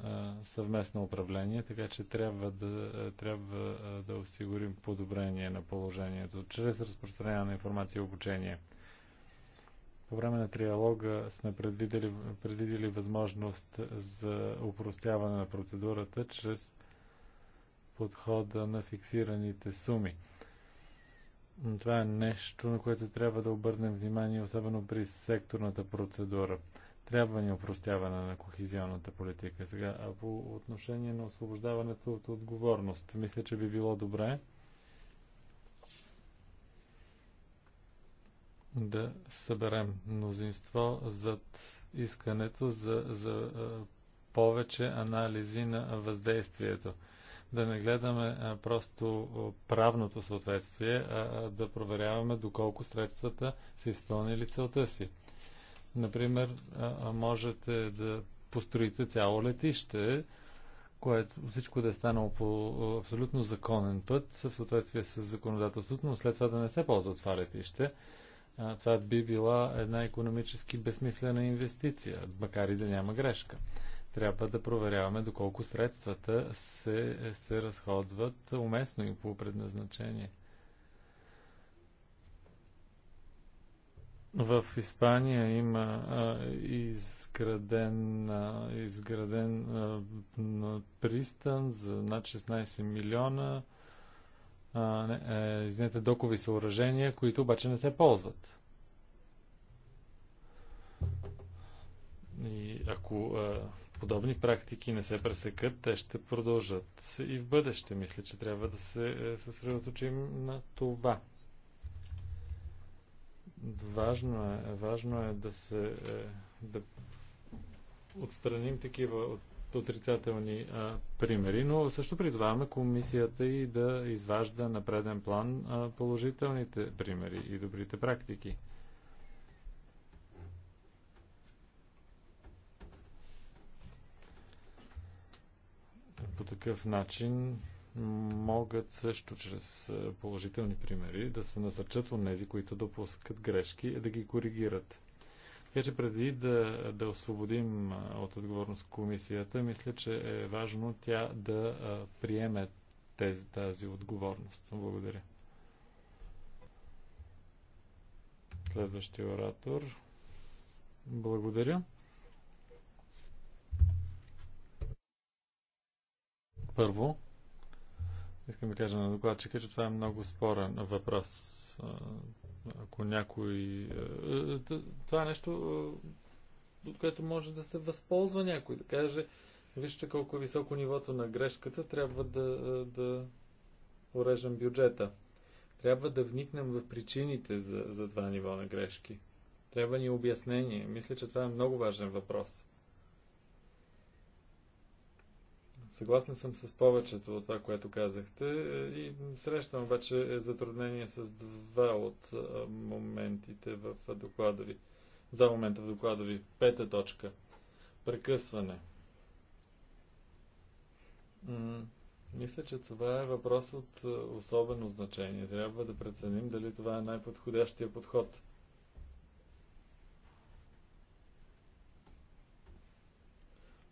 C: съвместно управление, така че трябва да, трябва да осигурим подобрение на положението чрез разпространяване на информация и обучение. По време на триалога сме предвидели, предвидели възможност за упростяване на процедурата чрез подхода на фиксираните суми. Това е нещо, на което трябва да обърнем внимание, особено при секторната процедура. Трябва ни опростяване на кохизионната политика. Сега, а по отношение на освобождаването от отговорност, мисля, че би било добре да съберем мнозинство зад искането за, за повече анализи на въздействието да не гледаме просто правното съответствие, а да проверяваме доколко средствата са изпълнили целта си. Например, можете да построите цяло летище, което всичко да е станало по абсолютно законен път, в съответствие с законодателството, но след това да не се ползва това летище. Това би била една економически безсмислена инвестиция, макар и да няма грешка трябва да проверяваме доколко средствата се, се разходват уместно и по предназначение. В Испания има а, изграден, а, изграден а, пристан за над 16 милиона. А, не, а, е, извинете, докови съоръжения, които обаче не се ползват. И ако а, подобни практики не се пресекат, те ще продължат и в бъдеще. Мисля, че трябва да се е, съсредоточим на това. Важно е, важно е да се е, да отстраним такива отрицателни а, примери, но също призваваме комисията и да изважда на преден план а, положителните примери и добрите практики. по такъв начин могат също чрез е, положителни примери да се насърчат от тези, които допускат грешки, да ги коригират. Така че преди да, да освободим е, от отговорност комисията, мисля, че е важно тя да е, приеме тези, тази отговорност. Благодаря. Следващия оратор. Благодаря. Първо, искам да кажа на докладчика, че това е много спорен въпрос. Ако някой... Е, това е нещо, от което може да се възползва някой, да каже, вижте колко е високо нивото на грешката, трябва да, да урежем бюджета. Трябва да вникнем в причините за, за това ниво на грешки. Трябва ни обяснение. Мисля, че това е много важен въпрос. Съгласен съм с повечето от това, което казахте и срещам обаче затруднение с два от моментите в доклада ви. Два момента в доклада ви. Пета точка. Прекъсване. Мисля, че това е въпрос от особено значение. Трябва да преценим дали това е най-подходящия подход.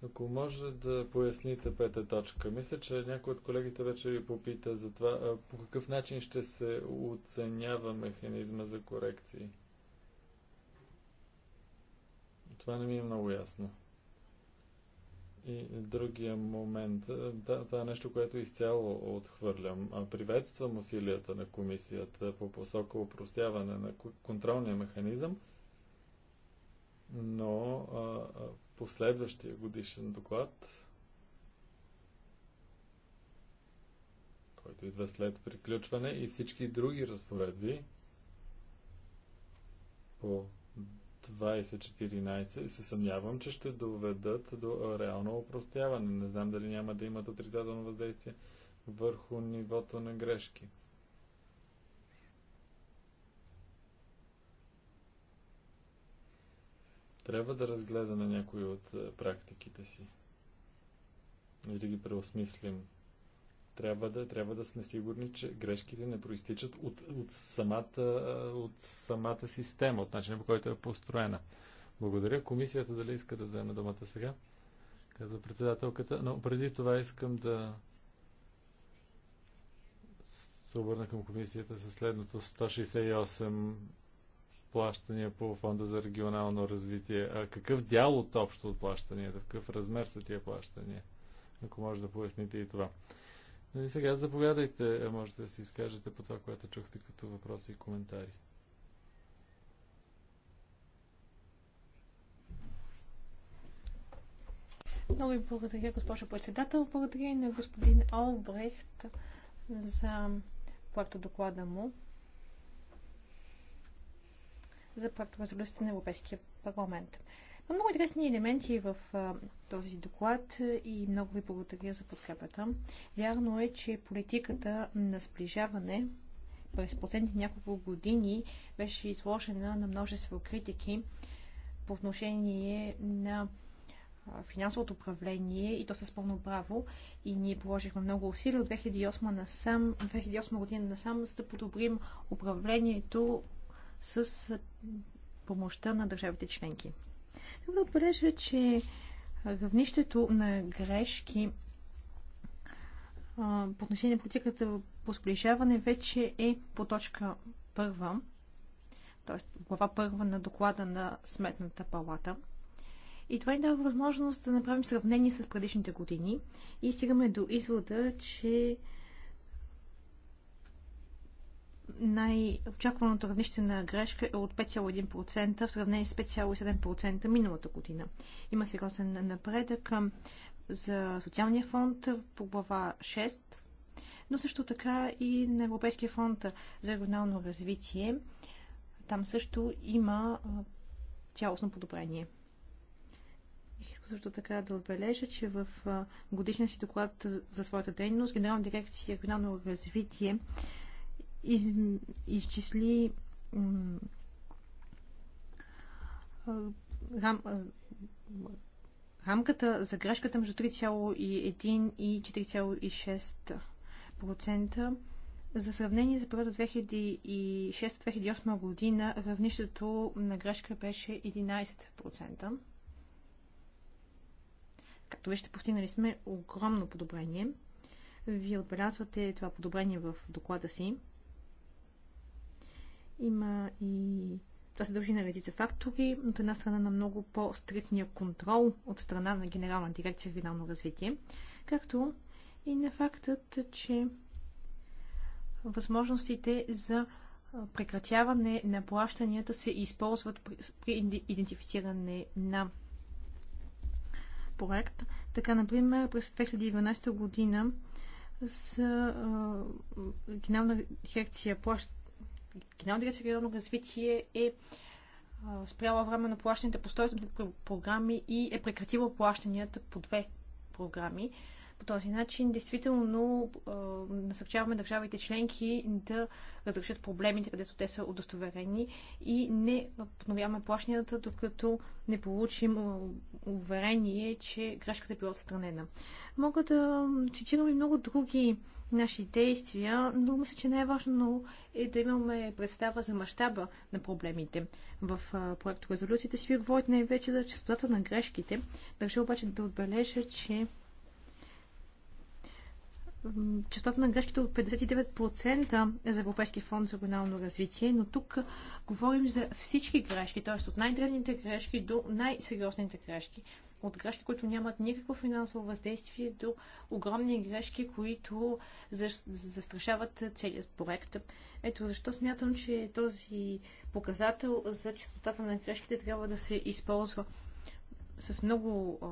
C: Ако може да поясните пета точка. Мисля, че някой от колегите вече ви попита за това по какъв начин ще се оценява механизма за корекции. Това не ми е много ясно. И другия момент, да, това е нещо, което изцяло отхвърлям. Приветствам усилията на комисията по посока упростяване на контролния механизъм, но последващия годишен доклад, който идва след приключване и всички други разпоредби по 2014 се съмнявам, че ще доведат до реално упростяване. Не знам дали няма да имат отрицателно въздействие върху нивото на грешки. Трябва да разгледаме някои от е, практиките си и да ги преосмислим. Трябва да, трябва да сме сигурни, че грешките не проистичат от, от, самата, е, от самата система, от начина по който е построена. Благодаря. Комисията дали иска да вземе думата сега? Казва председателката. Но преди това искам да се обърна към комисията със следното. 168 плащания по Фонда за регионално развитие. А какъв дял от общо от плащанията? В какъв размер са тия плащания? Ако може да поясните и това. И сега заповядайте, можете да си изкажете по това, което чухте като въпроси и коментари.
B: Много ви благодаря, госпожо председател. Благодаря и на господин Олбрехт за проекто доклада му за проекторезолюцията на Европейския парламент. Има много интересни елементи в а, този доклад и много ви благодаря за подкрепата. Вярно е, че политиката на сближаване през последните няколко години беше изложена на множество критики по отношение на финансовото управление и то с пълно право. И ние положихме много усилия от 2008, насам, 2008 година насам, за да подобрим управлението с помощта на държавите членки. Трябва да отбележа, че равнището на грешки по отношение на политиката по сближаване вече е по точка първа, т.е. глава първа на доклада на Сметната палата. И това ни дава възможност да направим сравнение с предишните години и стигаме до извода, че най-очакваното равнище на грешка е от 5,1% в сравнение с 5,7% миналата година. Има сериозен напредък за социалния фонд по глава 6, но също така и на Европейския фонд за регионално развитие. Там също има цялостно подобрение. Искам също така да отбележа, че в годишния си доклад за своята дейност Генерална дирекция регионално развитие из, изчисли рам, рамката за грешката между 3,1 и 4,6%. За сравнение за периода 2006-2008 година равнището на грешка беше 11%. Както вижте, постигнали сме огромно подобрение. Вие отбелязвате това подобрение в доклада си. Има и това се дължи на редица фактори. От една страна на много по стриктния контрол от страна на Генерална дирекция регионално развитие, както и на фактът, че възможностите за прекратяване на плащанията се използват при идентифициране на проект. Така, например, през 2012 година с а, генерална дирекция плащ, Генерална дирекция на развитие е спряла време на плащаните по 180 програми и е прекратила плащанията по две програми. По този начин, действително, насърчаваме държавите членки да разрешат проблемите, където те са удостоверени и не подновяваме плащанията, докато не получим уверение, че грешката е била отстранена. Мога да цитирам и много други наши действия, но мисля, че най-важно е да имаме представа за мащаба на проблемите. В проекта резолюцията си ви говорят най-вече за частотата на грешките. Държа обаче да отбележа, че частота на грешките е от 59% за Европейски фонд за регионално развитие, но тук говорим за всички грешки, т.е. от най-древните грешки до най-сериозните грешки от грешки, които нямат никакво финансово въздействие, до огромни грешки, които застрашават целият проект. Ето защо смятам, че този показател за частотата на грешките трябва да се използва с много а,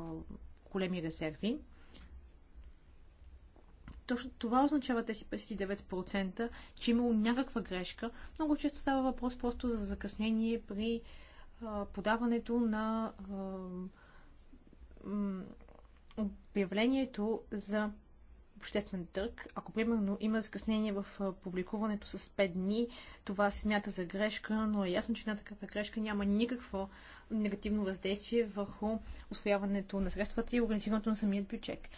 B: големи резерви. Точно това означава тези 59%, че е имало някаква грешка. Много често става въпрос просто за закъснение при а, подаването на а, обявлението за обществен търг, ако примерно има закъснение в публикуването с 5 дни, това се смята за грешка, но е ясно, че една такава грешка няма никакво негативно въздействие върху освояването на средствата и организирането на самият бюджет.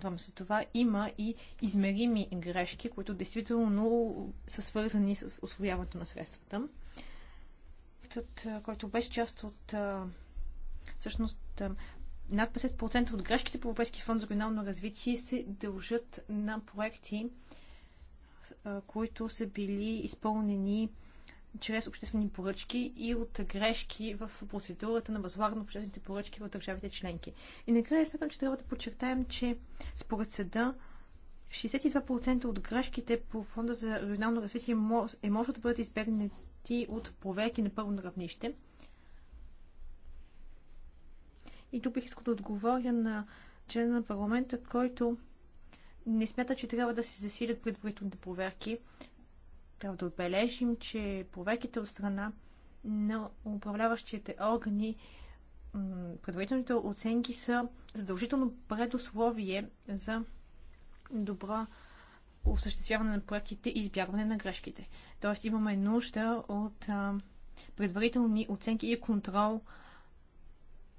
B: Това за това има и измерими грешки, които действително са свързани с освояването на средствата. който беше част от всъщност над 50% от грешките по Европейския фонд за регионално развитие се дължат на проекти, които са били изпълнени чрез обществени поръчки и от грешки в процедурата на възлагане на обществените поръчки в държавите членки. И накрая смятам, че трябва да подчертаем, че според съда 62% от грешките по Фонда за регионално развитие е може да бъдат избегнати от проверки на първо равнище. И тук бих искал да отговоря на члена на парламента, който не смята, че трябва да се засилят предварителните проверки. Трябва да отбележим, че проверките от страна на управляващите органи, предварителните оценки са задължително предусловие за добра осъществяване на проектите и избягване на грешките. Тоест имаме нужда от предварителни оценки и контрол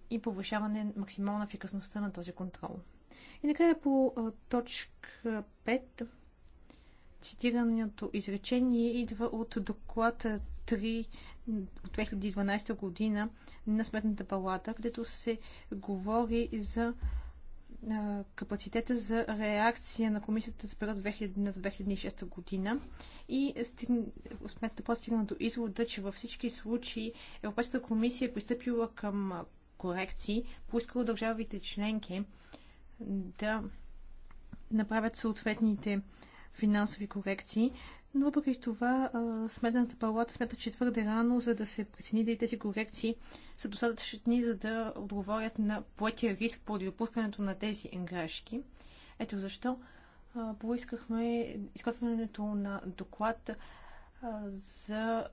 B: и повишаване максимална ефикасността на този контрол. И накрая по точка 5 цитираното изречение идва от доклад 3 от 2012 година на Сметната палата, където се говори за а, капацитета за реакция на комисията за период 2000-2006 година и стигна, Сметната палата стигна до извода, че във всички случаи Европейската комисия е пристъпила към корекции, поиска от държавите членки да направят съответните финансови корекции. Но въпреки това Сметната палата смята, че твърде рано, за да се прецени дали тези корекции са достатъчни, за да отговорят на поетия риск поради допускането на тези грешки. Ето защо поискахме изготвянето на доклад за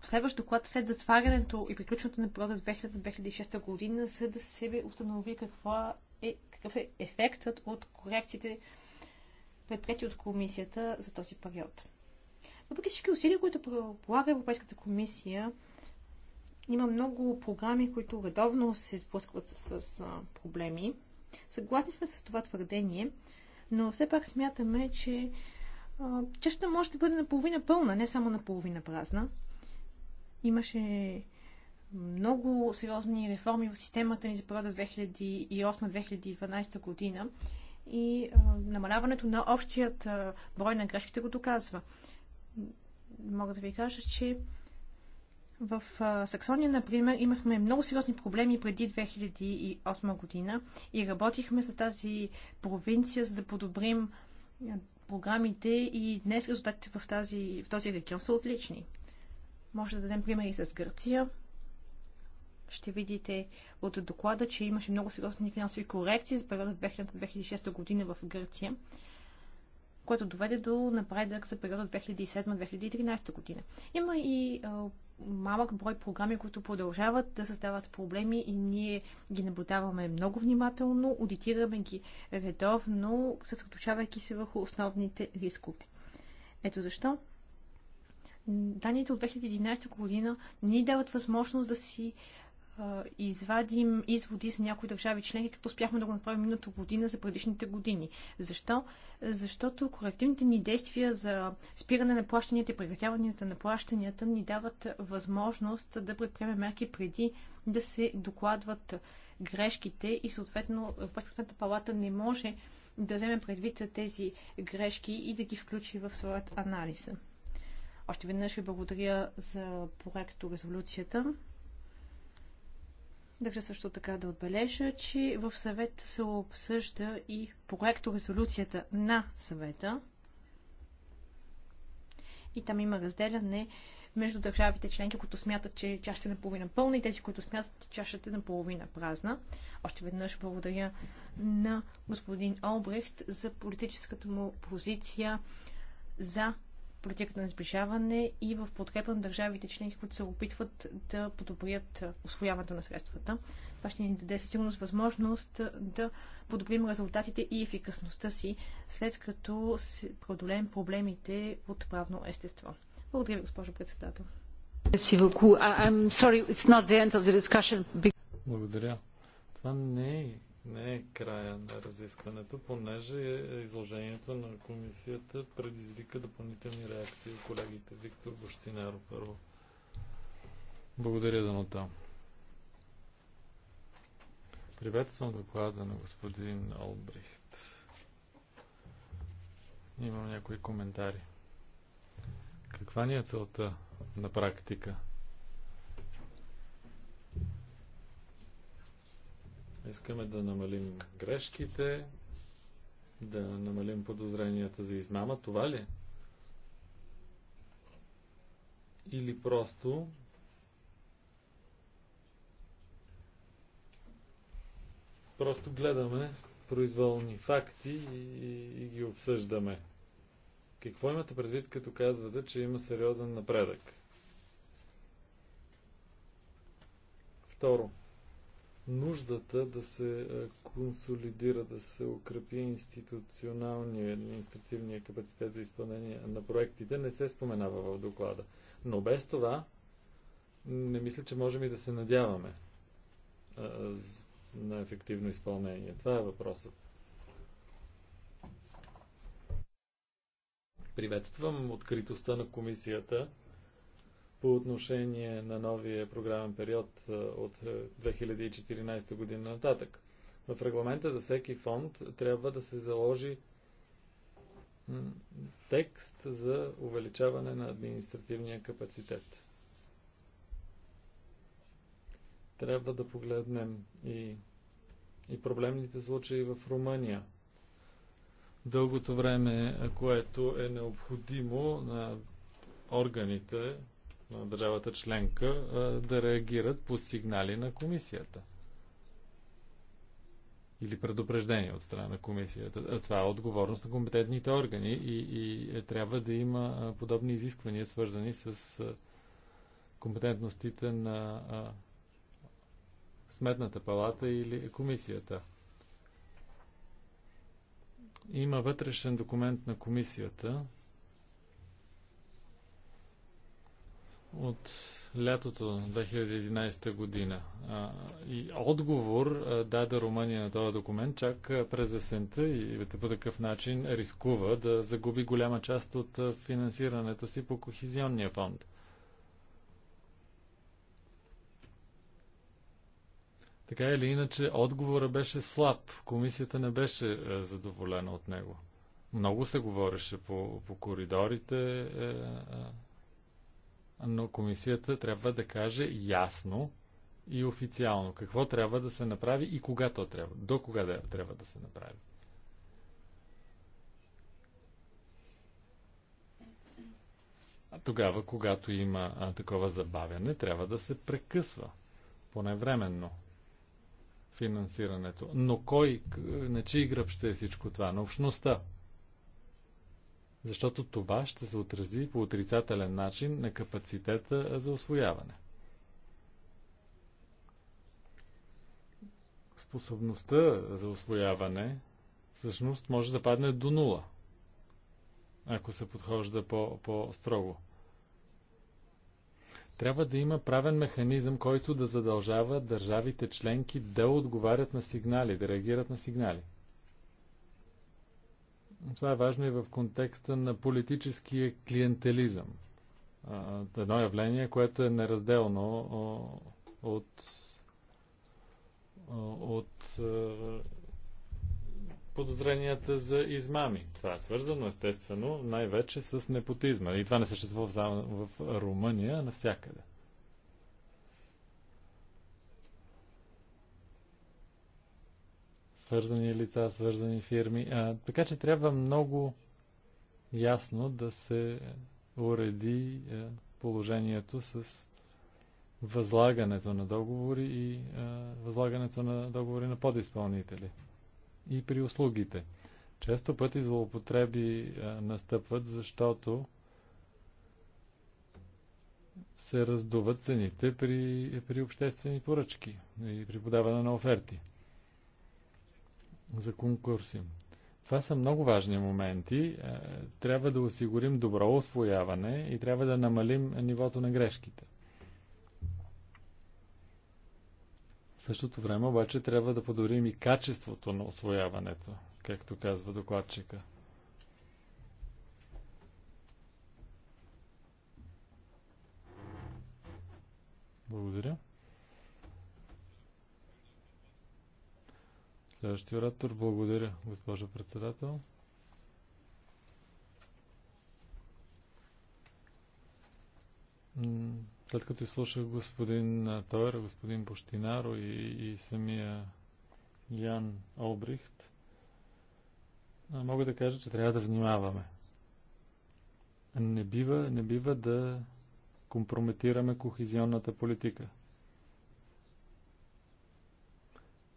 B: последващ доклад след затварянето и приключването на периода 2000-2006 година, за да се установи какво е, какъв е ефектът от корекциите, предприяти от комисията за този период. Въпреки всички усилия, които полага Европейската комисия, има много програми, които редовно се сблъскват с, с проблеми. Съгласни сме с това твърдение, но все пак смятаме, че чашата може да бъде наполовина пълна, не само наполовина празна. Имаше много сериозни реформи в системата ни за периода 2008-2012 година и а, намаляването на общият а, брой на грешките го доказва. Мога да ви кажа, че в а, Саксония, например, имахме много сериозни проблеми преди 2008 година и работихме с тази провинция, за да подобрим програмите и днес резултатите в, тази, в този регион са отлични. Може да дадем примери с Гърция. Ще видите от доклада, че имаше много сериозни финансови корекции за периода 2000-2006 година в Гърция, което доведе до напредък за периода 2007-2013 година. Има и малък брой програми, които продължават да създават проблеми и ние ги наблюдаваме много внимателно, аудитираме ги редовно, съсредоточавайки се върху основните рискове. Ето защо данните от 2011 година ни дават възможност да си извадим изводи за някои държави членки, като успяхме да го направим миналата година за предишните години. Защо? Защото корективните ни действия за спиране на плащанията и прекратяването на плащанията ни дават възможност да предприемем мерки преди да се докладват грешките и съответно Европейска палата не може да вземе предвид тези грешки и да ги включи в своят анализ. Още веднъж ви благодаря за проекто резолюцията. Държа също така да отбележа, че в съвет се обсъжда и проекто резолюцията на съвета. И там има разделяне между държавите членки, които смятат, че чашата е наполовина пълна и тези, които смятат, че чашата е наполовина празна. Още веднъж благодаря на господин Олбрехт за политическата му позиция за политиката на сближаване и в подкрепа на държавите членки, които се опитват да подобрят освояването на средствата. Това ще ни даде със сигурност възможност да подобрим резултатите и ефикасността си, след като се преодолеем проблемите от правно естество. Благодаря ви, госпожо председател.
C: Благодаря. Това не е не е края на разискването, понеже изложението на комисията предизвика допълнителни реакции от колегите. Виктор Бощинаро първо. Благодаря, Данота. Приветствам доклада на господин Олбрихт. Имам някои коментари. Каква ни е целта на практика? Искаме да намалим грешките, да намалим подозренията за измама. Това ли? Или просто просто гледаме произволни факти и, и, ги обсъждаме. Какво имате предвид, като казвате, че има сериозен напредък? Второ нуждата да се е, консолидира, да се укрепи институционалния административния капацитет за изпълнение на проектите не се споменава в доклада. Но без това не мисля, че можем и да се надяваме е, на ефективно изпълнение. Това е въпросът. Приветствам откритостта на комисията по отношение на новия програмен период от 2014 е, година нататък. В регламента за всеки фонд трябва да се заложи текст за увеличаване на административния капацитет. Трябва да погледнем и, и проблемните случаи в Румъния. Дългото време, е, което е необходимо на органите на държавата членка да реагират по сигнали на комисията. Или предупреждение от страна на комисията. Това е отговорност на компетентните органи и, и е, трябва да има подобни изисквания, свързани с компетентностите на Сметната палата или комисията. Има вътрешен документ на комисията, от лятото 2011 година. А, и отговор а, даде Румъния на този документ чак през есента и по такъв начин рискува да загуби голяма част от финансирането си по Кохизионния фонд. Така или иначе, отговора беше слаб. Комисията не беше е, задоволена от него. Много се говореше по, по коридорите. Е, е но комисията трябва да каже ясно и официално какво трябва да се направи и кога то трябва, до кога да, трябва да се направи. А тогава, когато има а, такова забавяне, трябва да се прекъсва поне временно финансирането. Но кой, на чий гръб ще е всичко това? На общността, защото това ще се отрази по отрицателен начин на капацитета за освояване. Способността за освояване всъщност може да падне до нула, ако се подхожда по- по-строго. Трябва да има правен механизъм, който да задължава държавите членки да отговарят на сигнали, да реагират на сигнали. Това е важно и в контекста на политическия клиентелизъм. Едно явление, което е неразделно от, от подозренията за измами. Това е свързано, естествено, най-вече с непотизма. И това не съществува в Румъния, а навсякъде. свързани лица, свързани фирми. А, така че трябва много ясно да се уреди а, е, положението с възлагането на договори и а, е, възлагането на договори на подизпълнители и при услугите. Често пъти злоупотреби а, е, настъпват, защото се раздуват цените при, при обществени поръчки и при подаване на оферти за конкурси. Това са много важни моменти. Е, трябва да осигурим добро освояване и трябва да намалим нивото на грешките. В същото време обаче трябва да подобрим и качеството на освояването, както казва докладчика. Благодаря. Следващия оратор. Благодаря, госпожо председател. След като изслушах господин Тойер, господин Пощинаро и, и самия Ян Обрихт, мога да кажа, че трябва да внимаваме. Не бива, не бива да компрометираме кохезионната политика –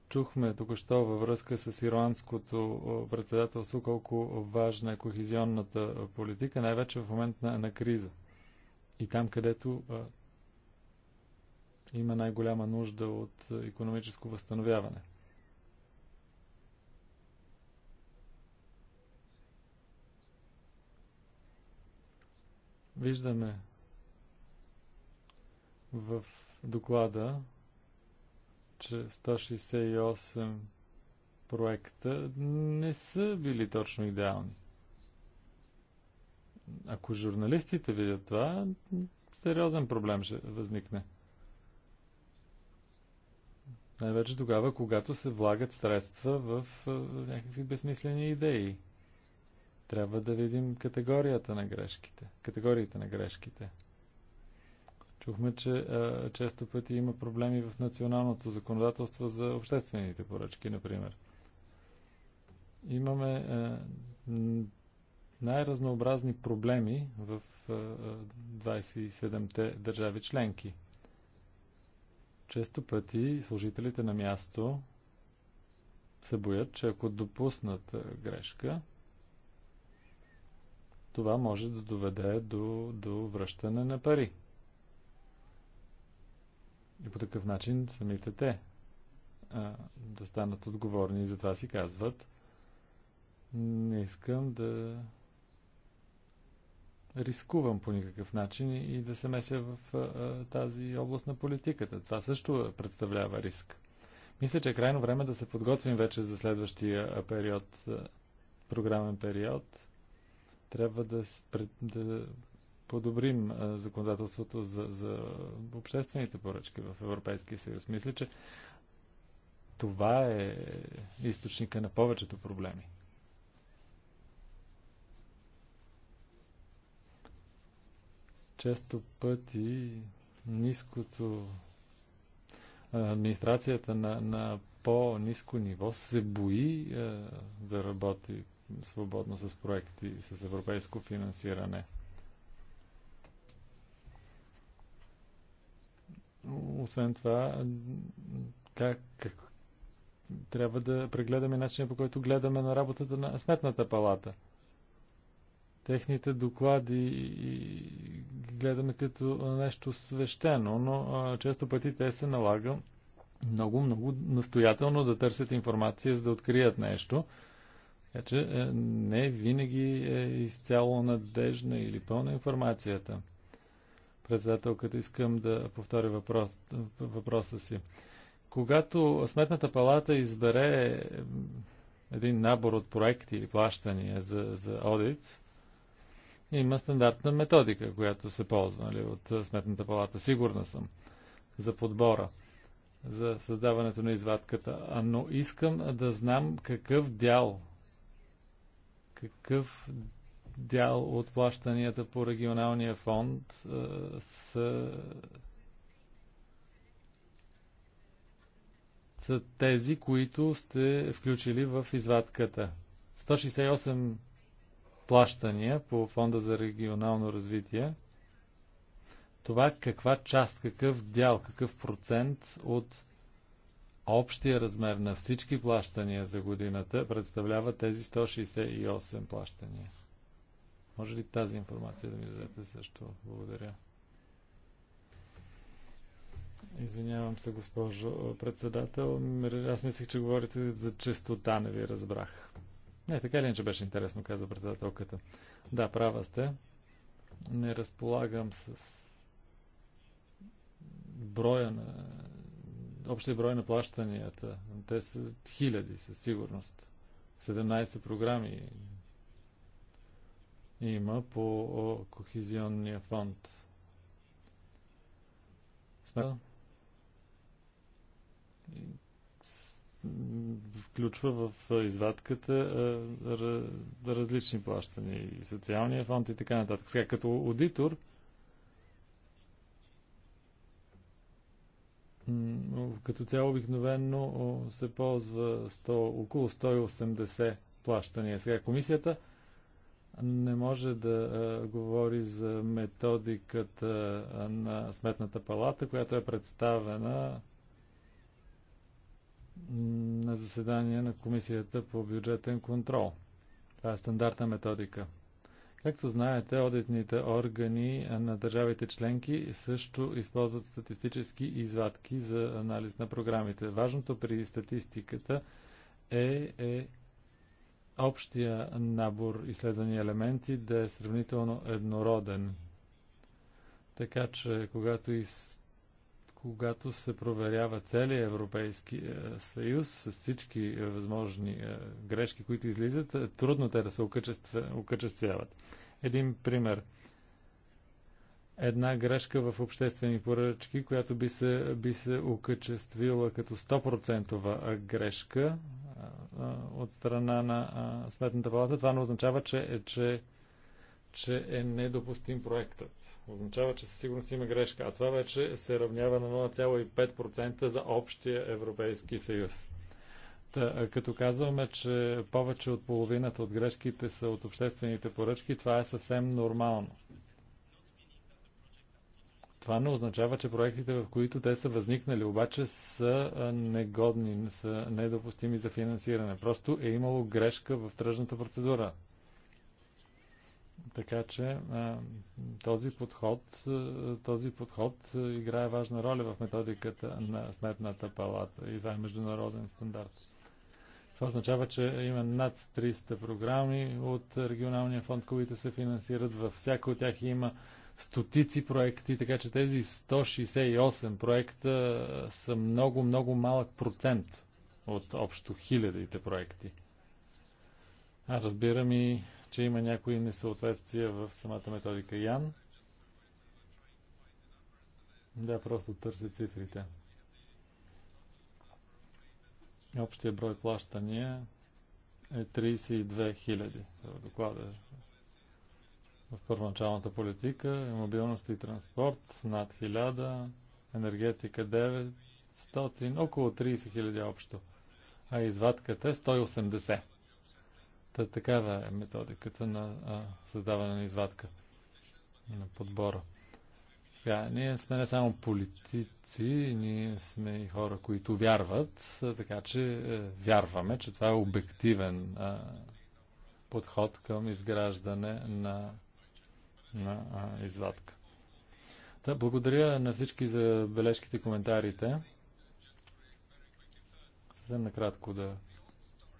C: чухме току-що във връзка с ирландското председателство колко важна е кохезионната политика, най-вече в момент на, на криза. И там, където а, има най-голяма нужда от економическо възстановяване. Виждаме в доклада че 168 проекта не са били точно идеални. Ако журналистите видят това, сериозен проблем ще възникне. Най-вече тогава, когато се влагат средства в някакви безсмислени идеи. Трябва да видим категорията на грешките. Категориите на грешките. Чухме, че а, често пъти има проблеми в националното законодателство за обществените поръчки, например. Имаме а, най-разнообразни проблеми в 27-те държави членки. Често пъти служителите на място се боят, че ако допуснат грешка, това може да доведе до, до връщане на пари. И по такъв начин самите те а, да станат отговорни и затова си казват не искам да рискувам по никакъв начин и да се меся в а, тази област на политиката. Това също представлява риск. Мисля, че е крайно време да се подготвим вече за следващия период, програмен период. Трябва да, да подобрим законодателството за, за обществените поръчки в Европейския съюз. Мисля, че това е източника на повечето проблеми. Често пъти ниското администрацията на, на по-низко ниво се бои да работи свободно с проекти с европейско финансиране. Освен това, как, как трябва да прегледаме начина по който гледаме на работата на Сметната палата. Техните доклади гледаме като нещо свещено, но често пъти те се налага много, много настоятелно да търсят информация, за да открият нещо. Така че е, не винаги е изцяло надежна или пълна информацията. Председателката искам да повторя въпрос, въпроса си. Когато Сметната палата избере един набор от проекти или плащания за, за одит, има стандартна методика, която се ползва ли, нали, от Сметната палата. Сигурна съм за подбора, за създаването на извадката. Но искам да знам какъв дял, какъв дял от плащанията по регионалния фонд е, са, са тези, които сте включили в извадката. 168 плащания по фонда за регионално развитие. Това каква част, какъв дял, какъв процент от общия размер на всички плащания за годината представлява тези 168 плащания. Може ли тази информация да ми дадете също? Благодаря. Извинявам се, госпожо председател. Аз мислех, че говорите за честота, не ви разбрах. Не, така ли не, че беше интересно, каза председателката. Да, права сте. Не разполагам с броя на... Общия брой на плащанията. Те са хиляди, със сигурност. 17 програми има по Кохизионния фонд. Включва в извадката различни плащания и социалния фонд и така нататък. Сега като аудитор като цяло обикновено се ползва 100, около 180 плащания. Сега комисията не може да а, говори за методиката на Сметната палата, която е представена на заседание на Комисията по бюджетен контрол. Това е стандартна методика. Както знаете, одитните органи на държавите членки също използват статистически извадки за анализ на програмите. Важното при статистиката е, е общия набор изследвани елементи да е сравнително еднороден. Така че, когато, из... когато се проверява целият Европейски е, съюз с всички е, възможни е, грешки, които излизат, трудно те да се окачествяват. Един пример една грешка в обществени поръчки, която би се, би се окачествила като 100% грешка, от страна на Сметната палата, това не означава, че, е, че, че е недопустим проектът. Означава, че със сигурност има грешка, а това вече се равнява на 0,5% за общия Европейски съюз. Та, като казваме, че повече от половината от грешките са от обществените поръчки, това е съвсем нормално това не означава, че проектите, в които те са възникнали, обаче са негодни, са недопустими за финансиране. Просто е имало грешка в тръжната процедура. Така че този подход, този подход играе важна роля в методиката на Сметната палата и това е международен стандарт. Това означава, че има над 300 програми от регионалния фонд, които се финансират. Във всяка от тях има стотици проекти, така че тези 168 проекта са много, много малък процент от общо хилядите проекти. А разбирам и, че има някои несъответствия в самата методика Ян. Да, просто търся цифрите. Общия брой плащания е 32 000. Доклада е в първоначалната политика, мобилност и транспорт над 1000, енергетика 900, около 30 000 общо, а извадката е 180. Та такава е методиката на а, създаване на извадка, на подбора. Сега, ние сме не само политици, ние сме и хора, които вярват, така че е, вярваме, че това е обективен а, подход към изграждане на на а, извадка. Та, благодаря на всички за бележките и коментарите. Съвсем накратко да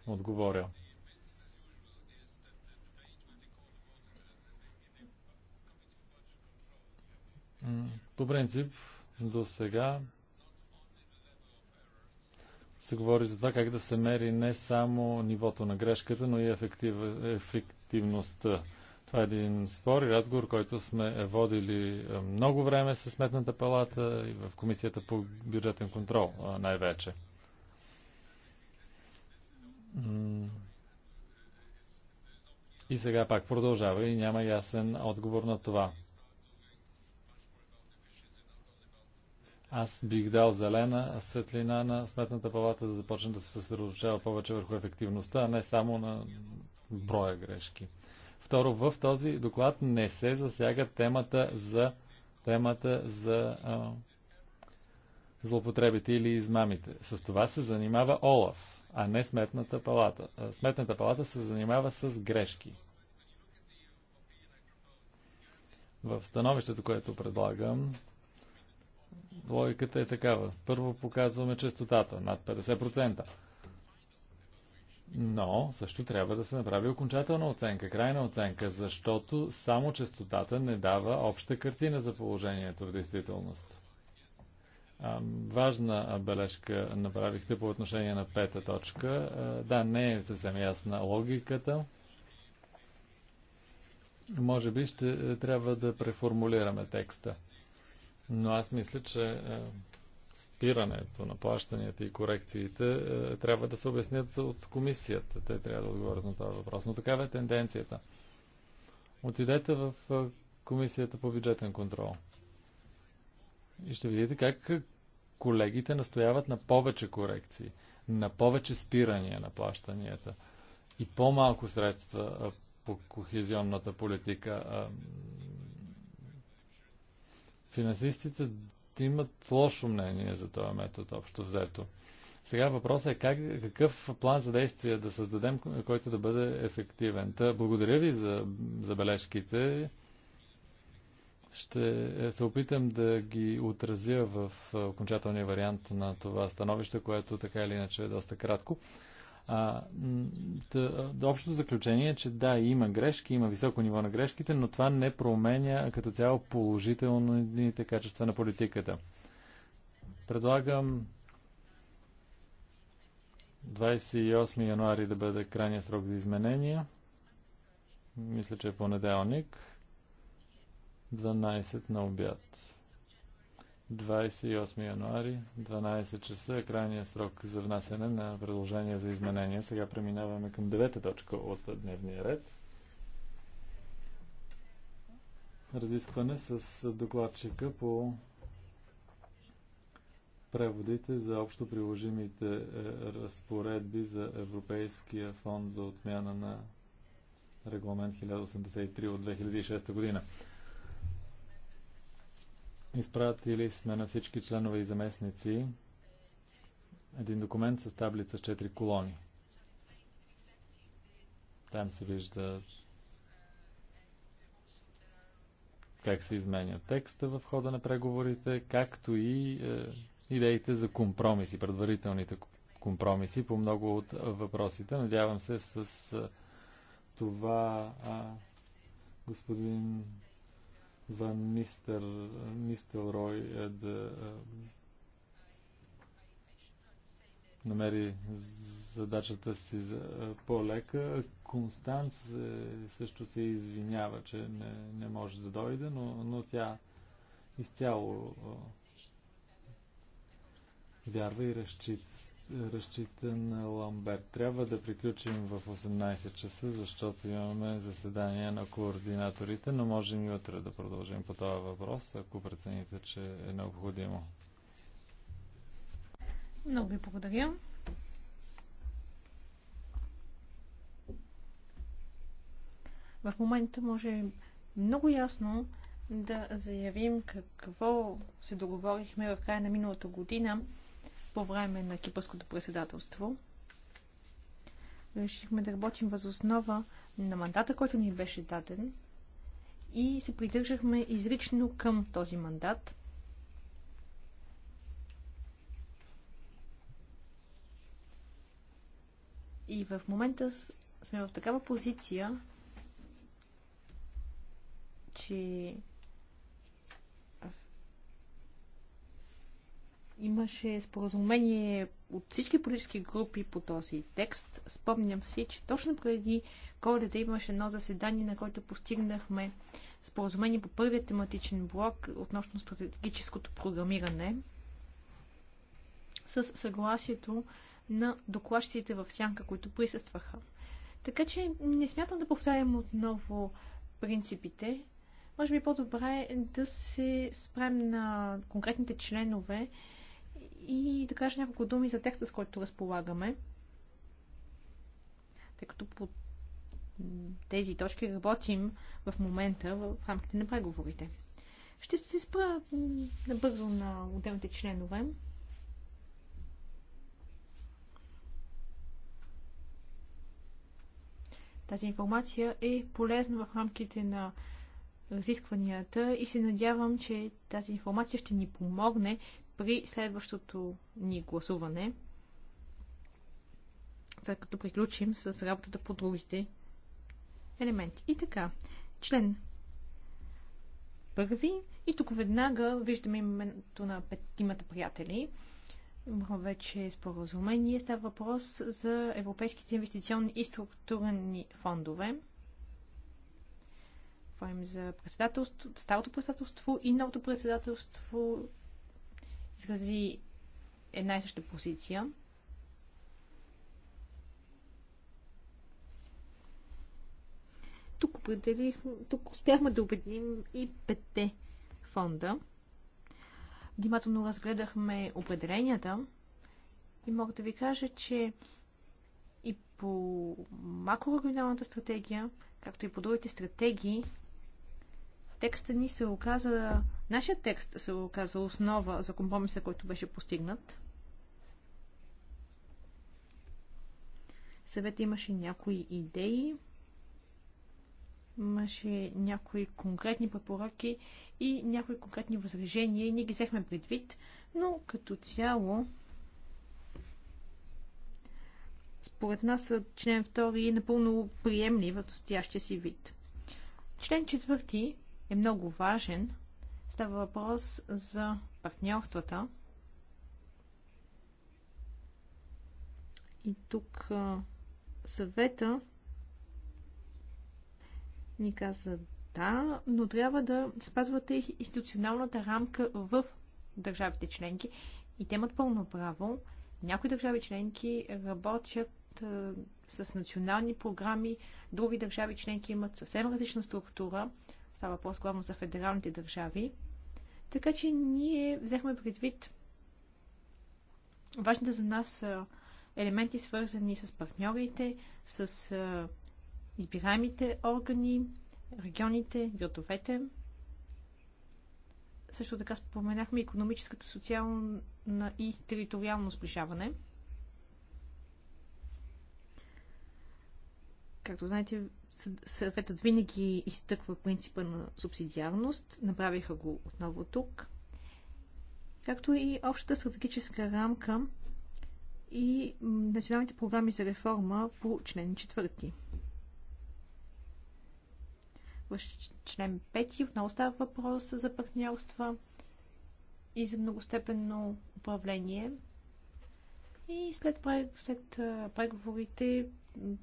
C: отговоря. По принцип, до сега се говори за това как да се мери не само нивото на грешката, но и ефектив... ефективността това е един спор и разговор, който сме водили е, много време с Сметната палата и в Комисията по бюджетен контрол е, най-вече. И сега пак продължава и няма ясен отговор на това. Аз бих дал зелена светлина на Сметната палата да започне да се съсредоточава повече върху ефективността, а не само на броя грешки. Второ, в този доклад не се засяга темата за, темата за а, злопотребите или измамите. С това се занимава Олаф, а не Сметната палата. Сметната палата се занимава с грешки. В становището, което предлагам, логиката е такава. Първо показваме частотата, над 50%. Но също трябва да се направи окончателна оценка, крайна оценка, защото само частотата не дава обща картина за положението в действителност. важна бележка направихте по отношение на пета точка. да, не е съвсем ясна логиката. Може би ще е, трябва да преформулираме текста. Но аз мисля, че е, спирането на плащанията и корекциите е, трябва да се обяснят от комисията. Те трябва да отговорят на този въпрос. Но такава е тенденцията. Отидете в е, комисията по бюджетен контрол. И ще видите как колегите настояват на повече корекции, на повече спирания на плащанията и по-малко средства е, по кохезионната политика. Финансистите имат лошо мнение за този метод, общо взето. Сега въпросът е как, какъв план за действие да създадем, който да бъде ефективен. Та, благодаря ви за забележките. Ще се опитам да ги отразя в окончателния вариант на това становище, което така или иначе е доста кратко. А, да, общото заключение е, че да, има грешки, има високо ниво на грешките, но това не променя като цяло положителните качества на политиката. Предлагам 28 януари да бъде крайния срок за изменения. Мисля, че е понеделник. 12 на обяд. 28 януари, 12 часа е крайния срок за внасяне на предложения за изменения. Сега преминаваме към девета точка от дневния ред. Разискване с докладчика по преводите за общо приложимите е, разпоредби за Европейския фонд за отмяна на регламент 1083 от 2006 година. Изпратили сме на всички членове и заместници един документ с таблица с 4 колони. Там се вижда как се изменя текста в хода на преговорите, както и е, идеите за компромиси, предварителните компромиси по много от въпросите. Надявам се с е, това господин Ван Roy е да е, намери задачата си за е, по-лека. Констанц е, също се извинява, че не, не може да дойде, но, но тя изцяло вярва и разчита разчита на ламбер. Трябва да приключим в 18 часа, защото имаме заседание на координаторите, но можем и утре да продължим по този въпрос, ако прецените, че е необходимо.
B: Много ви благодаря. В момента може много ясно да заявим какво се договорихме в края на миналата година по време на кипърското председателство. Решихме да работим възоснова на мандата, който ни беше даден и се придържахме изрично към този мандат. И в момента сме в такава позиция, че Имаше споразумение от всички политически групи по този текст. Спомням си, че точно преди коледа имаше едно заседание, на което постигнахме споразумение по първият тематичен блок относно стратегическото програмиране с съгласието на докладчиците в сянка, които присъстваха. Така че не смятам да повтарям отново принципите. Може би по-добре е да се спрем на конкретните членове и да кажа няколко думи за текста, с който разполагаме. Тъй като по тези точки работим в момента в рамките на преговорите. Ще се спра набързо на отделните членове. Тази информация е полезна в рамките на разискванията и се надявам, че тази информация ще ни помогне при следващото ни гласуване, след като приключим с работата по другите елементи. И така, член първи и тук веднага виждаме името на петимата приятели. Имахме вече споразумение. Става въпрос за европейските инвестиционни и структурни фондове. Говорим за председателство, старото председателство и новото председателство изрази една и съща позиция. Тук, тук успяхме да убедим и петте фонда. Внимателно разгледахме определенията и мога да ви кажа, че и по макрорегионалната стратегия, както и по другите стратегии, Текстът ни се оказа, нашия текст се оказа основа за компромиса, който беше постигнат. Съвет имаше някои идеи, имаше някои конкретни препоръки и някои конкретни възражения и ние ги взехме предвид, но като цяло според нас член 2 е напълно приемлив в настоящия си вид. Член 4 е много важен. Става въпрос за партньорствата. И тук съвета ни каза да, но трябва да спазвате институционалната рамка в държавите членки. И те имат пълно право. Някои държави членки работят с национални програми, други държави членки имат съвсем различна структура. Става въпрос главно за федералните държави. Така че ние взехме предвид важните за нас елементи, свързани с партньорите, с избираемите органи, регионите, градовете. Също така споменахме економическата, социална и териториално сближаване – Както знаете, съветът винаги изтъква принципа на субсидиарност. Направиха го отново тук. Както и общата стратегическа рамка и националните програми за реформа по член 4. В член 5 отново става въпрос за партньорства и за многостепенно управление – и след, след преговорите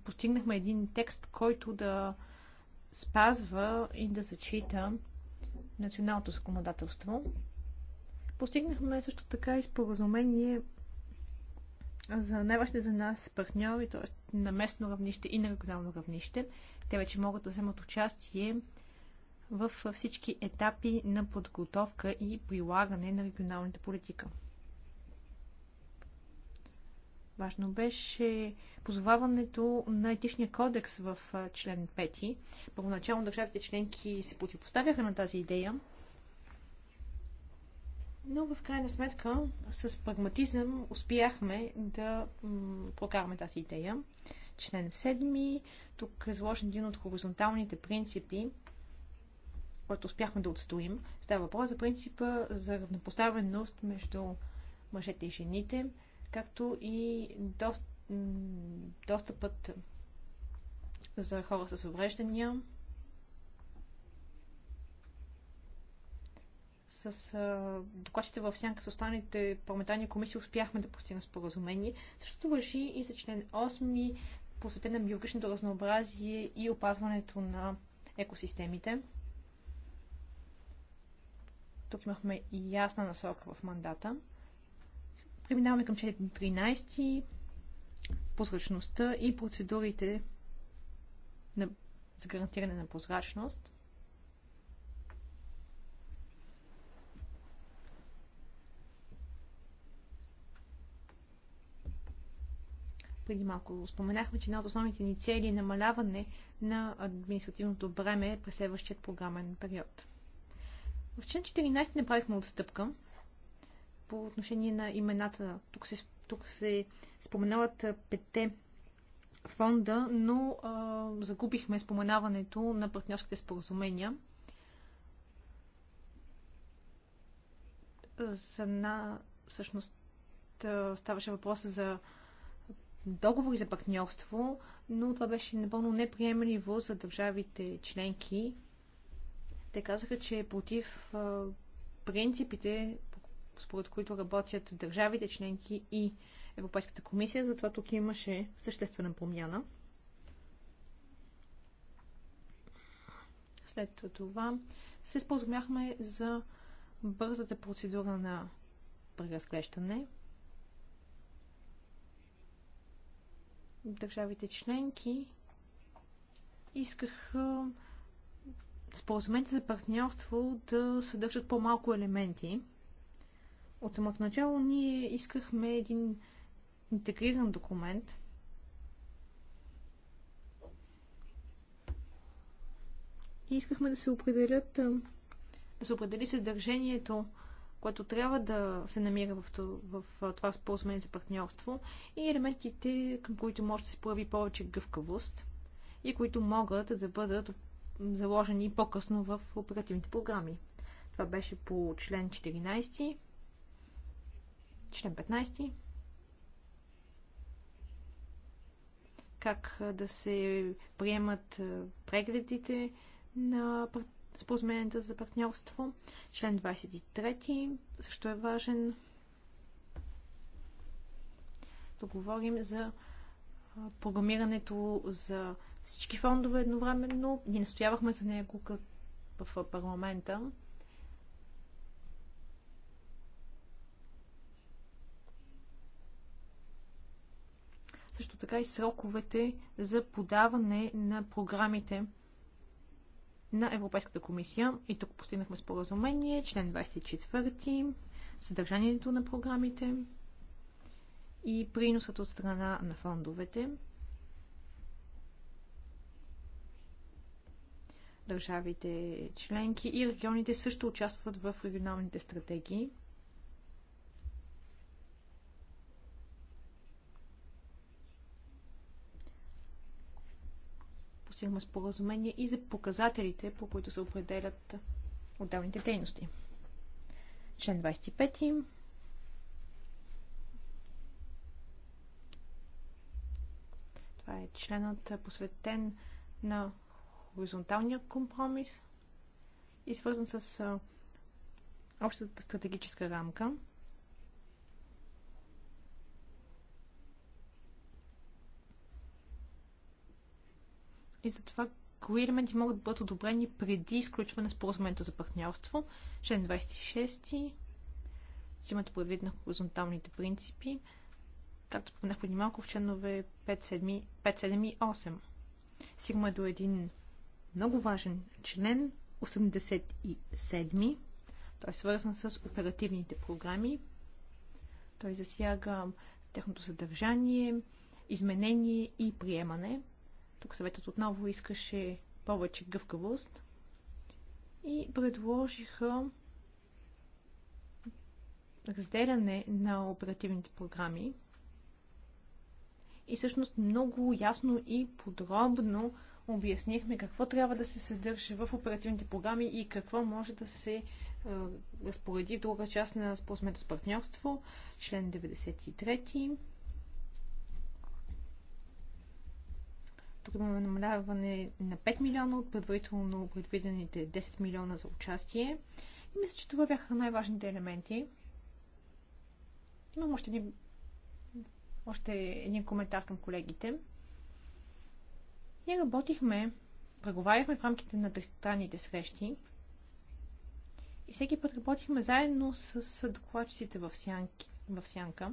B: постигнахме един текст, който да спазва и да зачита националното законодателство. Постигнахме също така и споразумение за най-важните за нас партньори, т.е. на местно равнище и на регионално равнище. Те вече могат да вземат участие в всички етапи на подготовка и прилагане на регионалната политика. Важно беше позоваването на етичния кодекс в член 5. Първоначално държавите членки се противопоставяха на тази идея, но в крайна сметка с прагматизъм успяхме да прокараме тази идея. Член 7. Тук е изложен един от хоризонталните принципи, който успяхме да отстоим. Става въпрос за принципа за равнопоставеност между мъжете и жените, както и дост, достъпът за хора с увреждания с а, докладчите в сянка с останалите парламентарни комисии успяхме да постигнем споразумение. Същото въжи и за член 8, посветен на биологичното разнообразие и опазването на екосистемите. Тук имахме и ясна насока в мандата. Преминаваме към член 13. Прозрачността и процедурите на, за гарантиране на прозрачност. преди малко споменахме, че една от основните ни цели е намаляване на административното бреме през следващия програмен период. В член 14 направихме отстъпка, по отношение на имената. Тук се, тук се споменават пете фонда, но а, загубихме споменаването на партньорските споразумения. За на, всъщност ставаше въпрос за договори за партньорство, но това беше напълно неприемливо за държавите членки. Те казаха, че е против принципите, според които работят държавите членки и Европейската комисия, затова тук имаше съществена промяна. След това се споразумяхме за бързата процедура на преразглеждане. Държавите членки искаха споразумените за партньорство да съдържат по-малко елементи – от самото начало ние искахме един интегриран документ, и искахме да се определят да се определи съдържанието, което трябва да се намира в, това споразумение за партньорство и елементите, към които може да се появи повече гъвкавост и които могат да бъдат заложени по-късно в оперативните програми. Това беше по член 14. Член 15. Как да се приемат прегледите на споразуменията за партньорство. Член 23 също е важен. Да говорим за програмирането за всички фондове едновременно. Ние настоявахме за него в парламента. също така и сроковете за подаване на програмите на Европейската комисия. И тук постигнахме споразумение, член 24, съдържанието на програмите и приносът от страна на фондовете. Държавите членки и регионите също участват в регионалните стратегии. постигаме има споразумение и за показателите, по които се определят отделните дейности. Член 25. Това е членът посветен на хоризонталния компромис и свързан с общата стратегическа рамка. и за това кои елементи могат да бъдат одобрени преди изключване на споразумението за партньорство. Член 26. Взимат предвид на хоризонталните принципи. Както споменах преди малко в членове 5, 7, 5, 7 и 8. Сигма е до един много важен член 87. Той е свързан с оперативните програми. Той засяга техното съдържание, изменение и приемане. Тук съветът отново искаше повече гъвкавост и предложиха разделяне на оперативните програми. И всъщност много ясно и подробно обяснихме какво трябва да се съдържа в оперативните програми и какво може да се е, разпореди в друга част на споразумението с партньорство, член 93. Примерно намаляване на 5 милиона от предварително предвидените 10 милиона за участие. И мисля, че това бяха най-важните елементи. Имам още един, още един коментар към колегите. Ние работихме, преговаряхме в рамките на тристранните срещи и всеки път работихме заедно с докладчиците в, сянки, в сянка.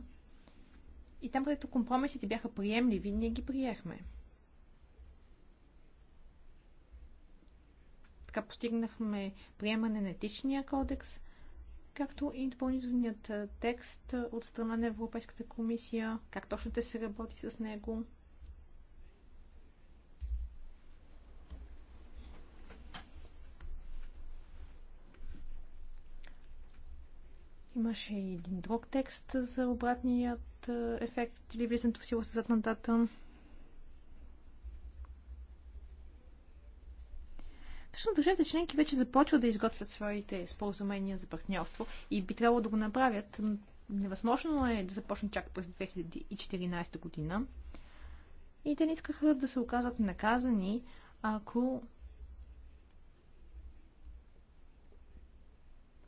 B: И там, където компромисите бяха приемливи, ние ги приехме. Така постигнахме приемане на етичния кодекс, както и допълнителният текст от страна на Европейската комисия, как точно те се работи с него. Имаше и един друг текст за обратният ефект или влизането в сила с задна дата. Всъщност държавите членки вече започват да изготвят своите споразумения за партньорство и би трябвало да го направят. Невъзможно е да започнат чак през 2014 година. И те не искаха да се оказат наказани, ако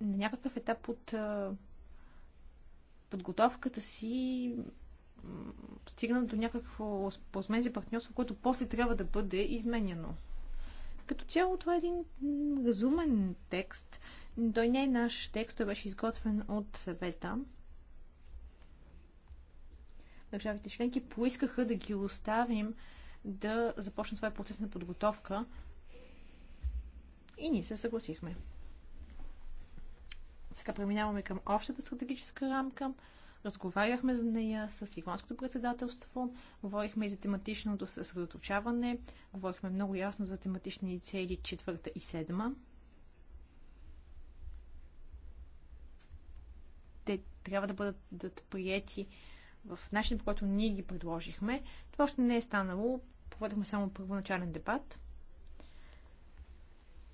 B: на някакъв етап от подготовката си стигнат до някакво споразумение за партньорство, което после трябва да бъде изменено. Като цяло това е един разумен текст. Той не е наш текст, той беше изготвен от съвета. Държавите членки поискаха да ги оставим да започнат своя процес на подготовка и ние се съгласихме. Сега преминаваме към общата стратегическа рамка – Разговаряхме за нея с Ирландското председателство, говорихме и за тематичното съсредоточаване, говорихме много ясно за тематични цели четвърта и седма. Те трябва да бъдат да приети в начин, по който ние ги предложихме. Това още не е станало. Проведохме само първоначален дебат.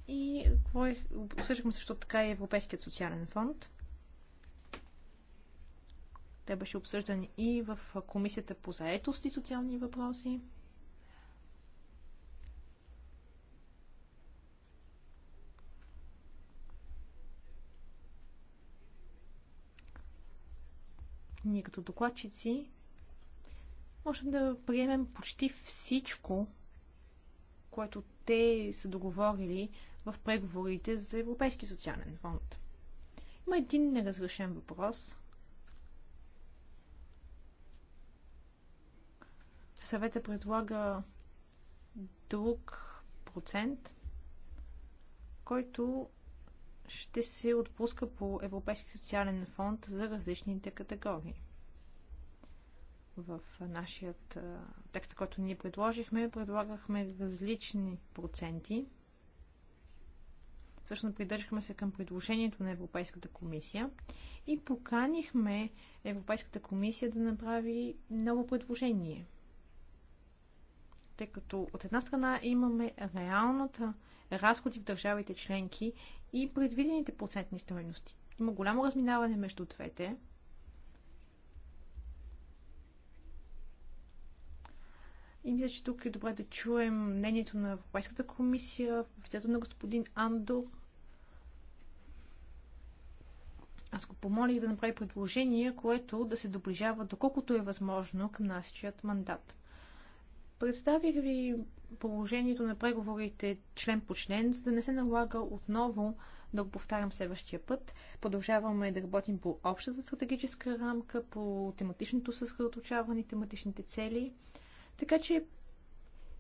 B: И обсъждахме също така и Европейският социален фонд. Той беше обсъждан и в Комисията по заетост и социални въпроси. Ние като докладчици можем да приемем почти всичко, което те са договорили в преговорите за Европейски социален фонд. Има един неразрешен въпрос – Съвета предлага друг процент, който ще се отпуска по Европейски социален фонд за различните категории. В нашият текст, който ние предложихме, предлагахме различни проценти. Всъщност придържахме се към предложението на Европейската комисия и поканихме Европейската комисия да направи ново предложение – тъй като от една страна имаме реалната разходи в държавите членки и предвидените процентни стоености. Има голямо разминаване между двете. И мисля, че тук е добре да чуем мнението на Европейската комисия, лицето на господин Андор. Аз го помолих да направи предложение, което да се доближава доколкото е възможно към нашият мандат. Представих ви положението на преговорите член по член, за да не се налага отново да го повтарям следващия път. Продължаваме да работим по общата стратегическа рамка, по тематичното съсредоточаване, тематичните цели. Така че,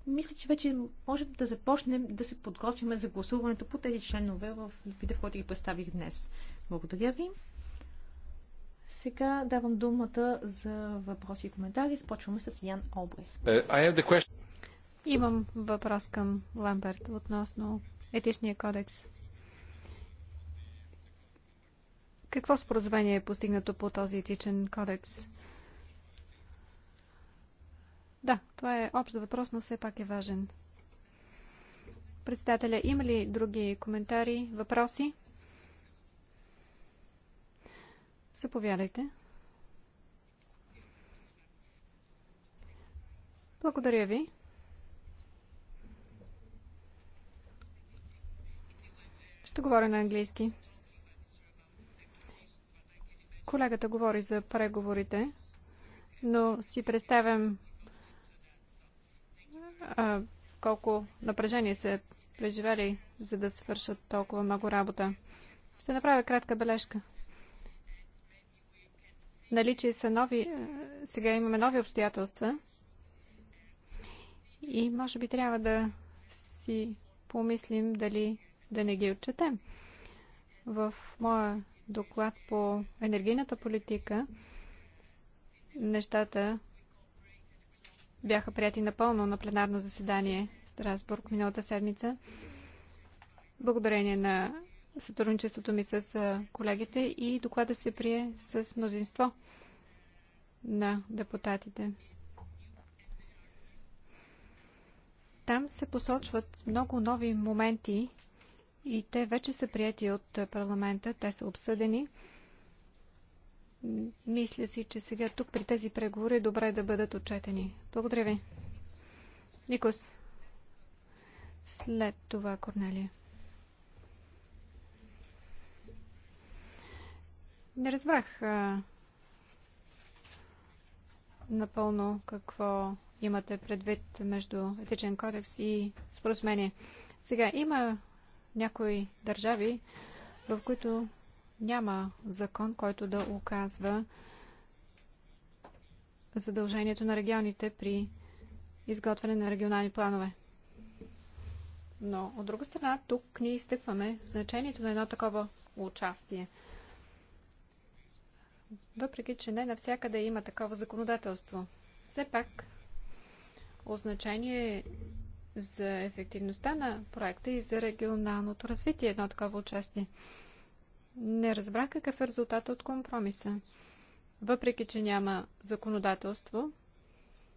B: мисля, че вече можем да започнем да се подготвяме за гласуването по тези членове в вида, в който ги представих днес. Благодаря ви. Сега давам думата за въпроси и коментари. Спочваме с Ян Обрех.
C: Е,
A: Имам въпрос към Ламберт относно етичния кодекс. Какво споразумение е постигнато по този етичен кодекс? Да, това е общ въпрос, но все пак е важен. Председателя, има ли други коментари, въпроси? Заповядайте. Благодаря ви. Ще говоря на английски. Колегата говори за преговорите, но си представям а, колко напрежение се преживели, за да свършат толкова много работа. Ще направя кратка бележка. Нали, че са нови, е, сега имаме нови обстоятелства и може би трябва да си помислим дали да не ги отчетем. В моя доклад по енергийната политика нещата бяха прияти напълно на пленарно заседание в Страсбург миналата седмица, благодарение на сътрудничеството ми с колегите и доклада се прие с мнозинство на депутатите. Там се посочват много нови моменти и те вече са прияти от парламента, те са обсъдени. Мисля си, че сега тук при тези преговори е добре да бъдат отчетени. Благодаря ви. Никос. След това Корнелия. Не разбрах а, напълно какво имате предвид между етичен кодекс и споразумение. Сега има някои държави, в които няма закон, който да оказва задължението на регионите при изготвяне на регионални планове. Но, от друга страна, тук ние изтъкваме значението на едно такова участие – въпреки че не навсякъде има такова законодателство. Все пак, означение за ефективността на проекта и за регионалното развитие е едно такова участие. Не разбрах какъв е резултат от компромиса. Въпреки, че няма законодателство,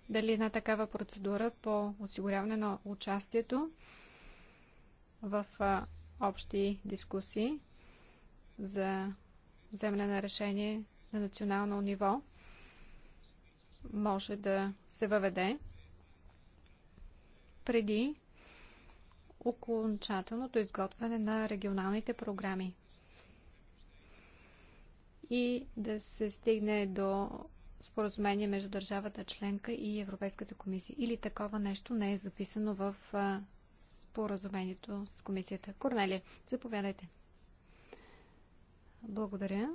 A: дали една такава процедура по осигуряване на участието в общи дискусии за вземане на решение на национално ниво може да се въведе преди окончателното изготвяне на регионалните програми и да се стигне до споразумение между държавата членка и Европейската комисия. Или такова нещо не е записано в споразумението с комисията. Корнелия, заповядайте. Благодаря.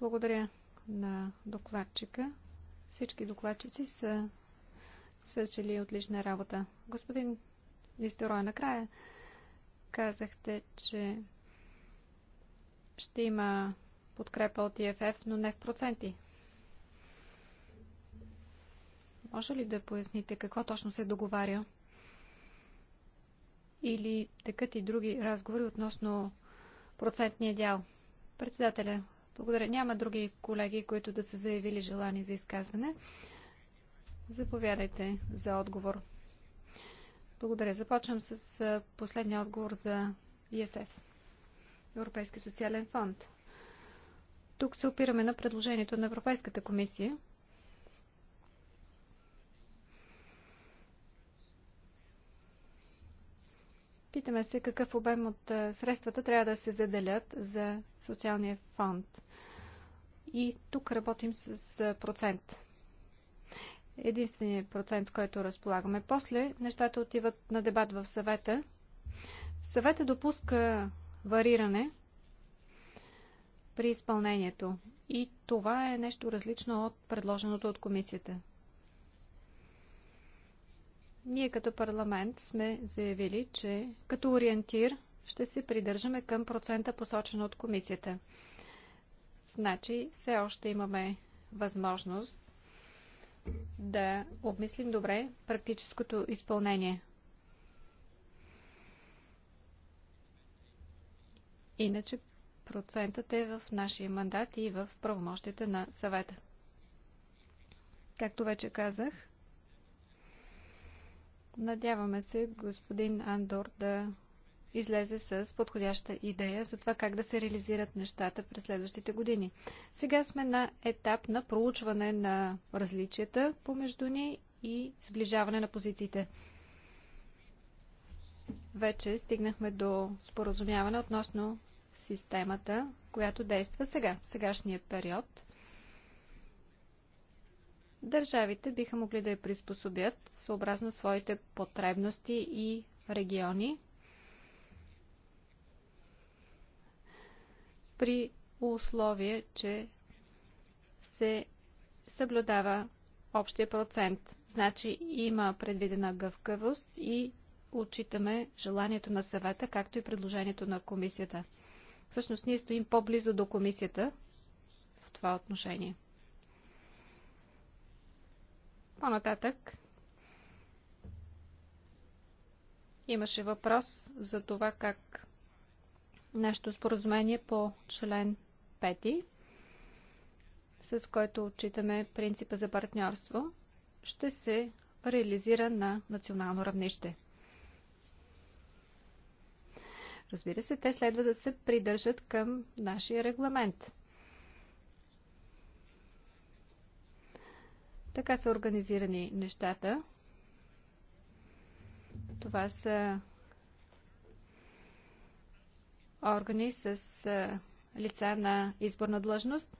A: Благодаря на докладчика. Всички докладчици са свършили отлична работа. Господин Листерой, накрая казахте, че ще има подкрепа от ИФФ, но не в проценти. Може ли да поясните какво точно се договаря? Или такът и други разговори относно процентния дял? Председателя, благодаря. Няма други колеги, които да са заявили желание за изказване. Заповядайте за отговор. Благодаря. Започвам с последния отговор за ЕСФ. Европейски социален фонд. Тук се опираме на предложението на Европейската комисия – Питаме се какъв обем от е, средствата трябва да се заделят за социалния фонд. И тук работим с процент. Единственият процент, с който разполагаме. После нещата отиват на дебат в съвета. Съвета допуска вариране при изпълнението. И това е нещо различно от предложеното от комисията. Ние като парламент сме заявили, че като ориентир ще се придържаме към процента посочен от комисията. Значи все още имаме възможност да обмислим добре практическото изпълнение. Иначе процентът е в нашия мандат и в правомощите на съвета. Както вече казах, Надяваме се господин Андор да излезе с подходяща идея за това как да се реализират нещата през следващите години. Сега сме на етап на проучване на различията помежду ни и сближаване на позициите. Вече стигнахме до споразумяване относно системата, която действа сега, в сегашния период. Държавите биха могли да я приспособят съобразно своите потребности и региони при условие, че се съблюдава общия процент. Значи има предвидена гъвкавост и отчитаме желанието на съвета, както и предложението на комисията. Всъщност ние стоим по-близо до комисията в това отношение. По-нататък имаше въпрос за това как нашето споразумение по член 5, с който отчитаме принципа за партньорство, ще се реализира на национално равнище. Разбира се, те следва да се придържат към нашия регламент. Така са организирани нещата. Това са органи с лица на изборна длъжност.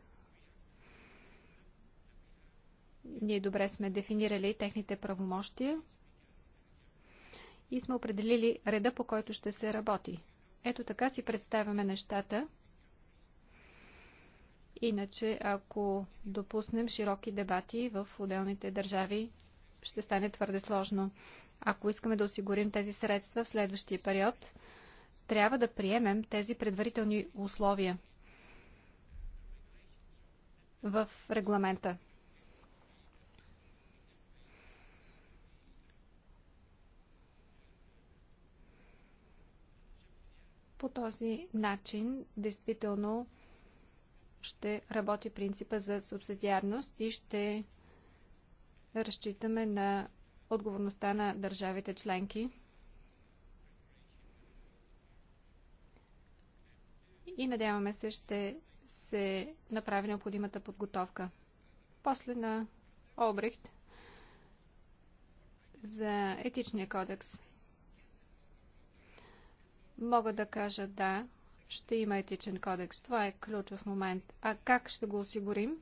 A: Ние добре сме дефинирали техните правомощия и сме определили реда, по който ще се работи. Ето така си представяме нещата – Иначе, ако допуснем широки дебати в отделните държави, ще стане твърде сложно. Ако искаме да осигурим тези средства в следващия период, трябва да приемем тези предварителни условия в регламента. По този начин, действително, ще работи принципа за субсидиарност и ще разчитаме на отговорността на държавите членки. И надяваме се, ще се направи необходимата подготовка. После на Обрехт за етичния кодекс. Мога да кажа да, ще има етичен кодекс. Това е ключов момент. А как ще го осигурим?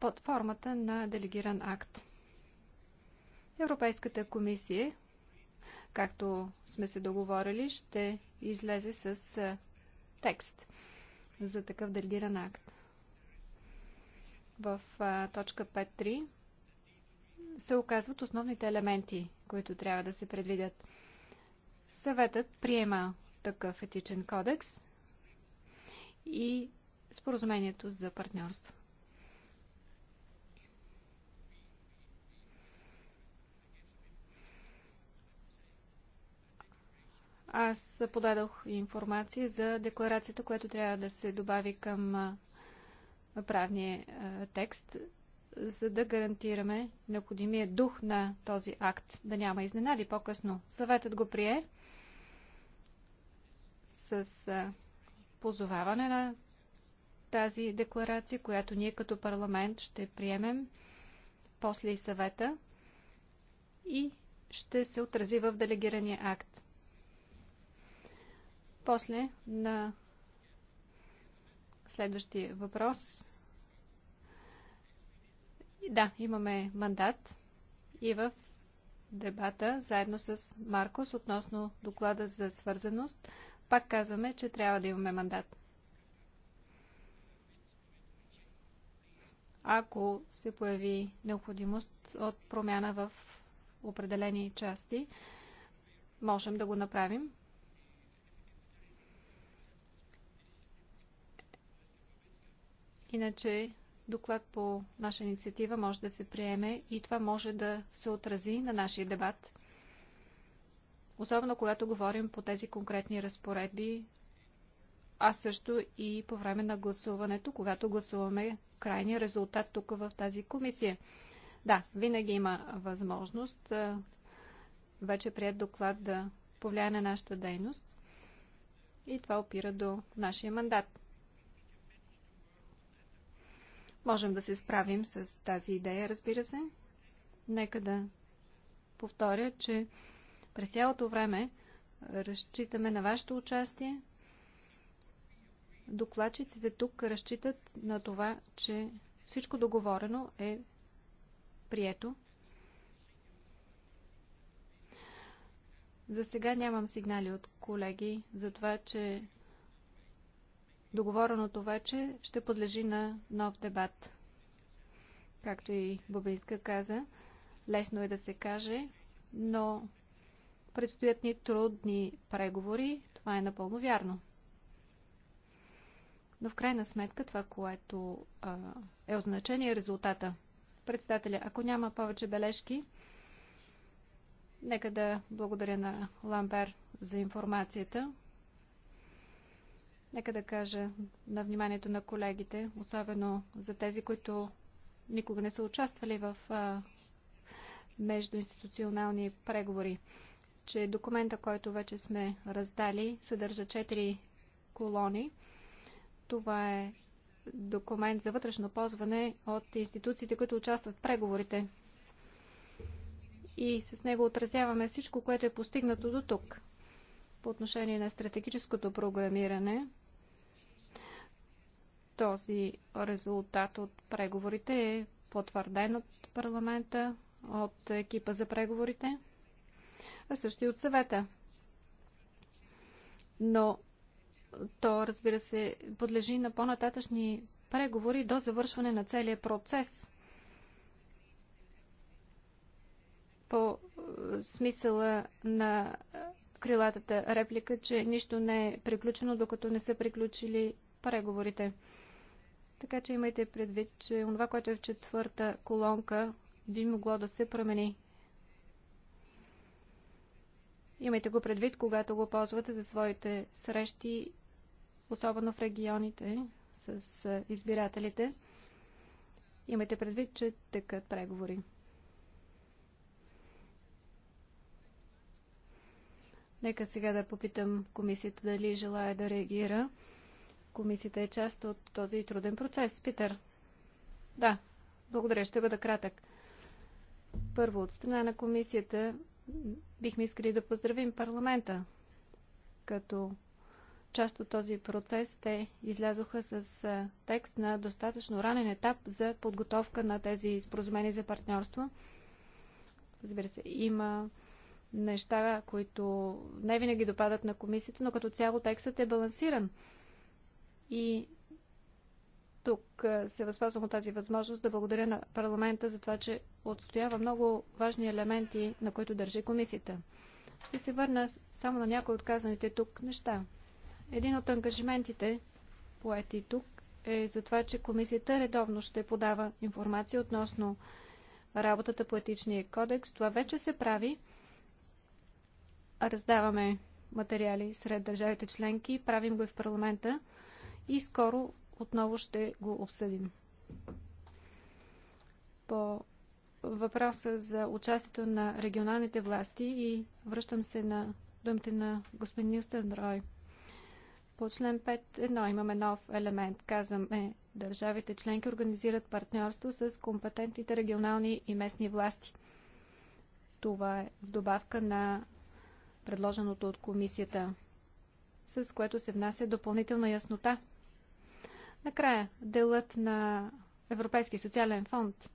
A: Под формата на делегиран акт. Европейската комисия, както сме се договорили, ще излезе с текст за такъв делегиран акт. В точка 5.3 се оказват основните елементи, които трябва да се предвидят. Съветът приема такъв етичен кодекс и споразумението за партньорство. Аз подадох информация за декларацията, която трябва да се добави към правния текст, за да гарантираме необходимия дух на този акт, да няма изненади по-късно. Съветът го прие с позоваване на тази декларация, която ние като парламент ще приемем после и съвета и ще се отрази в делегирания акт. После на следващия въпрос. Да, имаме мандат и в дебата заедно с Маркос относно доклада за свързаност – пак казваме, че трябва да имаме мандат. Ако се появи необходимост от промяна в определени части, можем да го направим. Иначе доклад по наша инициатива може да се приеме и това може да се отрази на нашия дебат особено когато говорим по тези конкретни разпоредби, а също и по време на гласуването, когато гласуваме крайния резултат тук в тази комисия. Да, винаги има възможност вече прият доклад да повлияе на нашата дейност и това опира до нашия мандат. Можем да се справим с тази идея, разбира се. Нека да повторя, че през цялото време разчитаме на вашето участие. Докладчиците тук разчитат на това, че всичко договорено е прието. За сега нямам сигнали от колеги за това, че договореното вече ще подлежи на нов дебат. Както и Бобинска каза, лесно е да се каже, но Предстоят ни трудни преговори. Това е напълно вярно. Но в крайна сметка това, което а, е означение е резултата. Председателя, ако няма повече бележки, нека да благодаря на Ламбер за информацията. Нека да кажа на вниманието на колегите, особено за тези, които никога не са участвали в а, междуинституционални преговори че документа, който вече сме раздали, съдържа 4 колони. Това е документ за вътрешно ползване от институциите, които участват в преговорите. И с него отразяваме всичко, което е постигнато до тук по отношение на стратегическото програмиране. Този резултат от преговорите е потвърден от парламента, от екипа за преговорите а също и от съвета. Но то, разбира се, подлежи на по-нататъчни преговори до завършване на целия процес. По е, смисъла на е, крилатата реплика, че нищо не е приключено, докато не са приключили преговорите. Така че имайте предвид, че това, което е в четвърта колонка, би могло да се промени. Имайте го предвид, когато го ползвате за своите срещи, особено в регионите с избирателите. Имайте предвид, че тъкат преговори. Нека сега да попитам комисията дали желая да реагира. Комисията е част от този труден процес. Питър. Да, благодаря, ще бъда кратък. Първо, от страна на комисията бихме искали да поздравим парламента. Като част от този процес те излязоха с текст на достатъчно ранен етап за подготовка на тези споразумения за партньорство. Разбира се, има неща, които не винаги допадат на комисията, но като цяло текстът е балансиран. И тук се възползвам от тази възможност да благодаря на парламента за това, че отстоява много важни елементи, на които държи комисията. Ще се върна само на някои от казаните тук неща. Един от ангажиментите, поети тук, е за това, че комисията редовно ще подава информация относно работата по етичния кодекс. Това вече се прави. Раздаваме материали сред държавите членки, правим го и в парламента и скоро отново ще го обсъдим. По въпроса за участието на регионалните власти и връщам се на думите на господин Нилстен Рой. По член 5.1 имаме нов елемент. Казваме, държавите членки организират партньорство с компетентните регионални и местни власти. Това е в добавка на предложеното от комисията, с което се внася допълнителна яснота Накрая, делът на Европейски социален фонд.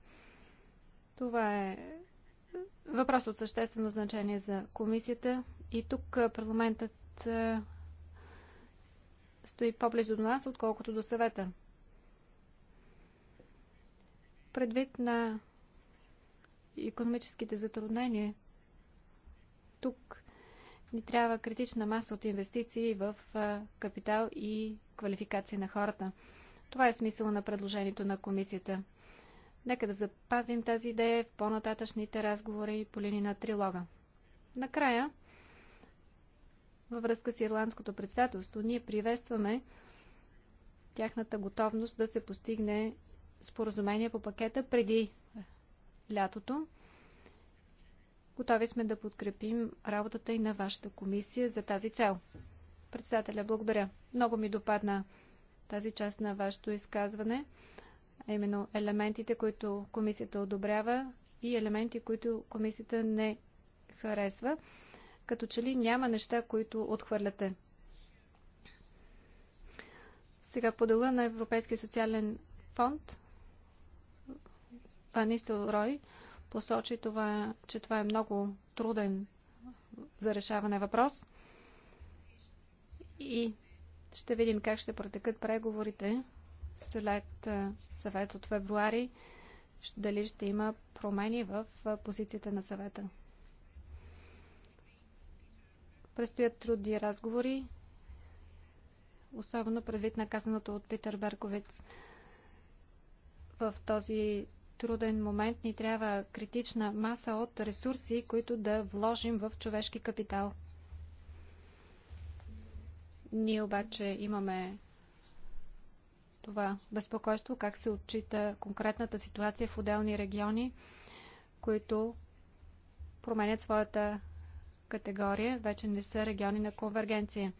A: Това е въпрос от съществено значение за комисията. И тук парламентът стои по-близо до нас, отколкото до съвета. Предвид на економическите затруднения, тук ни трябва критична маса от инвестиции в капитал и квалификация на хората. Това е смисъл на предложението на комисията. Нека да запазим тази идея в по-нататъчните разговори по линия на трилога. Накрая, във връзка с ирландското председателство, ние приветстваме тяхната готовност да се постигне споразумение по пакета преди лятото. Готови сме да подкрепим работата и на вашата комисия за тази цел. Председателя, благодаря. Много ми допадна тази част на вашето изказване, а именно елементите, които комисията одобрява и елементи, които комисията не харесва. Като че ли няма неща, които отхвърляте. Сега по дела на Европейския социален фонд, Панистел Рой посочи това, че това е много труден за решаване въпрос. И ще видим как ще протекат преговорите след съвет от февруари, дали ще има промени в позицията на съвета. Предстоят трудни разговори, особено предвид наказаното от Питър Берковец. В този труден момент ни трябва критична маса от ресурси, които да вложим в човешки капитал – ние обаче имаме това безпокойство, как се отчита конкретната ситуация в отделни региони, които променят своята категория, вече не са региони на конвергенция.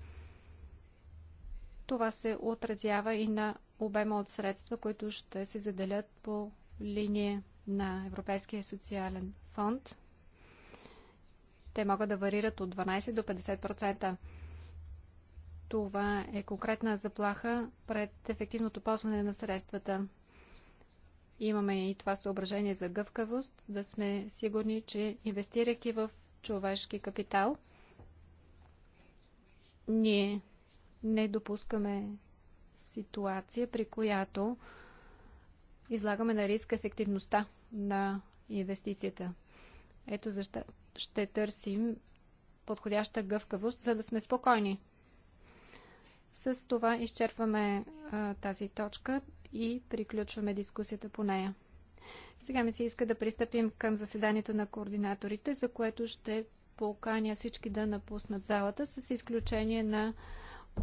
A: Това се отразява и на обема от средства, които ще се заделят по линия на Европейския социален фонд. Те могат да варират от 12 до 50%. Това е конкретна заплаха пред ефективното ползване на средствата. Имаме и това съображение за гъвкавост, да сме сигурни, че инвестирайки в човешки капитал, ние не допускаме ситуация, при която излагаме на риск ефективността на инвестицията. Ето защо ще търсим подходяща гъвкавост, за да сме спокойни. С това изчерпваме а, тази точка и приключваме дискусията по нея. Сега ми се иска да пристъпим към заседанието на координаторите, за което ще поканя всички да напуснат залата, с изключение на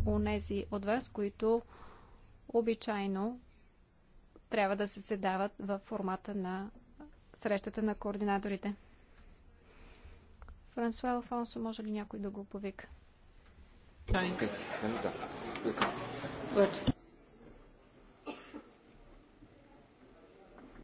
A: онези от вас, които обичайно трябва да се седават в формата на срещата на координаторите. Франсуа Алфонсо, може ли някой да го повика?
C: Okay.